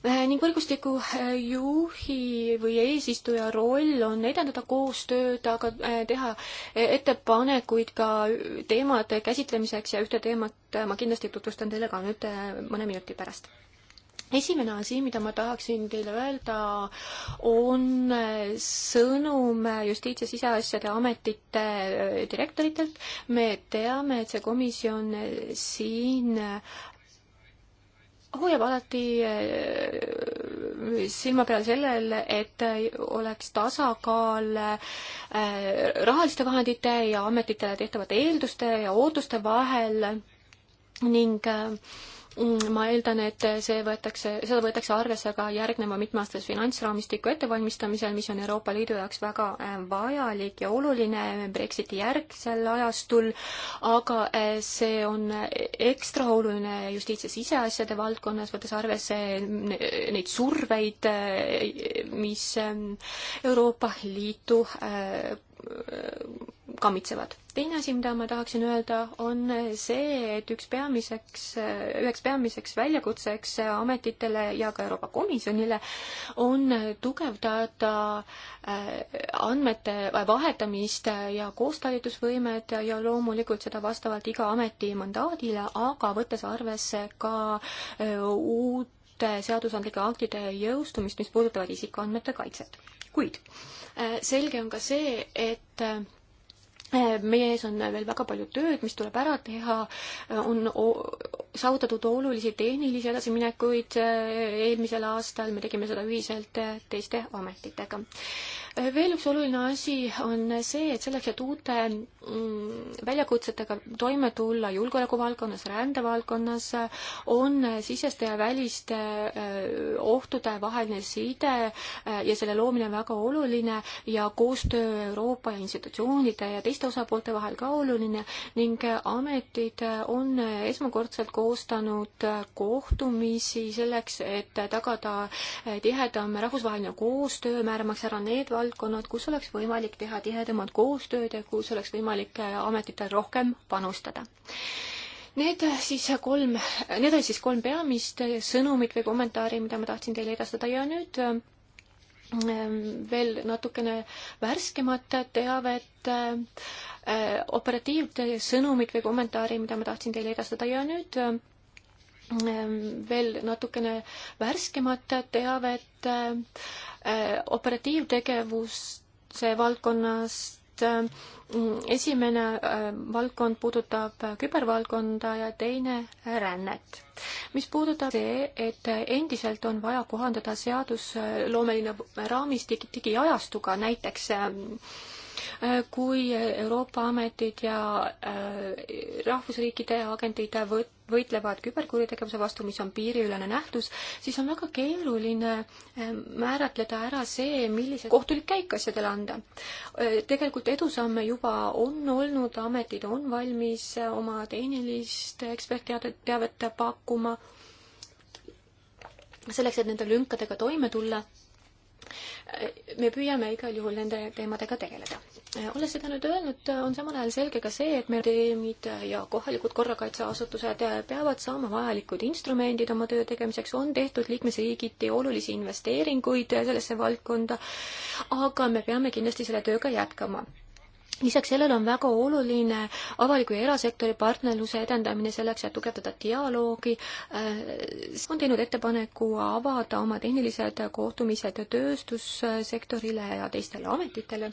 Äh, ning võrgustiku äh, juhi või eesistuja roll on edendada koostööd, aga äh, teha ettepanekuid ka teemade käsitlemiseks ja ühte teemat ma kindlasti tutvustan teile ka nüüd mõne minuti pärast esimene asi, mida ma tahaksin teile öelda, on sõnum Justiits- ja Siseasjade Ametite direktoritelt. me teame, et see komisjon siin hoiab alati eh, silma peal sellel, et oleks tasakaal eh, rahaliste vahendite ja ametitele tehtavate eelduste ja ootuste vahel ning äh, Mm, ma eeldan, et see võetakse, seda võetakse arvesse ka järgneva mitmeaastase finantsraamistiku ettevalmistamisel, mis on Euroopa Liidu jaoks väga äh, vajalik ja oluline Brexiti järgsel ajastul, aga äh, see on ekstra oluline justiits- ja siseasjade valdkonnas, võttes arvesse neid surveid, äh, mis ähm, Euroopa Liitu kammitsevad. teine asi, mida ma tahaksin öelda, on see, et üks peamiseks, üheks peamiseks väljakutseks ametitele ja ka Euroopa Komisjonile on tugevdada äh, andmete vahetamist ja koostalitusvõimet ja loomulikult seda vastavalt iga ameti mandaadile, aga võttes arvesse ka äh, uute seadusandlike aktide jõustumist, mis puudutavad isikuandmete kaitset. kuid Äh, selge on ka see, et äh, meie ees on veel väga palju tööd, mis tuleb ära teha, äh, on saavutatud olulisi tehnilisi edasiminekuid eelmisel aastal, me tegime seda ühiselt teiste ametitega. veel üks oluline asi on see, et selleks, et uute mm, väljakutsetega toime tulla julgeolekuvaldkonnas, rändevaldkonnas, on siseste ja väliste kohtude vaheline side äh, ja selle loomine on väga oluline ja koostöö Euroopa institutsioonide ja teiste osapoolte vahel ka oluline ning äh, ametid äh, on esmakordselt koostanud kohtumisi selleks, et tagada tihedam rahvusvaheline koostöö, määramaks ära need valdkonnad, kus oleks võimalik teha tihedamat koostööd ja kus oleks võimalik ametitel rohkem panustada. Need siis kolm, need olid siis kolm peamist sõnumit või kommentaari, mida ma tahtsin teile edastada ja nüüd ähm, veel natukene värskemat teavet, äh, operatiivt sõnumit või kommentaari, mida ma tahtsin teile edastada ja nüüd ähm, veel natukene värskemat teavet äh, äh, operatiivtegevuse valdkonnas valdkonnad. Äh, esimene äh, valdkond puudutab äh, kübervaldkonda ja teine rännet. mis puudutab see, et endiselt on vaja kohandada seadusloomeline raamistik digiajastuga, näiteks Äh, kui Euroopa ametid ja äh, rahvusriikide agendid võt-, võitlevad küberkuritegevuse vastu, mis on piiriülene nähtus, siis on väga keeruline äh, määratleda ära see, millise kohtulik käik asjadele anda. tegelikult edusamme juba on olnud, ametid on valmis oma tehnilist ekspertteadet, teavet pakkuma, selleks, et nende lünkadega toime tulla, me püüame igal juhul nende teemadega tegeleda. Äh, olles seda nüüd öelnud, äh, on samal ajal selge ka see, et meie teemid ja kohalikud korrakaitseasutused äh, peavad saama vajalikud instrumendid oma töö tegemiseks, on tehtud liikmesriigiti olulisi investeeringuid sellesse valdkonda, aga me peame kindlasti selle tööga jätkama lisaks sellele on väga oluline avaliku ja erasektori partnerluse edendamine selleks, et tugevdada dialoogi. on teinud ettepaneku avada oma tehnilised kohtumised tööstussektorile ja teistele ametitele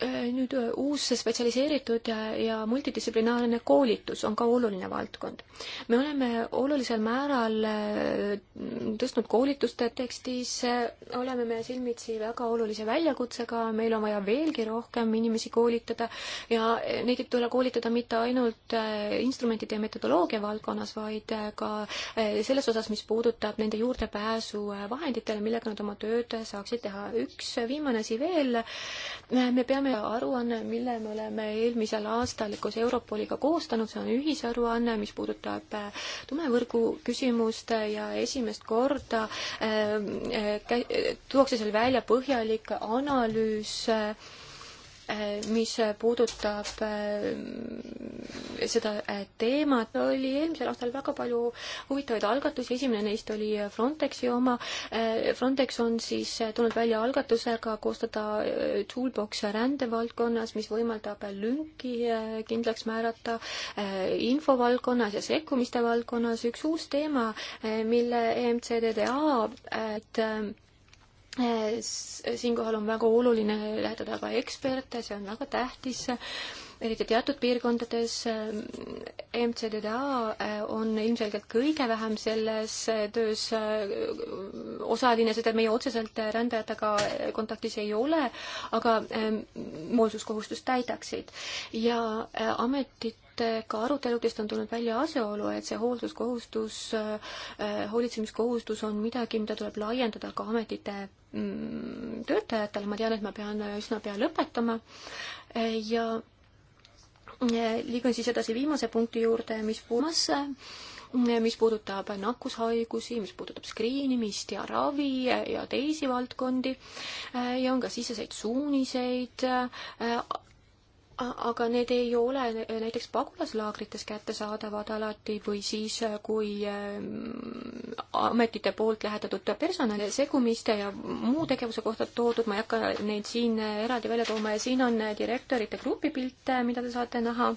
Äh, nüüd äh, uus spetsialiseeritud ja, ja multidistsiplinaarne koolitus on ka oluline valdkond. me oleme olulisel määral äh, tõstnud koolituste tekstis, oleme me silmitsi väga olulise väljakutsega, meil on vaja veelgi rohkem inimesi koolitada ja neid ei tule koolitada mitte ainult instrumentide ja metodoloogia valdkonnas, vaid ka selles osas, mis puudutab nende juurdepääsu vahenditele, millega nad oma tööd saaksid teha. üks viimane asi veel, me peame teeme aruanne, mille me oleme eelmisel aastal koos Europoliga koostanud, see on ühisaruanne, mis puudutab äh, tumevõrgu küsimust ja esimest korda äh, äh, tuuakse seal välja põhjalik analüüs äh, Äh, mis puudutab äh, seda äh, teemat, oli eelmisel aastal väga palju huvitavaid algatusi, esimene neist oli Frontexi oma. Frontex on siis tulnud välja algatusega koostada toolbox rändevaldkonnas, mis võimaldab lünki kindlaks määrata infovaldkonnas ja sekkumiste valdkonnas. üks uus teema, mille EMCDDA, et siinkohal on väga oluline lähedada ka eksperte, see on väga tähtis, eriti teatud piirkondades. Eh, MCDDA eh, on ilmselgelt kõige vähem selles eh, töös osaline, sest et meie otseselt rändajatega kontaktis ei ole, aga hoolsuskohustust täidaksid. ja ametid et ka aruteludest on tulnud välja asjaolu, et see hoolduskohustus, äh, hoolitsemiskohustus on midagi, mida tuleb laiendada ka ametite mm, töötajatele, ma tean, et ma pean üsna pea lõpetama ja äh, liigun siis edasi viimase punkti juurde, mis puudutas äh, mis puudutab nakkushaigusi, mis puudutab skriinimist ja ravi ja teisi valdkondi ja on ka siseseid suuniseid aga need ei ole näiteks pagulaslaagrites kättesaadavad alati või siis, kui mm, ametite poolt lähetatud personali segumiste ja muu tegevuse kohta toodud, ma ei hakka neid siin eraldi välja tooma ja siin on direktorite grupipilte, mida te saate näha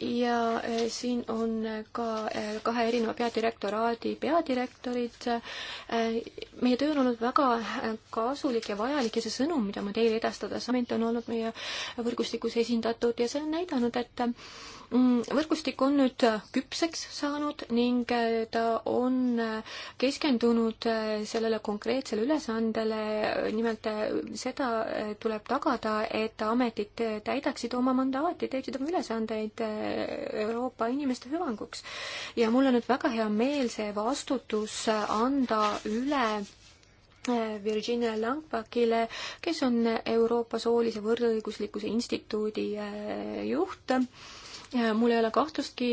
ja e, siin on ka e, kahe erineva peadirektoraadi peadirektorid. E, meie töö on olnud väga kasulik ja vajalik ja see sõnum, mida ma teile edastada saan, on olnud meie võrgustikus esindatud ja see on näidanud, et Mm, võrgustik on nüüd äh, küpseks saanud ning äh, ta on äh, keskendunud sellele konkreetsele ülesandele, nimelt seda tuleb tagada, et ametid täidaksid oma mandaati, teeksid oma ülesandeid Euroopa inimeste hüvanguks. ja mul on nüüd väga hea meel see vastutus anda üle Virginia Langbackile, kes on Euroopa Soolise Võrdõiguslikkuse Instituudi juht mul ei ole kahtlustki,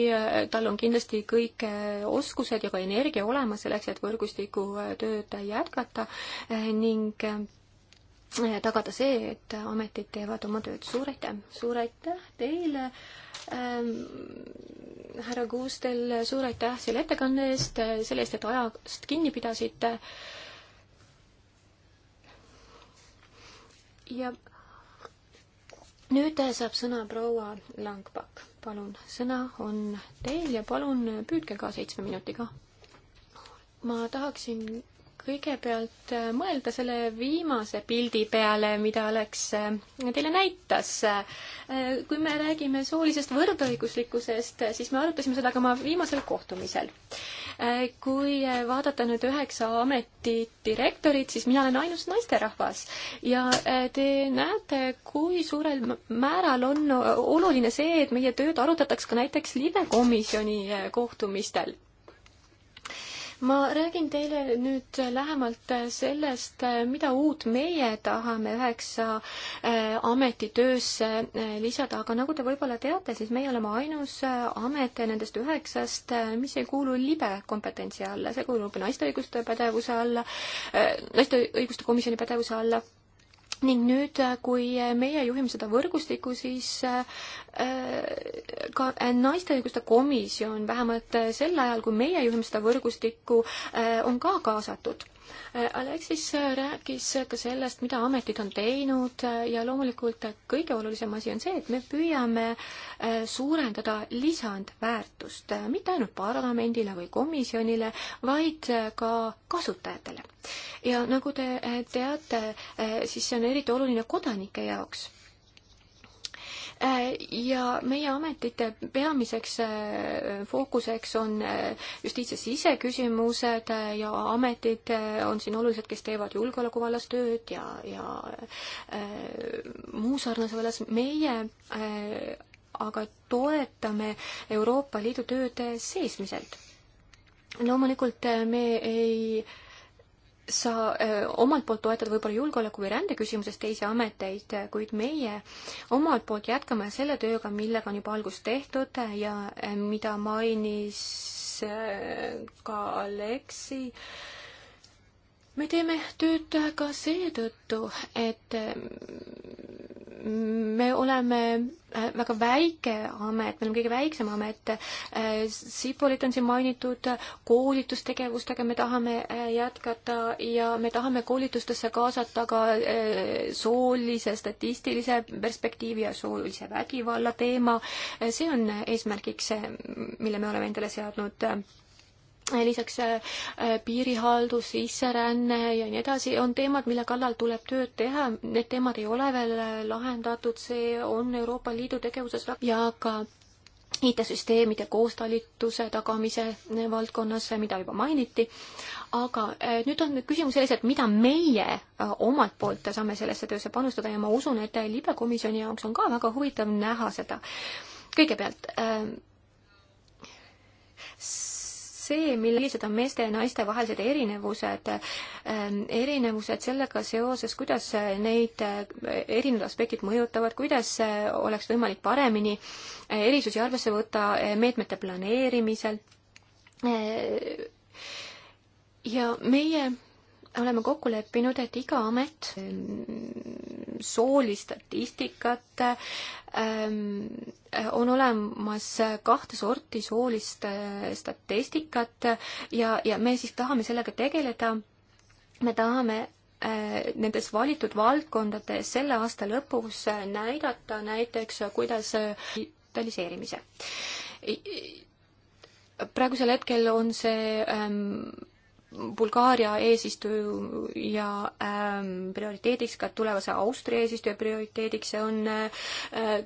tal on kindlasti kõik äh, oskused ja ka energia olemas selleks, et võrgustikutööd äh, jätkata äh, ning tagada see, et ametid teevad oma tööd. suur aitäh! suur aitäh teile ähm,, härra Kuustel, suur aitäh selle ettekande eest, selle eest, et ajast kinni pidasite. ja nüüd saab sõna proua Langbak. palun, sõna on teil ja palun püüdke ka seitsme minutiga. ma tahaksin kõigepealt äh, mõelda selle viimase pildi peale, mida Alex äh, teile näitas. Äh, kui me räägime soolisest võrdõiguslikkusest, siis me arutasime seda ka oma viimasel kohtumisel. kui vaadata nüüd üheksa ameti direktorit, siis mina olen ainus naisterahvas ja te näete, kui suurel määral on oluline see, et meie tööd arutataks ka näiteks libekomisjoni kohtumistel ma räägin teile nüüd lähemalt sellest, mida uut meie tahame üheksa äh, ametitöösse äh, lisada, aga nagu te võib-olla teate, siis meie oleme ainus äh, amet nendest üheksast, mis ei kuulu libe kompetentsi alla, see kuulub naiste õiguste pädevuse alla, naiste õiguste komisjoni pädevuse alla ning nüüd, äh, kui äh, meie juhime seda võrgustikku, siis äh, ka naiste õiguste komisjon, vähemalt sel ajal, kui meie juhime seda võrgustikku, on ka kaasatud Aleksis rääkis ka sellest, mida ametid on teinud ja loomulikult kõige olulisem asi on see, et me püüame äh, suurendada lisandväärtust äh, mitte ainult parlamendile või komisjonile, vaid äh, ka kasutajatele. ja nagu te teate, siis see on eriti oluline kodanike jaoks Äh, ja meie ametite peamiseks äh, fookuseks on äh, justiits- ja siseküsimused ja ametid on siin olulised, kes teevad julgeoleku vallas tööd ja, ja muu sarnase vallas. meie aga toetame Euroopa Liidu tööd seesmiselt. loomulikult me ei äh, sa öö, omalt poolt toetad võib-olla julgeoleku või rände küsimuses teisi ameteid, kuid meie omalt poolt jätkame selle tööga, millega on juba algust tehtud ja mida mainis ka Aleksi. me teeme tööd ka seetõttu, et me oleme äh, väga väike amet, me oleme kõige väiksem amet, äh, Sipolit on siin mainitud, koolitustegevustega me tahame äh, jätkata ja me tahame koolitustesse kaasata ka soolise statistilise perspektiivi ja soolise vägivalla teema, see on eesmärgiks, mille me oleme endale seadnud lisaks äh, äh, piirihaldus, sisseränne ja nii edasi on teemad, mille kallal tuleb tööd teha. Need teemad ei ole veel äh, lahendatud, see on Euroopa Liidu tegevuses ja ka IT-süsteemide koostalituse tagamise valdkonnas, mida juba mainiti. aga nüüd on küsimus selles, et mida meie omalt poolt saame sellesse töösse panustada ja ma usun, et libekomisjoni jaoks on ka väga huvitav näha seda. kõigepealt see, millised on meeste ja naiste vahelised erinevused, ähm, erinevused sellega seoses, kuidas äh, neid äh, erinevad aspektid mõjutavad, kuidas äh, oleks võimalik paremini erisusi arvesse võtta meetmete planeerimisel. ja meie oleme kokku leppinud, et iga amet ähm, soolistatistikat ähm, on olemas kahte sorti soolist äh, statistikat ja, ja me siis tahame sellega tegeleda. me tahame äh, nendes valitud valdkondades selle aasta lõpus näidata näiteks, kuidas äh, digitaliseerimise. praegusel hetkel on see ähm, Bulgaaria eesistuja ähm, prioriteediks, ka tulevase Austria eesistuja prioriteediks on äh,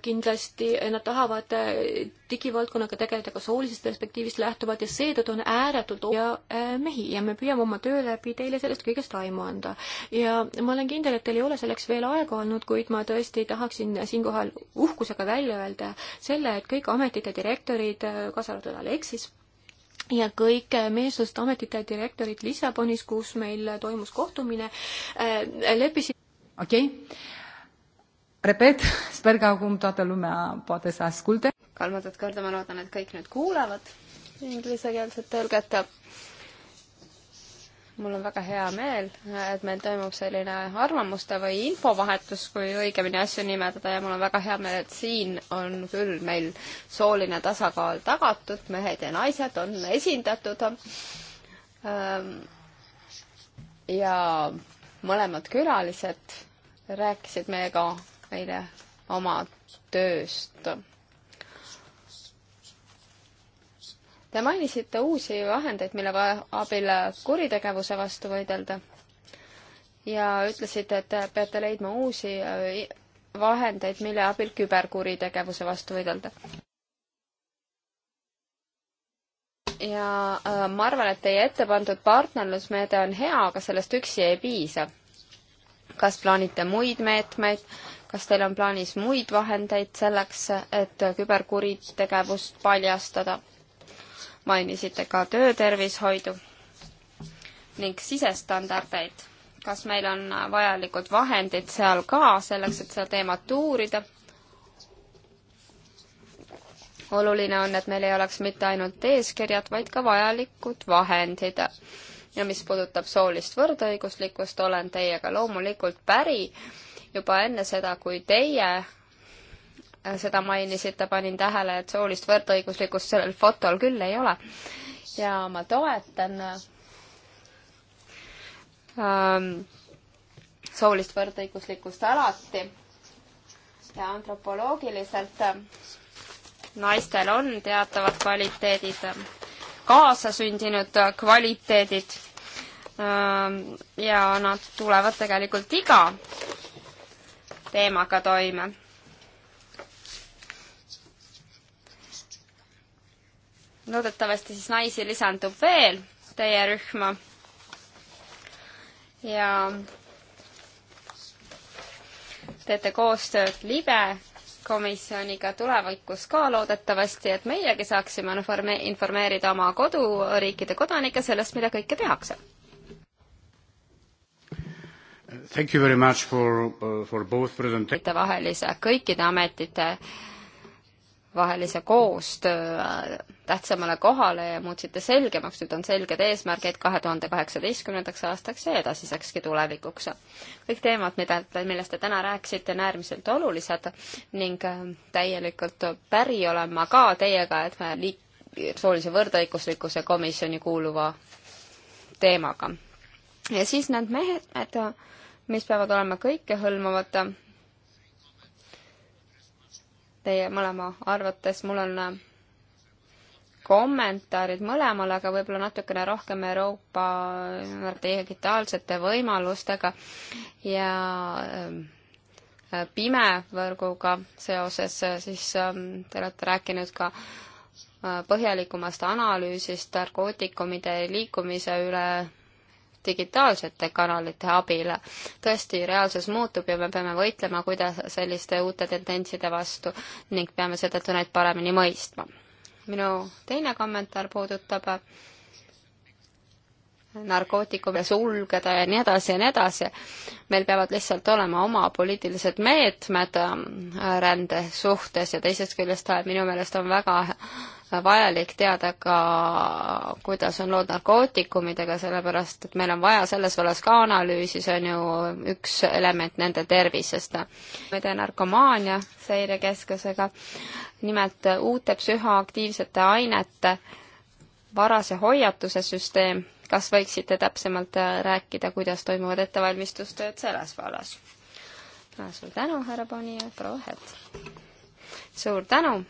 kindlasti, nad tahavad äh, digivaldkonnaga tegeleda ka soolisest perspektiivist lähtuvalt ja seetõttu on ääretult ja äh, mehi ja me püüame oma töö läbi teile sellest kõigest aimu anda. ja ma olen kindel, et teil ei ole selleks veel aega olnud, kuid ma tõesti tahaksin siinkohal uhkusega välja öelda selle, et kõik ametite direktorid, kaasa arvatud Aleksis, ja kõik äh, meessuste ametite direktorid Lissabonis, kus meil toimus kohtumine, äh, leppisid okei okay., repet, sper că acum toată lumea poate să asculte. Kalmatat korda, ma loodan, et kõik nüüd kuulavad inglisekeelset tõlget mul on väga hea meel, et meil toimub selline arvamuste või infovahetus, kui õigemini asju nimetada ja mul on väga hea meel, et siin on küll meil sooline tasakaal tagatud, mehed ja naised on esindatud. Ähm, ja mõlemad külalised rääkisid meiega eile oma tööst Te mainisite uusi vahendeid, mille abil kuritegevuse vastu võidelda ja ütlesite, et peate leidma uusi äh, vahendeid, mille abil küberkuritegevuse vastu võidelda. ja äh, ma arvan, et teie ette pandud partnerlusmeede on hea, aga sellest üksi ei piisa. kas plaanite muid meetmeid, kas teil on plaanis muid vahendeid selleks, et küberkuritegevust paljastada? mainisite ka töötervishoidu ning sisestandardeid. kas meil on vajalikud vahendid seal ka selleks, et seda teemat uurida? oluline on, et meil ei oleks mitte ainult eeskirjad, vaid ka vajalikud vahendid. ja mis puudutab soolist võrdõiguslikkust, olen teiega loomulikult päri juba enne seda, kui teie Äh, seda mainisite, panin tähele, et soolist võrdõiguslikkust sellel fotol küll ei ole. ja ma toetan ähm, soolist võrdõiguslikkust alati ja antropoloogiliselt ähm, naistel on teatavad kvaliteedid, ähm, kaasasündinud äh, kvaliteedid ähm, ja nad tulevad tegelikult iga teemaga toime loodetavasti siis naisi lisandub veel teie rühma. ja teete koostööd libe komisjoniga tulevikus ka loodetavasti, et meiegi saaksime informe-, informeerida oma koduriikide kodanikke sellest, mida kõike tehakse. Thank you very much for, uh, for both presentation-. vahelise kõikide ametite äh, vahelise koostöö äh, tähtsamale kohale ja muutsite selgemaks, nüüd on selged eesmärgid kahe tuhande kaheksateistkümnendaks aastaks ja edasisekski tulevikuks. kõik teemad, mida, millest te täna rääkisite, on äärmiselt olulised ning äh, täielikult päri olen ma ka teiega, et me liik-, soolise võrdõiguslikkuse komisjoni kuuluva teemaga. ja siis need mehed, mis peavad olema kõikehõlmavad, teie mõlema arvates, mul on äh, kommentaarid mõlemale, aga võib-olla natukene rohkem Euroopa äh, digitaalsete võimalustega ja äh, pimevõrguga seoses, siis te olete rääkinud ka põhjalikumast analüüsist narkootikumide liikumise üle digitaalsete kanalite abil tõesti reaalsus muutub ja me peame võitlema, kuidas selliste uute tendentside vastu ning peame seetõttu neid paremini mõistma. minu teine kommentaar puudutab äh, narkootikume sulgeda ja nii edasi ja nii edasi. meil peavad lihtsalt olema oma poliitilised meetmed ähm, rände suhtes ja teisest küljest äh, minu meelest on väga vajalik teada ka, kuidas on lood narkootikumidega, sellepärast et meil on vaja selles vallas ka analüüsi, see on ju üks element nende tervisest. muide, narkomaania seirekeskusega, nimelt uute psühhoaktiivsete ainete varase hoiatuse süsteem, kas võiksite täpsemalt rääkida, kuidas toimuvad ettevalmistustööd selles vallas? suur tänu, härra Bonija, proua Hett! suur tänu!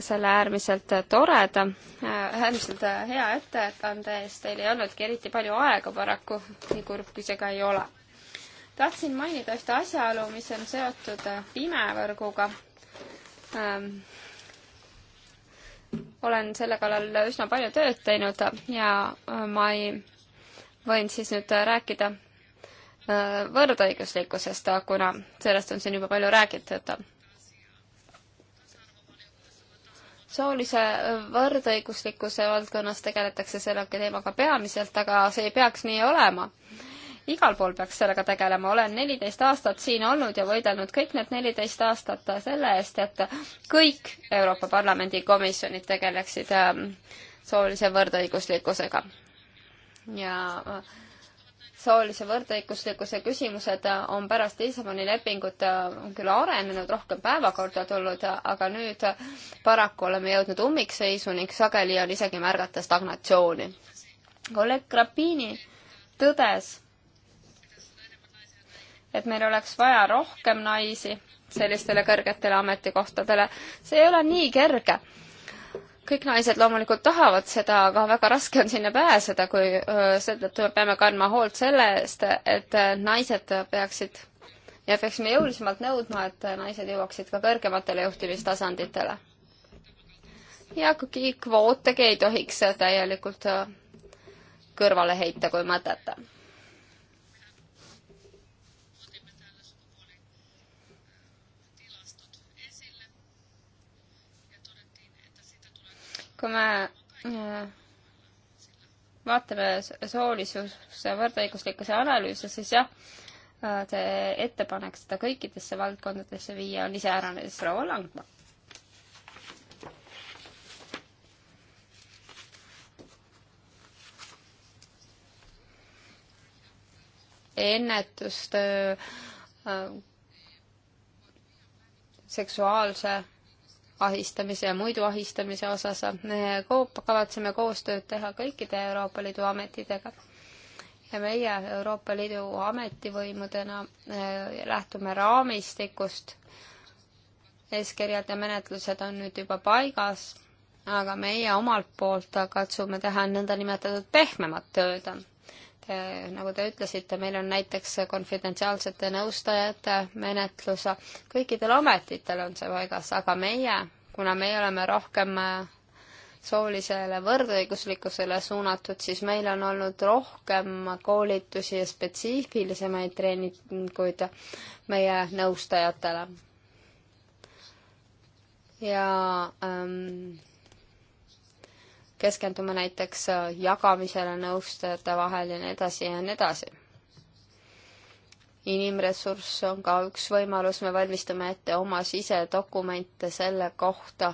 selle äärmiselt toreda, äärmiselt hea ettekande eest, teil ei olnudki eriti palju aega paraku, nii kurb kui see ka ei ole. tahtsin mainida ühte asjaolu, mis on seotud pimevõrguga ähm,. olen selle kallal üsna palju tööd teinud ja äh, ma ei, võin siis nüüd rääkida äh, võrdõiguslikkusest, kuna sellest on siin juba palju räägitud soolise võrdõiguslikkuse valdkonnas tegeletakse selle teemaga peamiselt, aga see ei peaks nii olema. igal pool peaks sellega tegelema, olen neliteist aastat siin olnud ja võidelnud kõik need neliteist aastat selle eest, et kõik Euroopa Parlamendi komisjonid tegeleksid ähm, soolise võrdõiguslikkusega. ja äh, soolise võrdõiguslikkuse küsimused äh, on pärast Lissaboni lepingut äh, küll arenenud, rohkem päevakorda tulnud, äh, aga nüüd paraku oleme jõudnud ummikseisu ning sageli on isegi märgata stagnatsiooni. kolleeg Grapini tõdes, et meil oleks vaja rohkem naisi sellistele kõrgetele ametikohtadele. see ei ole nii kerge kõik naised loomulikult tahavad seda, aga väga raske on sinna pääseda, kui seetõttu me peame kandma hoolt selle eest, et naised peaksid ja peaksime jõulisemalt nõudma, et naised jõuaksid ka kõrgematele juhtimistasanditele. ja kuigi kvootegi ei tohiks täielikult kõrvale heita kui mõtet kui me äh, vaatame soolisuse võrdõiguslikkuse analüüse, siis jah, äh, see ettepanek seda kõikidesse valdkondadesse viia on iseärane, siis proua Langma. ennetustöö, äh, seksuaalse ahistamise ja muidu ahistamise osas. me koop-, kavatseme koostööd teha kõikide Euroopa Liidu ametidega ja meie Euroopa Liidu ametivõimudena eh, lähtume raamistikust. eeskirjad ja menetlused on nüüd juba paigas, aga meie omalt poolt katsume teha nõndanimetatud pehmemat tööd Eh, nagu te ütlesite, meil on näiteks konfidentsiaalsete nõustajate menetlus, kõikidel ametitel on see paigas, aga meie, kuna meie oleme rohkem eh, soolisele võrdõiguslikkusele suunatud, siis meil on olnud rohkem koolitusi ja spetsiifilisemaid treeninguid meie nõustajatele. ja ähm, keskendume näiteks äh, jagamisele nõustajate vahel ja nii edasi ja nii edasi. inimressurss on ka üks võimalus, me valmistame ette oma sisedokumente selle kohta,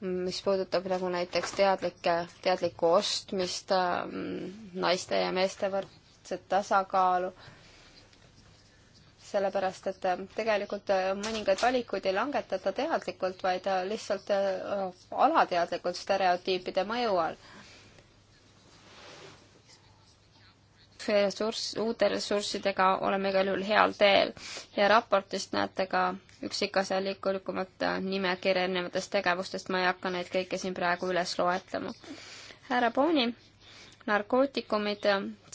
mis puudutab nagu näiteks teadlike, teadlikku ostmist, äh, naiste ja meeste võrdset tasakaalu sellepärast et äh, tegelikult äh, mõningaid valikuid ei langetata teadlikult, vaid äh, lihtsalt alateadlikult stereotüüpide mõju all. ressurss, uute ressurssidega oleme igal juhul heal teel ja raportist näete ka üksikasjalikumat nimekirja erinevatest tegevustest, ma ei hakka neid kõiki siin praegu üles loetlema. härra Pooni narkootikumid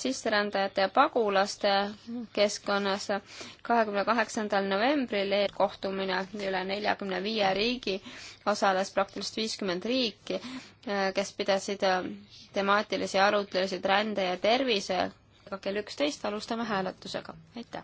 sisserändajate ja pagulaste keskkonnas. kahekümne kaheksandal novembril kohtumine üle neljakümne viie riigi osales praktiliselt viiskümmend riiki, kes pidasid temaatilisi arutelusid rände ja tervisega. kell üksteist alustame hääletusega. aitäh!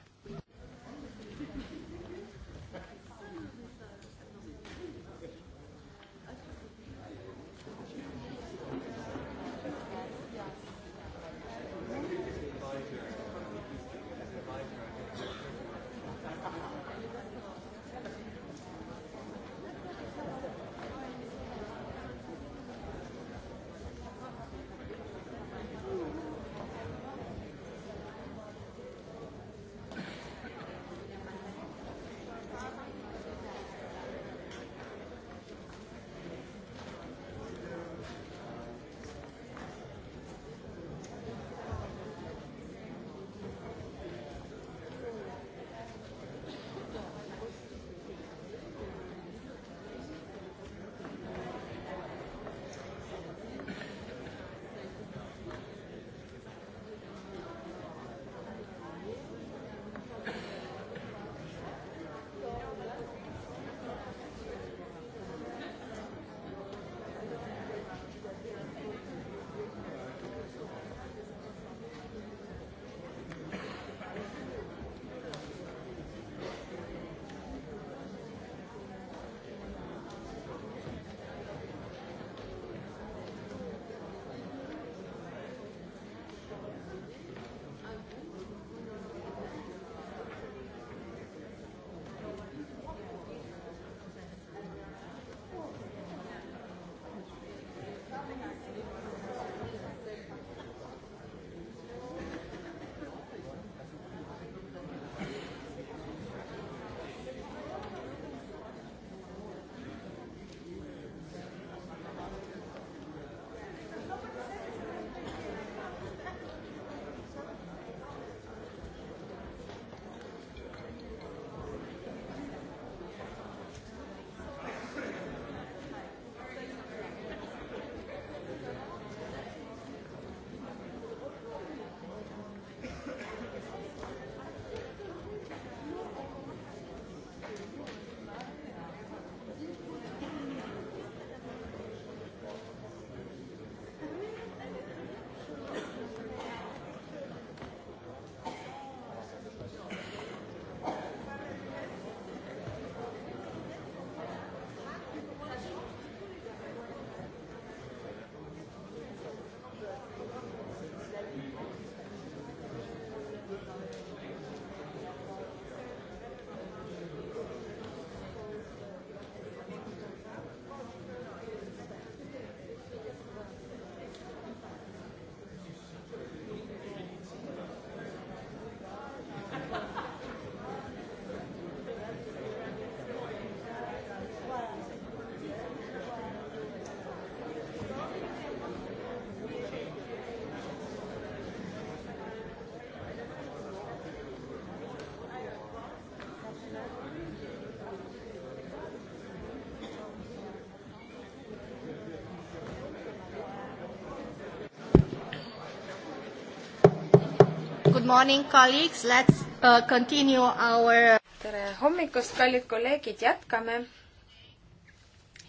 morning, colleagues. Let's uh, continue our... tere hommikust, kallid kolleegid, jätkame.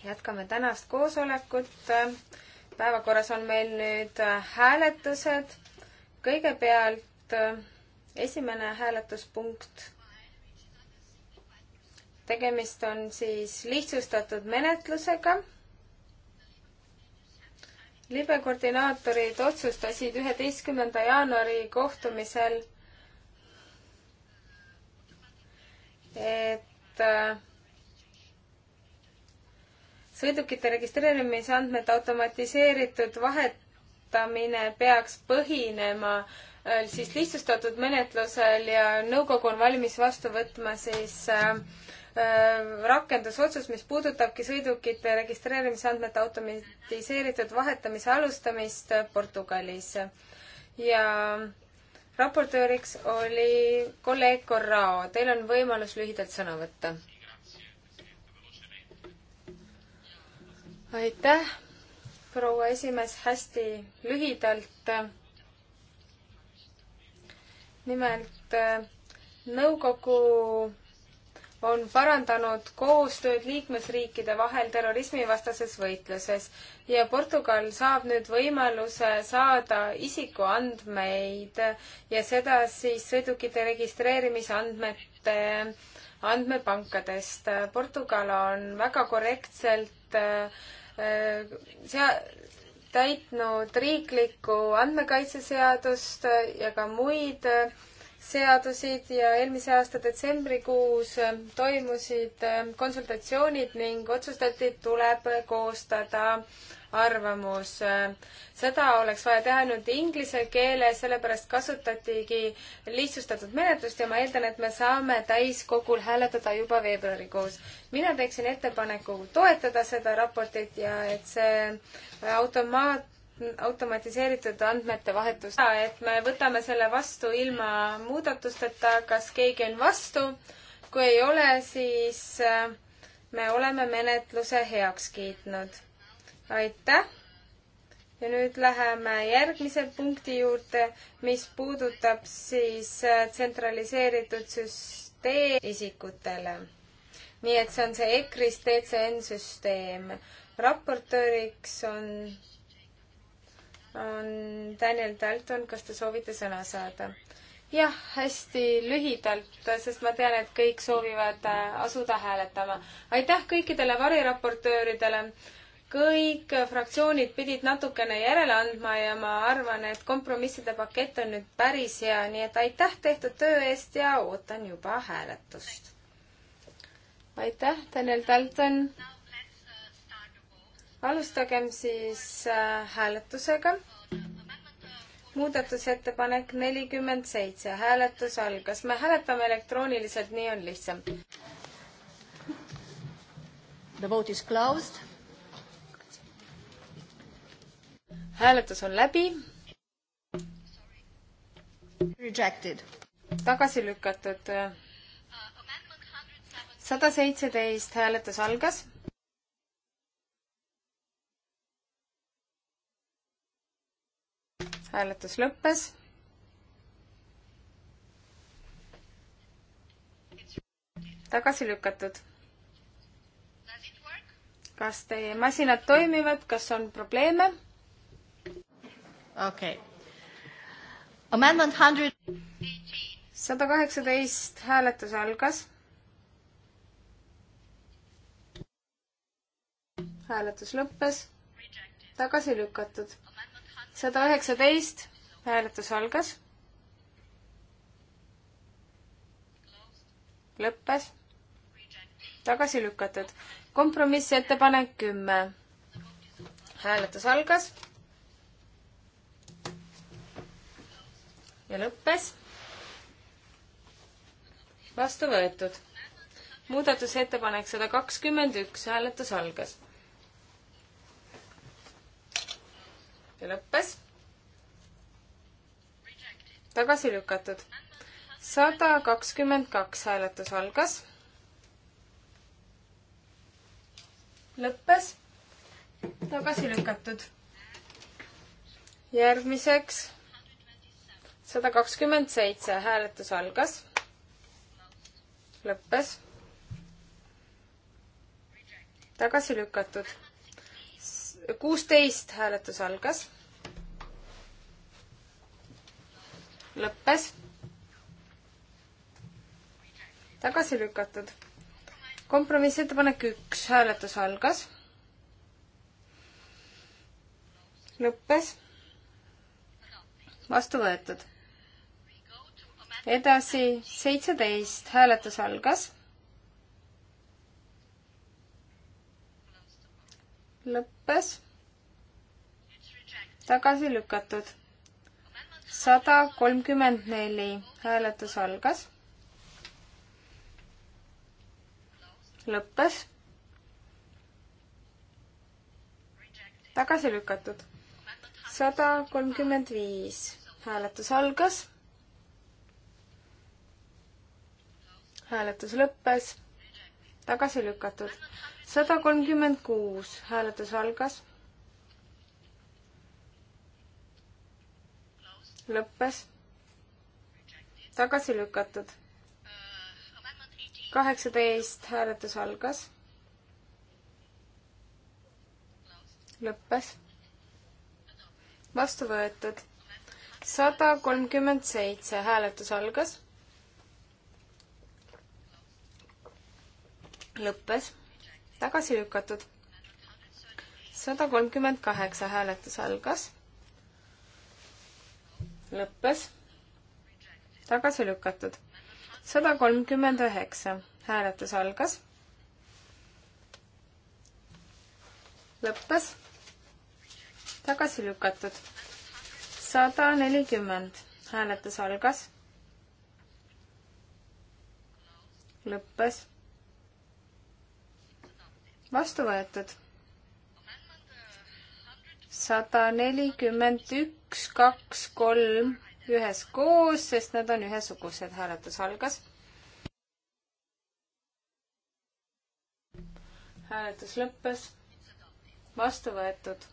jätkame tänast koosolekut. päevakorras on meil nüüd äh, hääletused. kõigepealt äh, esimene hääletuspunkt. tegemist on siis lihtsustatud menetlusega libekoordinaatorid otsustasid üheteistkümnenda jaanuari kohtumisel, et äh, sõidukite registreerimisandmete automatiseeritud vahetamine peaks põhinema äh, siis lihtsustatud menetlusel ja nõukogu on valmis vastu võtma siis äh, Äh, rakendusotsus, mis puudutabki sõidukite registreerimise andmete automatiseeritud vahetamise alustamist Portugalis. ja raportööriks oli kolleeg Corrao, teil on võimalus lühidalt sõna võtta. aitäh, proua esimees, hästi lühidalt. nimelt äh, nõukogu on parandanud koostööd liikmesriikide vahel terrorismivastases võitluses ja Portugal saab nüüd võimaluse saada isikuandmeid ja seda siis sõidukite registreerimisandmete andmepankadest. Portugal on väga korrektselt äh, sea-, täitnud riiklikku andmekaitseseadust ja ka muid äh, seadusid ja eelmise aasta detsembrikuus toimusid ähm, konsultatsioonid ning otsustati, et tuleb koostada arvamus. seda oleks vaja teha ainult inglise keeles, sellepärast kasutatigi lihtsustatud menetlust ja ma eeldan, et me saame täiskogul hääletada juba veebruarikuus. mina teeksin ettepaneku toetada seda raportit ja et see automaat automatiseeritud andmete vahetus, et me võtame selle vastu ilma muudatusteta, kas keegi on vastu. kui ei ole, siis äh, me oleme menetluse heaks kiitnud. aitäh. ja nüüd läheme järgmise punkti juurde, mis puudutab siis äh, tsentraliseeritud süsteem isikutele. nii et see on see EKRIS DCN süsteem. raportööriks on on Daniel Dalton, kas te soovite sõna saada? jah, hästi lühidalt, sest ma tean, et kõik soovivad äh, asuda hääletama. aitäh kõikidele variraportööridele. kõik fraktsioonid pidid natukene järele andma ja ma arvan, et kompromisside pakett on nüüd päris hea, nii et aitäh tehtud töö eest ja ootan juba hääletust. aitäh, Daniel Dalton alustagem siis äh, hääletusega. muudatusettepanek nelikümmend seitse, hääletus algas. me hääletame elektrooniliselt, nii on lihtsam. The vote is closed. hääletus on läbi. Rejected. tagasi lükatud. Äh, sada seitseteist hääletus algas hääletus lõppes. tagasi lükatud. kas teie masinad toimivad, kas on probleeme? okei okay.. Amendment hundred. sada kaheksateist hääletus algas. hääletus lõppes. tagasi lükatud sada üheksateist, hääletus algas. lõppes. tagasi lükatud. kompromissettepanek kümme. hääletus algas. ja lõppes. vastu võetud. muudatusettepanek sada kakskümmend üks, hääletus algas ja lõppes. tagasi lükatud. sada kakskümmend kaks hääletus algas. lõppes. tagasi lükatud. järgmiseks sada kakskümmend seitse hääletus algas. lõppes tagasi lükatud kuusteist hääletus algas. lõppes. tagasi lükatud. kompromissettepanek üks, hääletus algas. lõppes. vastu võetud. edasi seitseteist, hääletus algas lõppes. tagasi lükatud. sada kolmkümmend neli, hääletus algas. lõppes. tagasi lükatud. sada kolmkümmend viis, hääletus algas hääletus lõppes, tagasi lükatud sada kolmkümmend kuus hääletus algas. lõppes. tagasi lükatud. kaheksateist hääletus algas. lõppes. vastu võetud. sada kolmkümmend seitse hääletus algas lõppes tagasi lükatud. sada kolmkümmend kaheksa hääletus algas, lõppes, tagasi lükatud. sada kolmkümmend üheksa hääletus algas, lõppes, tagasi lükatud. sada nelikümmend hääletus algas lõppes vastu võetud. sada nelikümmend üks, kaks, kolm üheskoos, sest nad on ühesugused. hääletus algas. hääletus lõppes. vastu võetud.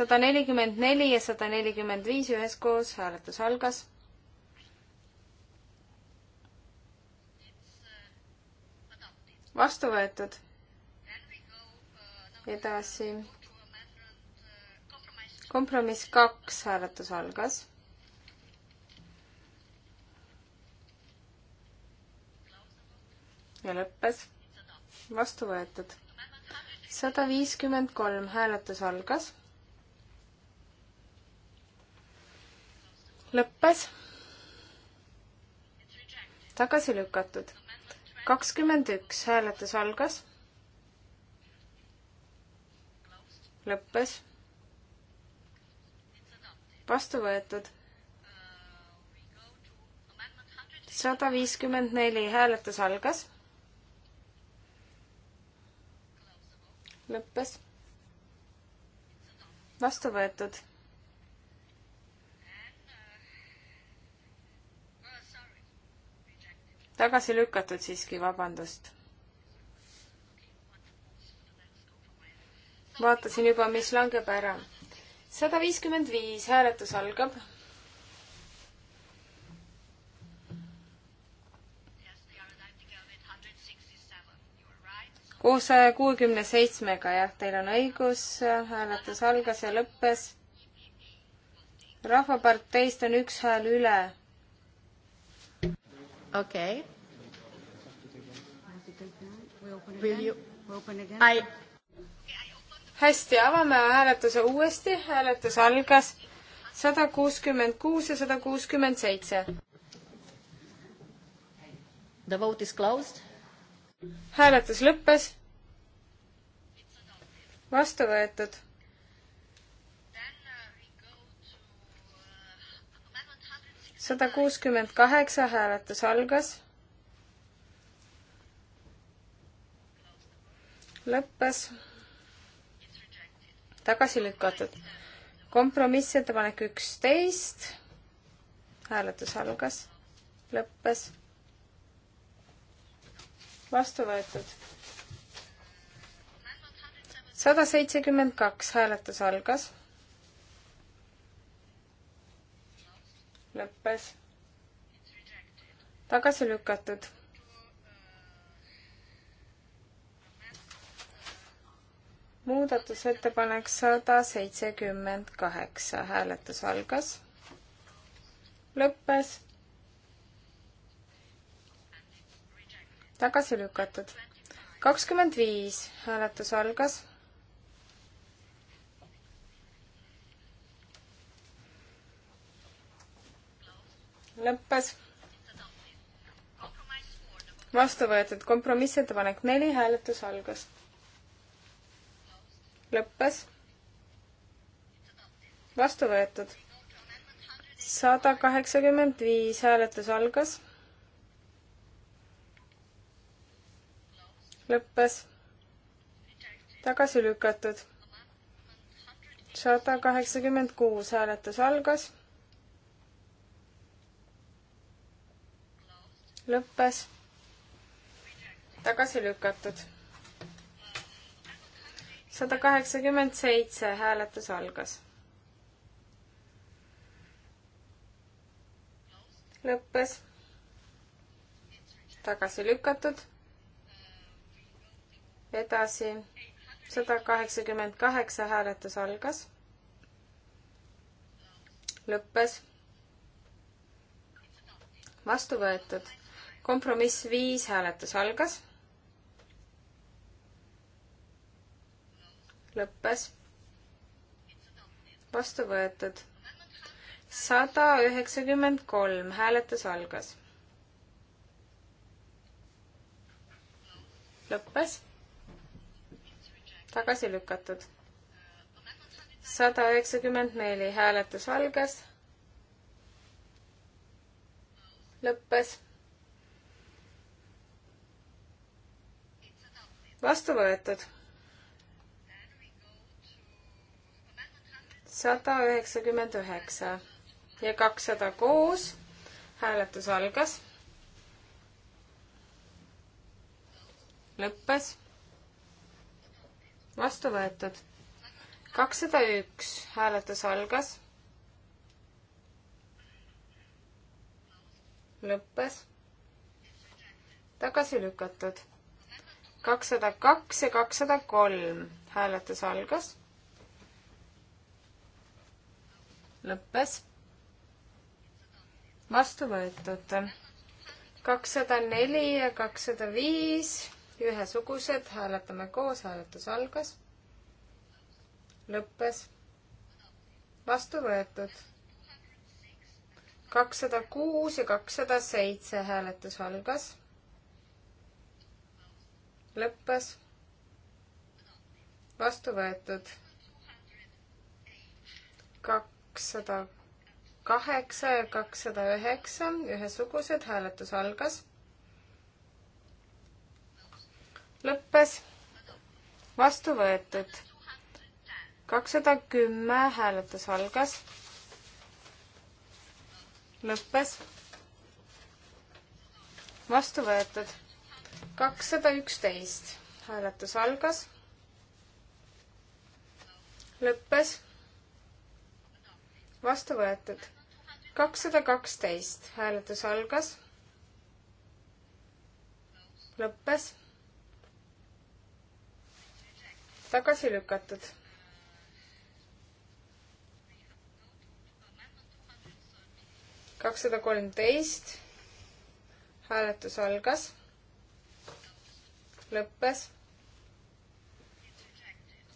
sada nelikümmend neli ja sada nelikümmend viis üheskoos, hääletus algas vastu võetud. edasi. kompromiss kaks, hääletus algas. ja lõppes. vastu võetud. sada viiskümmend kolm, hääletus algas lõppes tagasi lükatud kakskümmend üks, hääletus algas. lõppes. vastu võetud. sada viiskümmend neli, hääletus algas. lõppes. vastu võetud tagasi lükatud siiski, vabandust. vaatasin juba, mis langeb ära. sada viiskümmend viis, hääletus algab. kuuesaja kuuekümne seitsmega, jah, teil on õigus, hääletus algas ja lõppes. rahvaparteist on üks hääl üle Okay. Will you? I... hästi, avame hääletuse uuesti, hääletus algas sada kuuskümmend kuus ja sada kuuskümmend seitse. The vote is closed. hääletus lõppes. vastu võetud sada kuuskümmend kaheksa hääletus algas. lõppes. tagasi lükatud. kompromissettepanek üksteist. hääletus algas, lõppes. vastu võetud sada seitsekümmend kaks hääletus algas. lõppes. tagasi lükatud. muudatusettepanek sada seitsekümmend kaheksa, hääletus algas, lõppes. tagasi lükatud. kakskümmend viis, hääletus algas lõppes. vastu võetud kompromissettepanek neli, hääletus algas. lõppes. vastu võetud. sada kaheksakümmend viis, hääletus algas. lõppes. tagasi lükatud. sada kaheksakümmend kuus, hääletus algas lõppes, tagasi lükatud. sada kaheksakümmend seitse hääletus algas. lõppes, tagasi lükatud. edasi, sada kaheksakümmend kaheksa hääletus algas. lõppes vastu võetud kompromiss viis hääletus algas. lõppes. vastu võetud. sada üheksakümmend kolm hääletus algas. lõppes. tagasi lükatud. sada üheksakümmend neli hääletus algas lõppes vastu võetud. sada üheksakümmend üheksa ja kakssada koos. hääletus algas. lõppes. vastu võetud. kakssada üks, hääletus algas. lõppes. tagasi lükatud kakssada kaks ja kakssada kolm hääletus algas. lõppes. vastu võetud. kakssada neli ja kakssada viis ühesugused, hääletame koos, hääletus algas. lõppes. vastu võetud. kakssada kuus ja kakssada seitse hääletus algas lõppes, vastu võetud kakssada kaheksa ja kakssada üheksa, ühesugused, hääletus algas. lõppes, vastu võetud kakssada kümme, hääletus algas. lõppes, vastu võetud kakssada üksteist, hääletus algas, lõppes, vastu võetud. kakssada kaksteist, hääletus algas, lõppes, tagasi lükatud kakssada kolmteist. hääletus algas lõppes.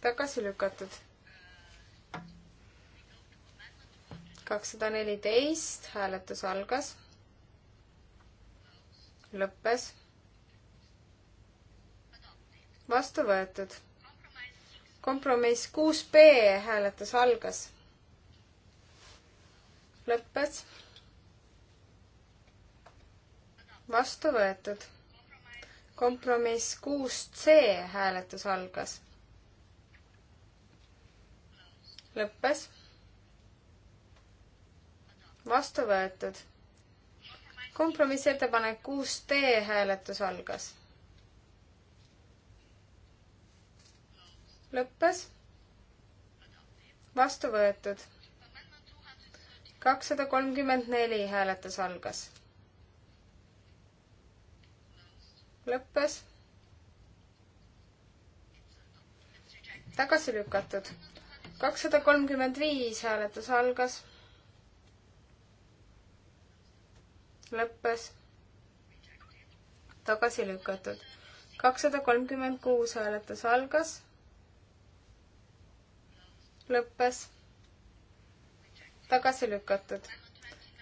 tagasi lükatud. kakssada neliteist, hääletus algas. lõppes. vastu võetud. kompromiss kuus B hääletus algas. lõppes. vastu võetud kompromiss kuus C hääletus algas. lõppes. vastu võetud. kompromissettepanek kuus D hääletus algas. lõppes. vastu võetud. kakssada kolmkümmend neli hääletus algas lõppes. tagasi lükatud. kakssada kolmkümmend viis hääletus algas. lõppes. tagasi lükatud. kakssada kolmkümmend kuus hääletus algas. lõppes. tagasi lükatud.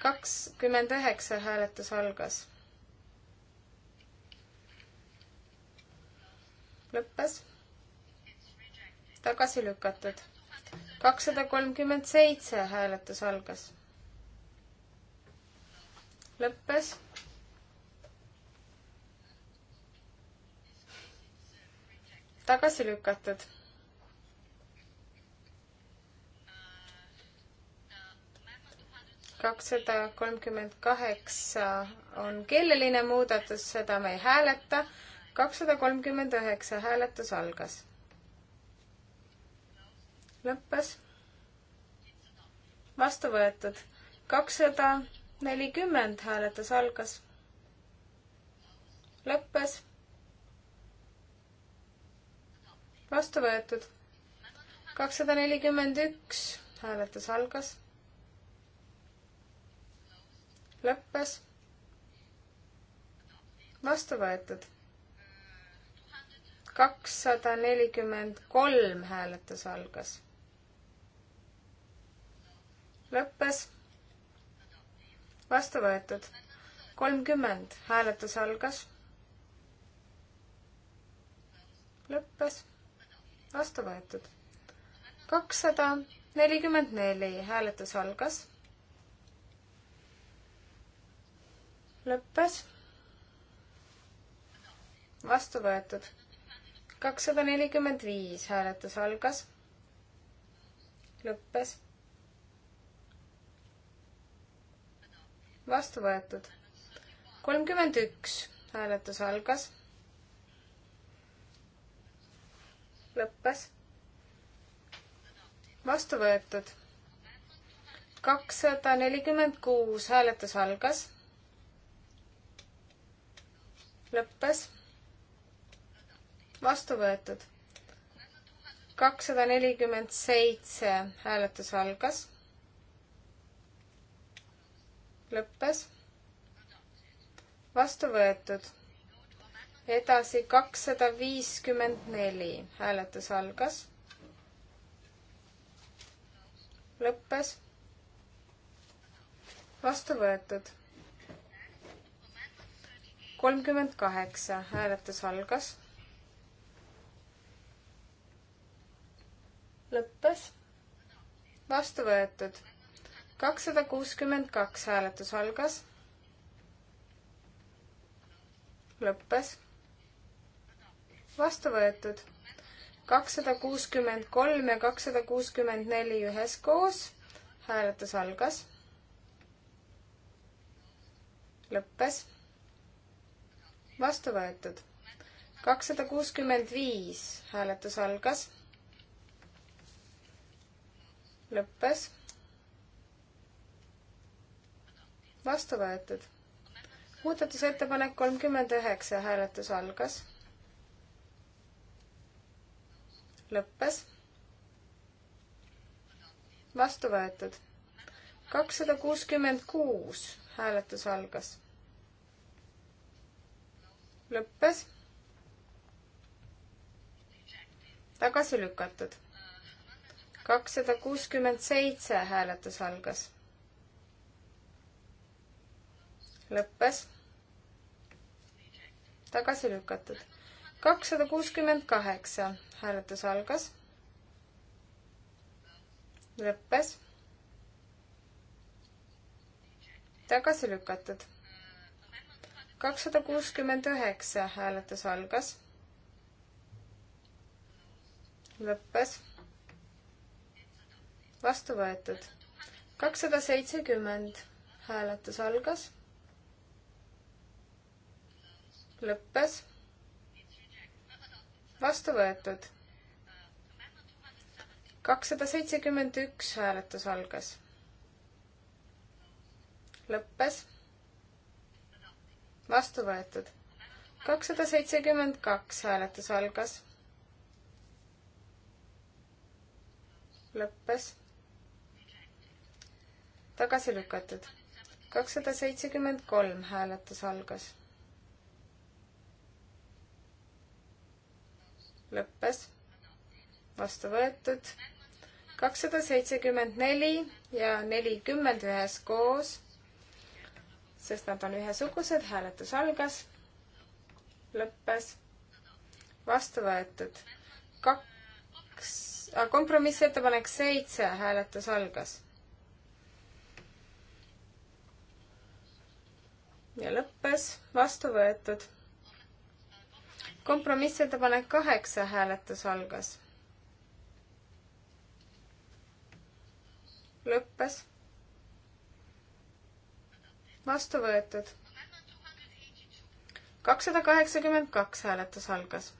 kakskümmend üheksa hääletus algas lõppes. tagasi lükatud. kakssada kolmkümmend seitse hääletus algas. lõppes. tagasi lükatud kakssada kolmkümmend kaheksa on keeleline muudatus, seda me ei hääleta kakssada kolmkümmend üheksa, hääletus algas. lõppes. vastu võetud. kakssada nelikümmend, hääletus algas. lõppes. vastu võetud. kakssada nelikümmend üks, hääletus algas. lõppes. vastu võetud kakssada nelikümmend kolm hääletus algas. lõppes. vastu võetud. kolmkümmend hääletus algas. lõppes. vastu võetud. kakssada nelikümmend neli hääletus algas. lõppes. vastu võetud kakssada nelikümmend viis hääletus algas, lõppes. vastu võetud. kolmkümmend üks hääletus algas, lõppes. vastu võetud. kakssada nelikümmend kuus hääletus algas, lõppes vastu võetud. kakssada nelikümmend seitse hääletus algas. lõppes. vastu võetud. edasi kakssada viiskümmend neli hääletus algas. lõppes. vastu võetud kolmkümmend kaheksa, hääletus algas. lõppes. vastu võetud. kakssada kuuskümmend kaks hääletus algas. lõppes. vastu võetud. kakssada kuuskümmend kolm ja kakssada kuuskümmend neli üheskoos. hääletus algas. lõppes. vastu võetud. kakssada kuuskümmend viis hääletus algas lõppes. vastu võetud. muudatusettepanek kolmkümmend üheksa, hääletus algas. lõppes. vastu võetud. kakssada kuuskümmend kuus, hääletus algas. lõppes. tagasi lükatud kakssada kuuskümmend seitse hääletus algas. lõppes. tagasi lükatud. kakssada kuuskümmend kaheksa hääletus algas. lõppes. tagasi lükatud. kakssada kuuskümmend üheksa hääletus algas. lõppes vastu võetud. kakssada seitsekümmend, hääletus algas. lõppes. vastu võetud. kakssada seitsekümmend üks, hääletus algas. lõppes. vastu võetud. kakssada seitsekümmend kaks, hääletus algas lõppes tagasi lükatud. kakssada seitsekümmend kolm hääletus algas. lõppes. vastu võetud. kakssada seitsekümmend neli ja nelikümmend üheskoos, sest nad on ühesugused, hääletus algas. lõppes. vastu võetud. kaks, ah, kompromissettepanek seitse, hääletus algas ja lõppes, vastu võetud. kompromissettepanek kaheksa, hääletus algas. lõppes, vastu võetud. kakssada kaheksakümmend kaks hääletus algas.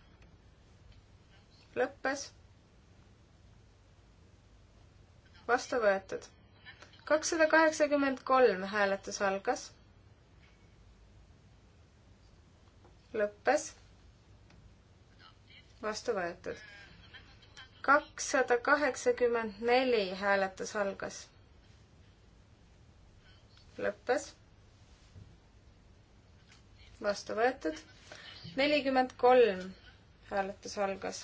lõppes vastu võetud. kakssada kaheksakümmend kolm hääletus algas. lõppes. vastu võetud. kakssada kaheksakümmend neli hääletus algas. lõppes. vastu võetud. nelikümmend kolm hääletus algas.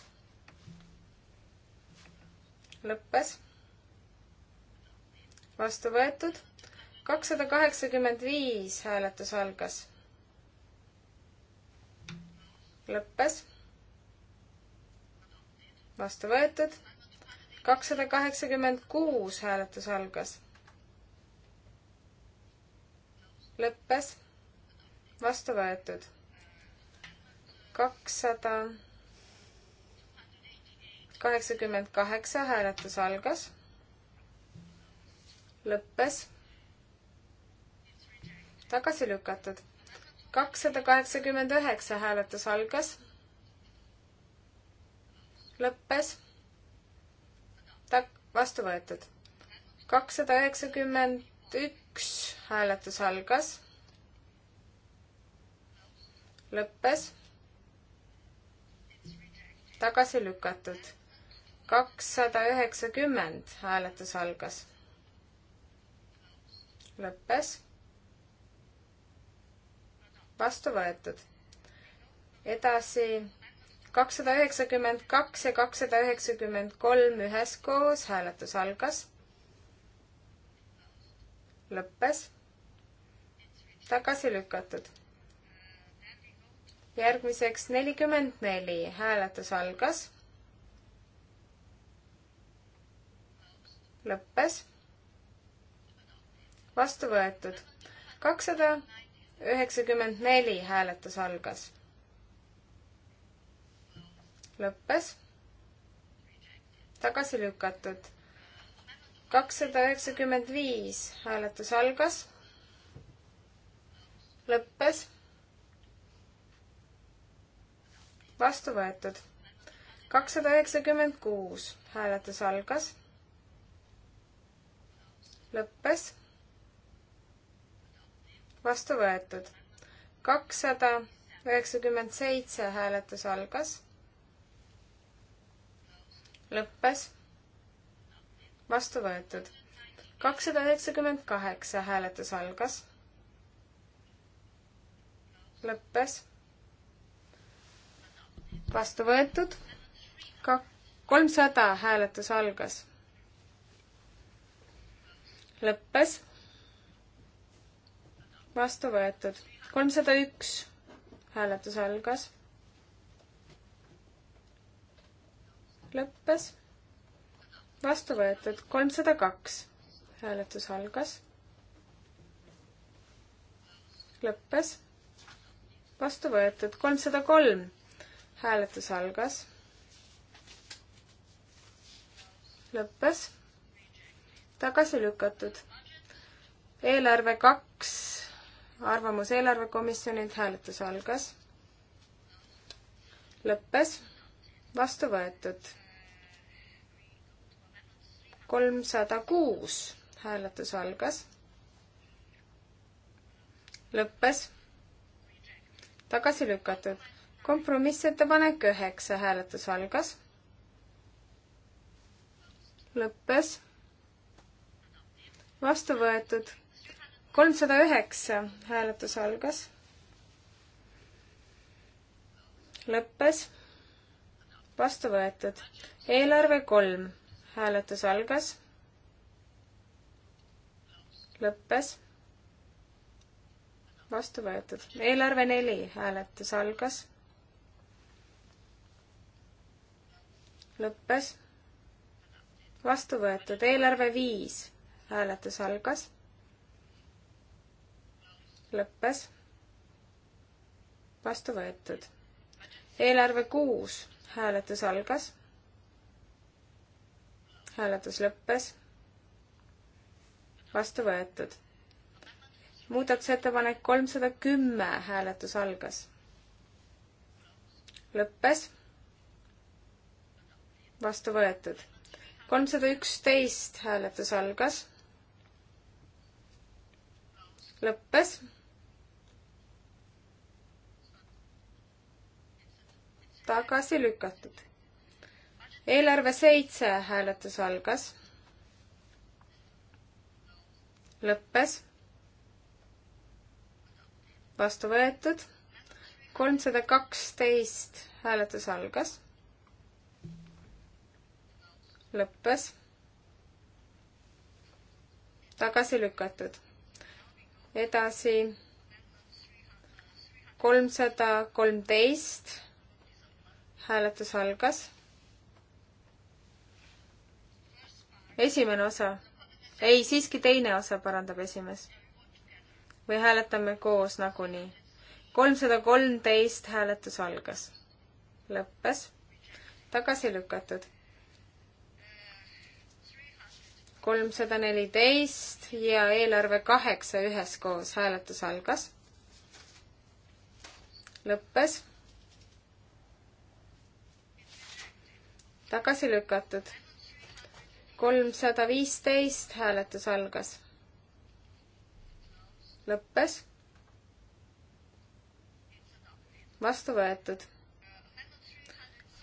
lõppes. vastu võetud. kakssada kaheksakümmend viis hääletus algas lõppes. vastu võetud. kakssada kaheksakümmend kuus hääletus algas. lõppes. vastu võetud. kakssada kaheksakümmend kaheksa hääletus algas. lõppes. tagasi lükatud kakssada kaheksakümmend üheksa hääletus algas, lõppes, ta-, vastu võetud. kakssada üheksakümmend üks hääletus algas, lõppes, tagasi lükatud. kakssada üheksakümmend hääletus algas, lõppes vastu võetud. edasi kakssada üheksakümmend kaks ja kakssada üheksakümmend kolm üheskoos hääletus algas. lõppes. tagasi lükatud. järgmiseks nelikümmend neli hääletus algas. lõppes. vastu võetud kakssada üheksakümmend neli hääletus algas. lõppes. tagasi lükatud. kakssada üheksakümmend viis hääletus algas. lõppes. vastu võetud. kakssada üheksakümmend kuus hääletus algas. lõppes vastu võetud. kakssada üheksakümmend seitse hääletus algas, lõppes, vastu võetud. kakssada üheksakümmend kaheksa hääletus algas, lõppes, vastu võetud. ka-, kolmsada hääletus algas, lõppes vastu võetud. kolmsada üks hääletus algas. lõppes. vastu võetud. kolmsada kaks hääletus algas. lõppes. vastu võetud. kolmsada kolm hääletus algas. lõppes. tagasi lükatud. eelarve kaks arvamus eelarvekomisjonilt, hääletus algas, lõppes, vastu võetud. kolmsada kuus, hääletus algas, lõppes, tagasi lükatud. kompromissettepanek üheksa, hääletus algas, lõppes, vastu võetud kolmsada üheksa hääletus algas. lõppes. vastu võetud. eelarve kolm hääletus algas. lõppes. vastu võetud. eelarve neli hääletus algas. lõppes. vastu võetud. eelarve viis hääletus algas lõppes. vastu võetud. eelarve kuus, hääletus algas. hääletus lõppes. vastu võetud. muudatusettepanek kolmsada kümme, hääletus algas. lõppes. vastu võetud. kolmsada üksteist, hääletus algas. lõppes tagasi lükatud. eelarve seitse hääletus algas. lõppes. vastu võetud. kolmsada kaksteist hääletus algas. lõppes. tagasi lükatud. edasi kolmsada kolmteist hääletus algas. esimene osa. ei, siiski teine osa, parandab esimees. või hääletame koos nagunii. kolmsada kolmteist hääletus algas. lõppes. tagasi lükatud. kolmsada neliteist ja eelarve kaheksa üheskoos hääletus algas. lõppes tagasi lükatud. kolmsada viisteist hääletus algas. lõppes. vastu võetud.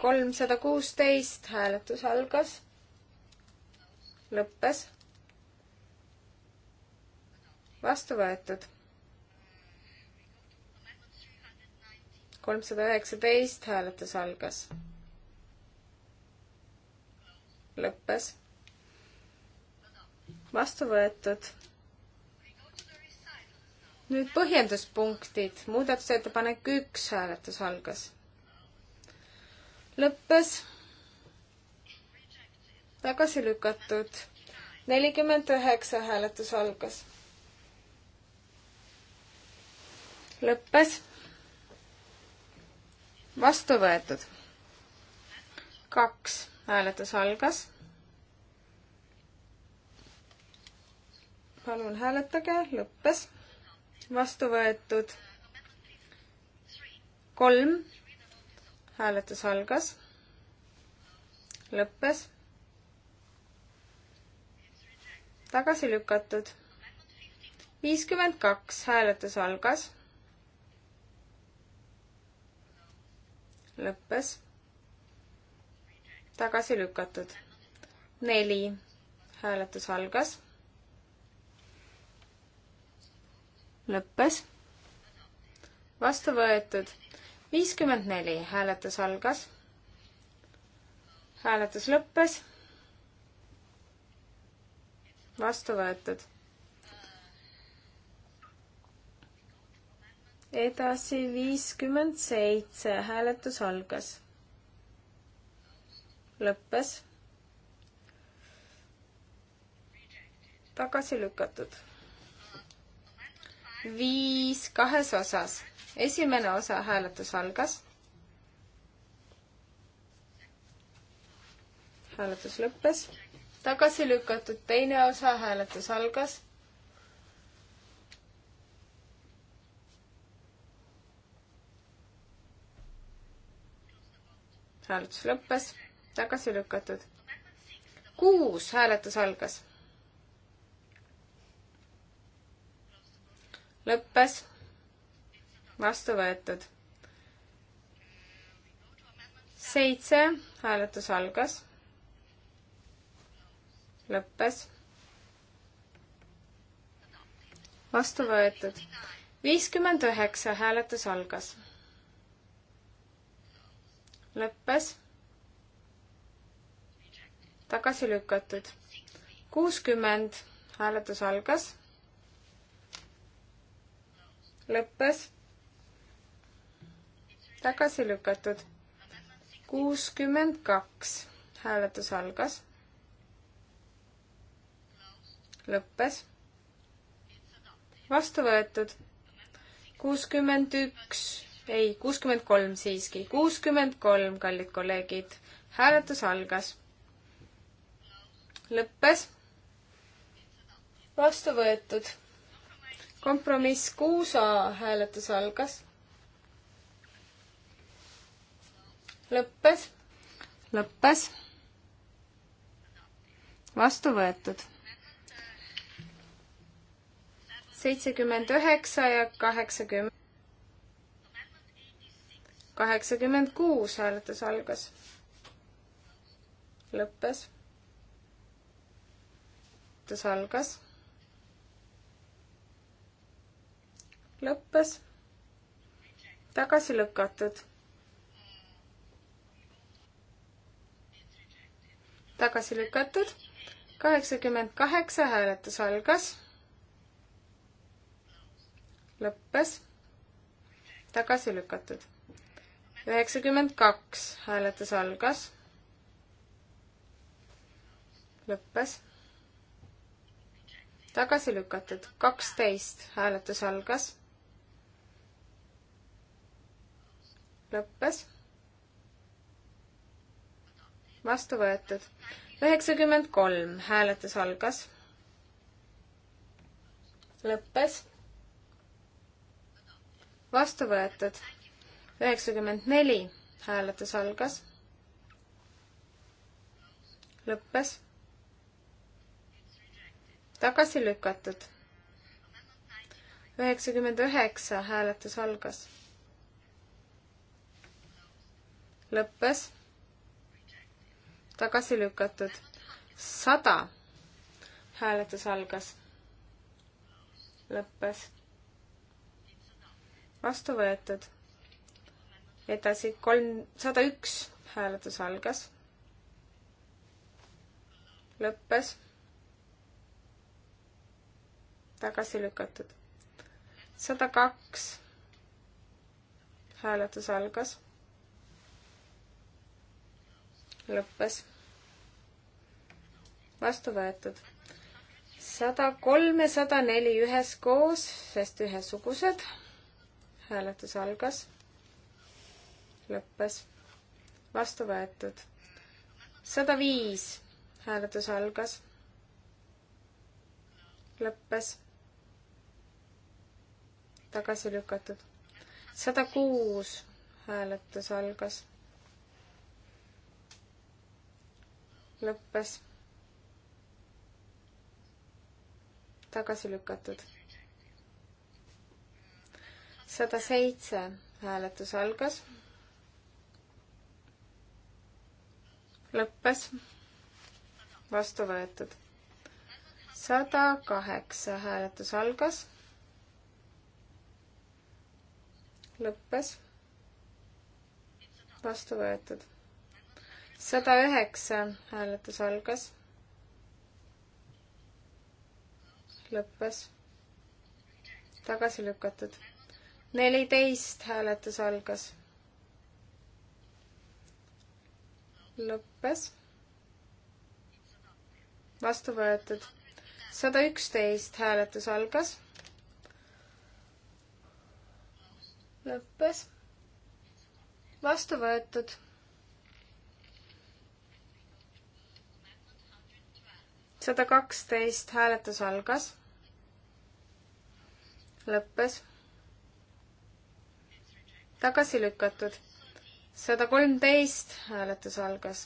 kolmsada kuusteist hääletus algas. lõppes. vastu võetud kolmsada üheksateist hääletus algas lõppes. vastu võetud. nüüd põhjenduspunktid, muudatusettepanek üks hääletus algas. lõppes. tagasi lükatud. nelikümmend üheksa hääletus algas. lõppes. vastu võetud. kaks hääletus algas. palun hääletage, lõppes. vastu võetud kolm. hääletus algas. lõppes. tagasi lükatud. viiskümmend kaks, hääletus algas. lõppes tagasi lükatud. neli, hääletus algas. lõppes. vastu võetud. viiskümmend neli, hääletus algas. hääletus lõppes. vastu võetud. edasi viiskümmend seitse, hääletus algas lõppes. tagasi lükatud. viis kahes osas. esimene osa hääletus algas. hääletus lõppes. tagasi lükatud teine osa hääletus algas hääletus lõppes, tagasi lükatud. kuus hääletus algas. lõppes. vastu võetud. seitse hääletus algas. lõppes. vastu võetud. viiskümmend üheksa hääletus algas. lõppes tagasi lükatud. kuuskümmend, hääletus algas. lõppes. tagasi lükatud. kuuskümmend kaks, hääletus algas. lõppes. vastu võetud. kuuskümmend üks, ei, kuuskümmend kolm siiski, kuuskümmend kolm, kallid kolleegid, hääletus algas lõppes. vastu võetud. kompromiss kuus A hääletus algas. lõppes. lõppes. vastu võetud. seitsekümmend üheksa ja kaheksakümmend. kaheksakümmend kuus hääletus algas. lõppes hääletus algas. lõppes. tagasi lükatud. tagasi lükatud. kaheksakümmend kaheksa hääletus algas. lõppes. tagasi lükatud. üheksakümmend kaks hääletus algas lõppes tagasi lükatud. kaksteist, hääletus algas. lõppes. vastu võetud. üheksakümmend kolm, hääletus algas. lõppes. vastu võetud. üheksakümmend neli, hääletus algas. lõppes tagasi lükatud. üheksakümmend üheksa hääletus algas. lõppes. tagasi lükatud. sada hääletus algas. lõppes. vastu võetud. edasi kolm, sada üks hääletus algas. lõppes tagasi lükatud. sada kaks. hääletus algas. lõppes. vastu võetud. sada kolm ja sada neli üheskoos, sest ühesugused. hääletus algas. lõppes. vastu võetud. sada viis hääletus algas. lõppes tagasi lükatud. sada kuus hääletus algas. lõppes. tagasi lükatud. sada seitse hääletus algas. lõppes. vastu võetud. sada kaheksa hääletus algas lõppes. vastu võetud. sada üheksa hääletus algas. lõppes. tagasi lükatud. neliteist hääletus algas. lõppes. vastu võetud. sada üksteist hääletus algas lõppes. vastu võetud. sada kaksteist hääletus algas. lõppes. tagasi lükatud. sada kolmteist hääletus algas.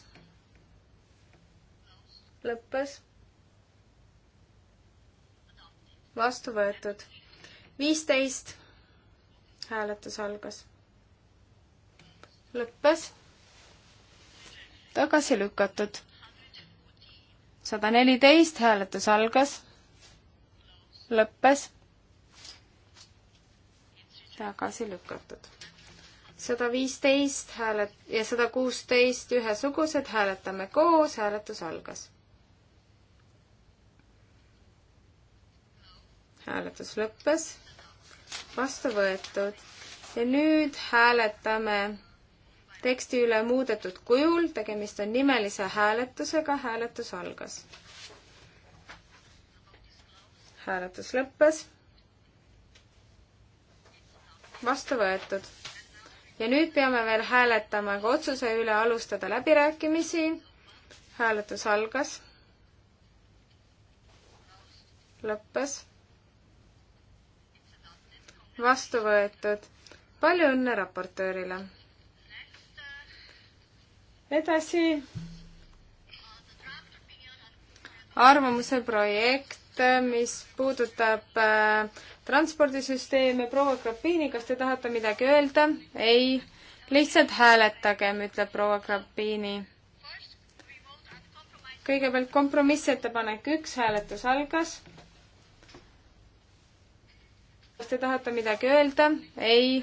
lõppes. vastu võetud. viisteist hääletus algas. lõppes. tagasi lükatud. sada neliteist hääletus algas. lõppes. tagasi lükatud sada viisteist häälet- ja sada kuusteist ühesugused, hääletame koos, hääletus algas. hääletus lõppes, vastu võetud. ja nüüd hääletame teksti üle muudetud kujul, tegemist on nimelise hääletusega, hääletus algas. hääletus lõppes. vastu võetud. ja nüüd peame veel hääletama ka otsuse üle alustada läbirääkimisi. hääletus algas. lõppes vastu võetud. palju õnne raportöörile! edasi arvamuse projekt, mis puudutab äh, transpordisüsteeme. proua Grapini, kas te tahate midagi öelda? ei, lihtsalt hääletagem, ütleb proua Grapini. kõigepealt kompromissettepanek üks, hääletus algas kas te tahate midagi öelda? ei,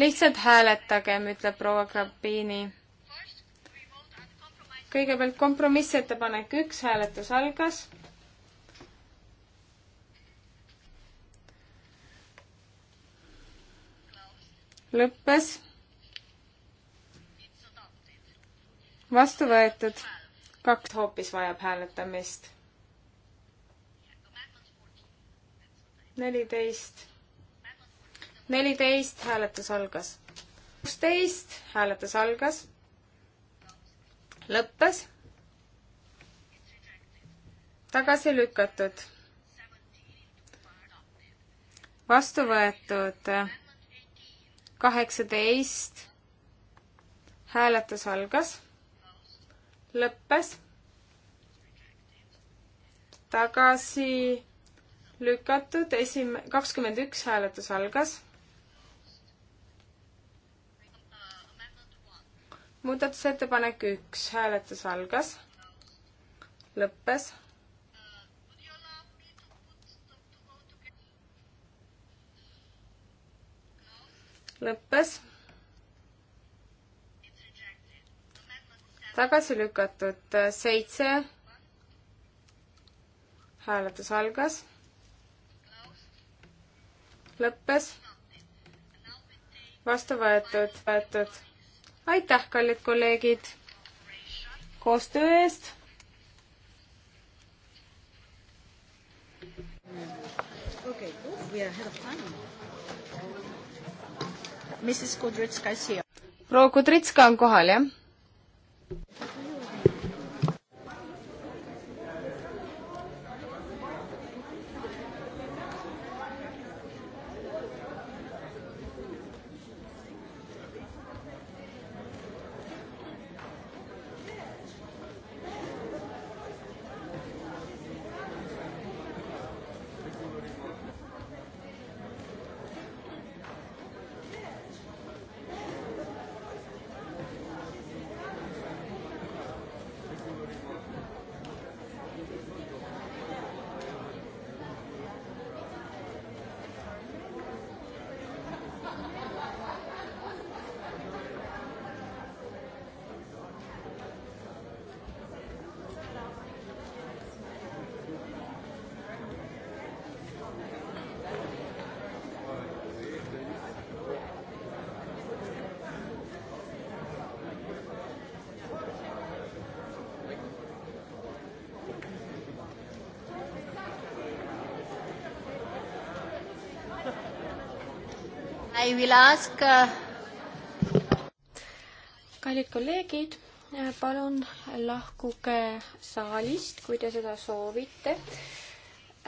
lihtsalt hääletagem, ütleb proua Grabini. kõigepealt kompromissettepanek üks, hääletus algas. lõppes. vastu võetud. kaks hoopis vajab hääletamist. neliteist neliteist, hääletus algas. kuusteist, hääletus algas. lõppes. tagasi lükatud. vastu võetud kaheksateist, hääletus algas. lõppes. tagasi lükatud, esim-, kakskümmend üks hääletus algas muudatusettepanek üks, hääletus algas, lõppes. lõppes. tagasi lükatud seitse. hääletus algas. lõppes. vastu võetud, võetud aitäh, kallid kolleegid, koostöö eest. Okay, we are ahead of time. Mrs Kudritska is here. proua Kudritska on kohal, jah? I will ask uh, kallid kolleegid, äh, palun lahkuge saalist, kui te seda soovite.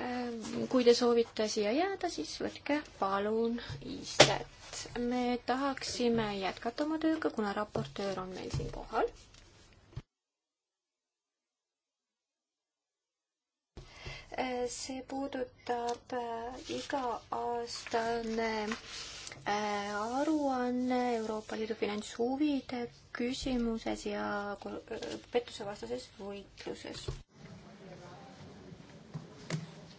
Äh, kui te soovite siia jääda, siis võtke palun istet. me tahaksime jätkata oma tööga, kuna raportöör on meil siin kohal äh, see puudutab iga-aastane Äh, aruanne Euroopa Liidu finantshuvide küsimuses ja äh, pettusevastases võitluses.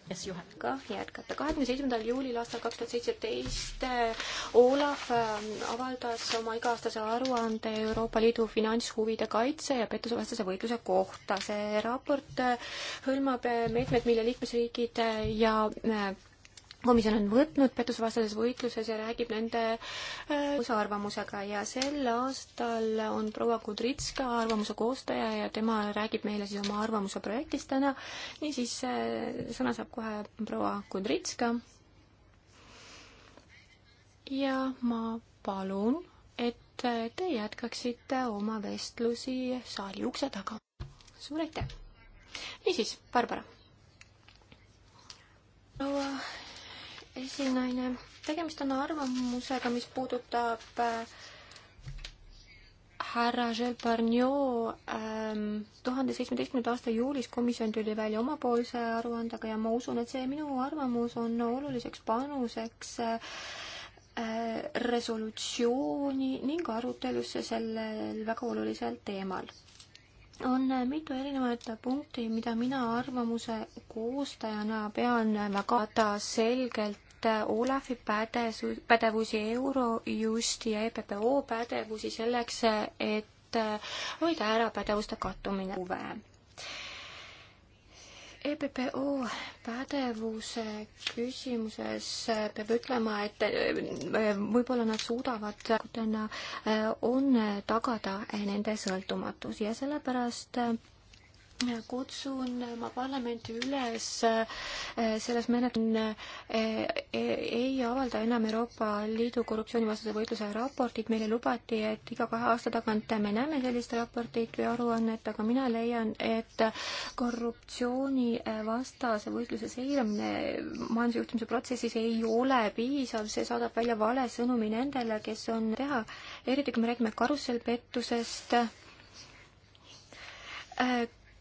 Yes, you have. kah jätkata. kahekümne seitsmendal juulil aastal kaks tuhat seitseteist äh, Olav avaldas oma iga-aastase aruande Euroopa Liidu finantshuvide kaitse ja pettusevastase võitluse kohta. see raport hõlmab meetmed, mille liikmesriigid ja komisjon on võtnud pettusevastases võitluses ja räägib nende äh, arvamusega ja sel aastal on proua Kudritska arvamuse koostaja ja tema räägib meile siis oma arvamuse projektist täna. niisiis äh, sõna saab kohe proua Kudritska. ja ma palun, et äh, te jätkaksite oma vestlusi saali ukse taga. suur aitäh! niisiis, Barbara. proua esinaine. tegemist on arvamusega, mis puudutab äh, härra Gilles Barnot ähm, tuhande seitsmeteistkümnenda aasta juulis komisjon tuli välja omapoolse aruandega ja ma usun, et see minu arvamus on oluliseks panuseks äh, resolutsiooni ning arutelusse sellel väga olulisel teemal on äh, mitu erinevat punkti, mida mina arvamuse koostajana pean väga selgelt et Olavi pädevus, pädevusi, Eurojusti ja EPPO pädevusi selleks, et hoida ära pädevuste kattumine huve. EPPO pädevuse küsimuses peab ütlema, et äh, võib-olla nad suudavad äh, on tagada nende sõltumatus ja sellepärast äh, kutsun ma parlamenti üles eh, selles menetluses eh, eh, ei avalda enam Euroopa Liidu korruptsioonivastase võitluse raportit, meile lubati, et iga kahe aasta tagant me näeme sellist raportit või aruannet, aga mina leian, et korruptsioonivastase võitluse seiramine majandusjuhtimise protsessis ei ole piisav, see saadab välja vale sõnumi nendele, kes on teha, eriti kui me räägime karussellpettusest,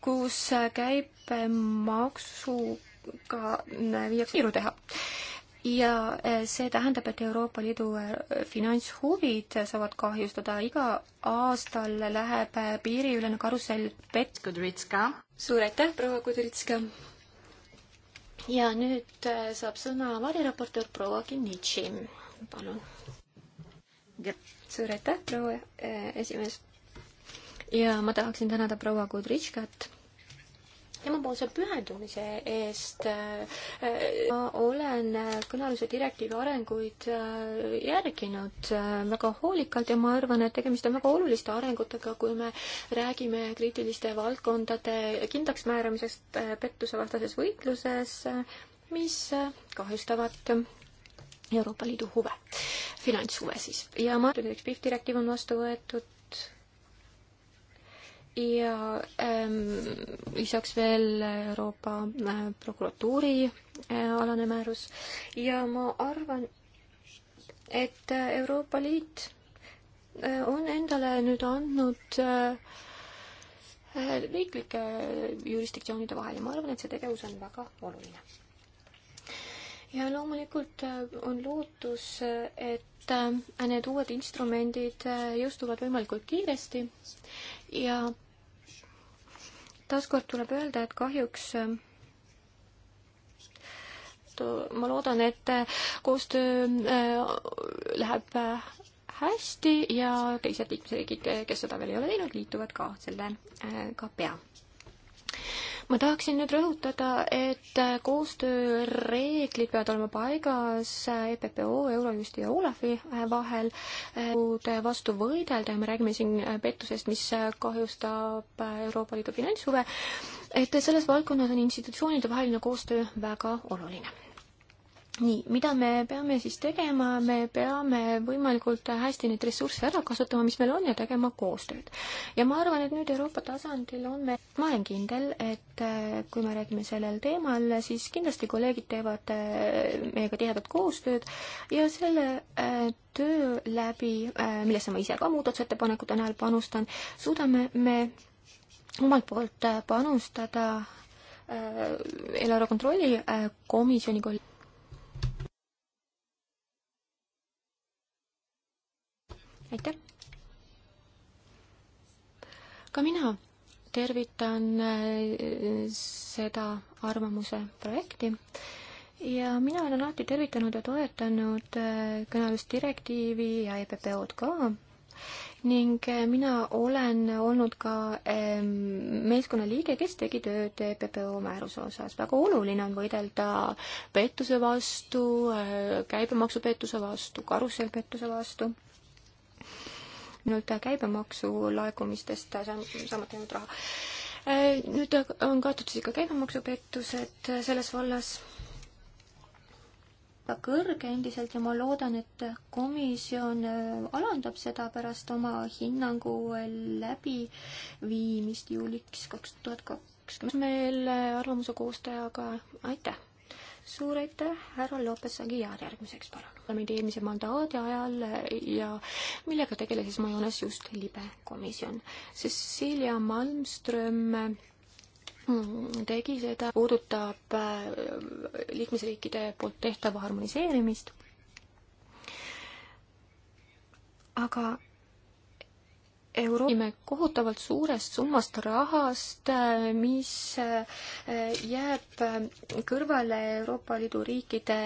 kus käibemaksuga viiakse piiru teha. ja eh, see tähendab, et Euroopa Liidu eh, finantshuvid saavad kahjustada, iga aastal läheb eh, piiriülene karussell pet-. suur aitäh, proua Kudritska! ja nüüd saab sõna variraportöör proua Kinnitši, palun. suur aitäh, proua esimees. ja ma tahaksin tänada proua Kudritškat temapoolse pühendumise eest. ma olen kõnealuse direktiivi arenguid äh, järginud äh, väga hoolikalt ja ma arvan, et tegemist on väga oluliste arengutega, kui me räägime kriitiliste valdkondade kindlaksmääramisest äh, pettusevastases võitluses, mis kahjustavad Euroopa Liidu huve, finantshuve siis. ja ma, üks PIF direktiiv on vastu võetud ja ähm, lisaks veel Euroopa äh, prokuratuuri äh, alane määrus ja ma arvan, et äh, Euroopa Liit äh, on endale nüüd andnud äh, äh, riiklike jurisdiktsioonide vahel ja ma arvan, et see tegevus on väga oluline. ja loomulikult äh, on lootus, et need uued instrumendid jõustuvad võimalikult kiiresti ja taaskord tuleb öelda, et kahjuks äh, ma loodan, et äh, koostöö äh, läheb hästi ja teised liikmesriigid, kes seda veel ei ole teinud, liituvad ka sellega pea ma tahaksin nüüd rõhutada, et koostööreeglid peavad olema paigas EPPO, Eurojusti ja Olafi vahel, vastu võidelda ja me räägime siin pettusest, mis kahjustab Euroopa Liidu finantshuve, et selles valdkonnas on institutsioonide vaheline koostöö väga oluline nii, mida me peame siis tegema, me peame võimalikult hästi neid ressursse ära kasutama, mis meil on, ja tegema koostööd. ja ma arvan, et nüüd Euroopa tasandil on me, ma olen kindel, et äh, kui me räägime sellel teemal, siis kindlasti kolleegid teevad äh, meiega tihedat koostööd ja selle äh, töö läbi, millesse ma ise ka muudatusettepanekute näol panustan, suudame me omalt poolt panustada eelarve kontrolli komisjoni kol-. aitäh! ka mina tervitan äh, seda arvamuse projekti ja mina olen alati tervitanud ja toetanud äh, kõnelusdirektiivi ja EPPO-d ka ning äh, mina olen olnud ka ähm, meeskonna liige, kes tegi tööd e PPO määruse osas. väga oluline on võidelda pettuse vastu, käibemaksupettuse vastu, karussellpettuse vastu ainult käibemaksu laekumistest saamata jäänud raha. Nüüd on kaetud siis ka käibemaksupettused selles vallas kõrge endiselt ja ma loodan, et komisjon äh, alandab seda pärast oma hinnangu läbiviimist juuliks kaks tuhat kakskümmend. meil äh, arvamuse koostajaga, aitäh! suur aitäh, härra Lopes Aguiar järgmiseks parlamendi eelmise mandaadi ajal ja millega tegeleses Majones just libekomisjon. Cecilia Malmström mm, tegi seda, puudutab äh, liikmesriikide poolt tehtava harmoniseerimist. aga Euroopa kohutavalt suurest summast rahast, äh, mis äh, jääb äh, kõrvale Euroopa Liidu riikide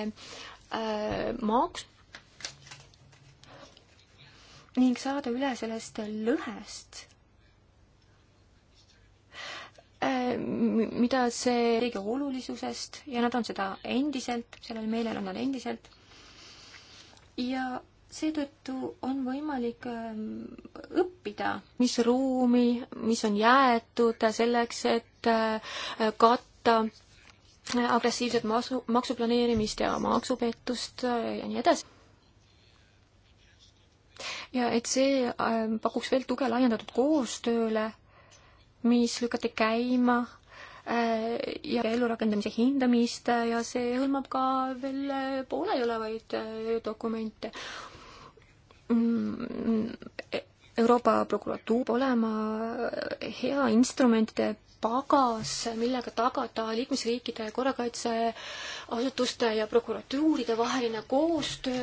maks- ning saada üle sellest lõhest, mida see kõige olulisusest ja nad on seda endiselt, sellel meelel on nad endiselt ja seetõttu on võimalik ähm, õppida, mis ruumi, mis on jäetud selleks, et äh, katta äh, agressiivset masu, maksuplaneerimist ja maksupettust äh, ja nii edasi. ja et see ähm, pakuks veel tuge laiendatud koostööle, mis lükati käima ja ellurakendamise hindamist ja see hõlmab ka veel pooleliolevaid dokumente Mm, Euroopa prokuratuur olema hea instrumentide pagas, millega tagada liikmesriikide korrakaitseasutuste ja prokuratuuride vaheline koostöö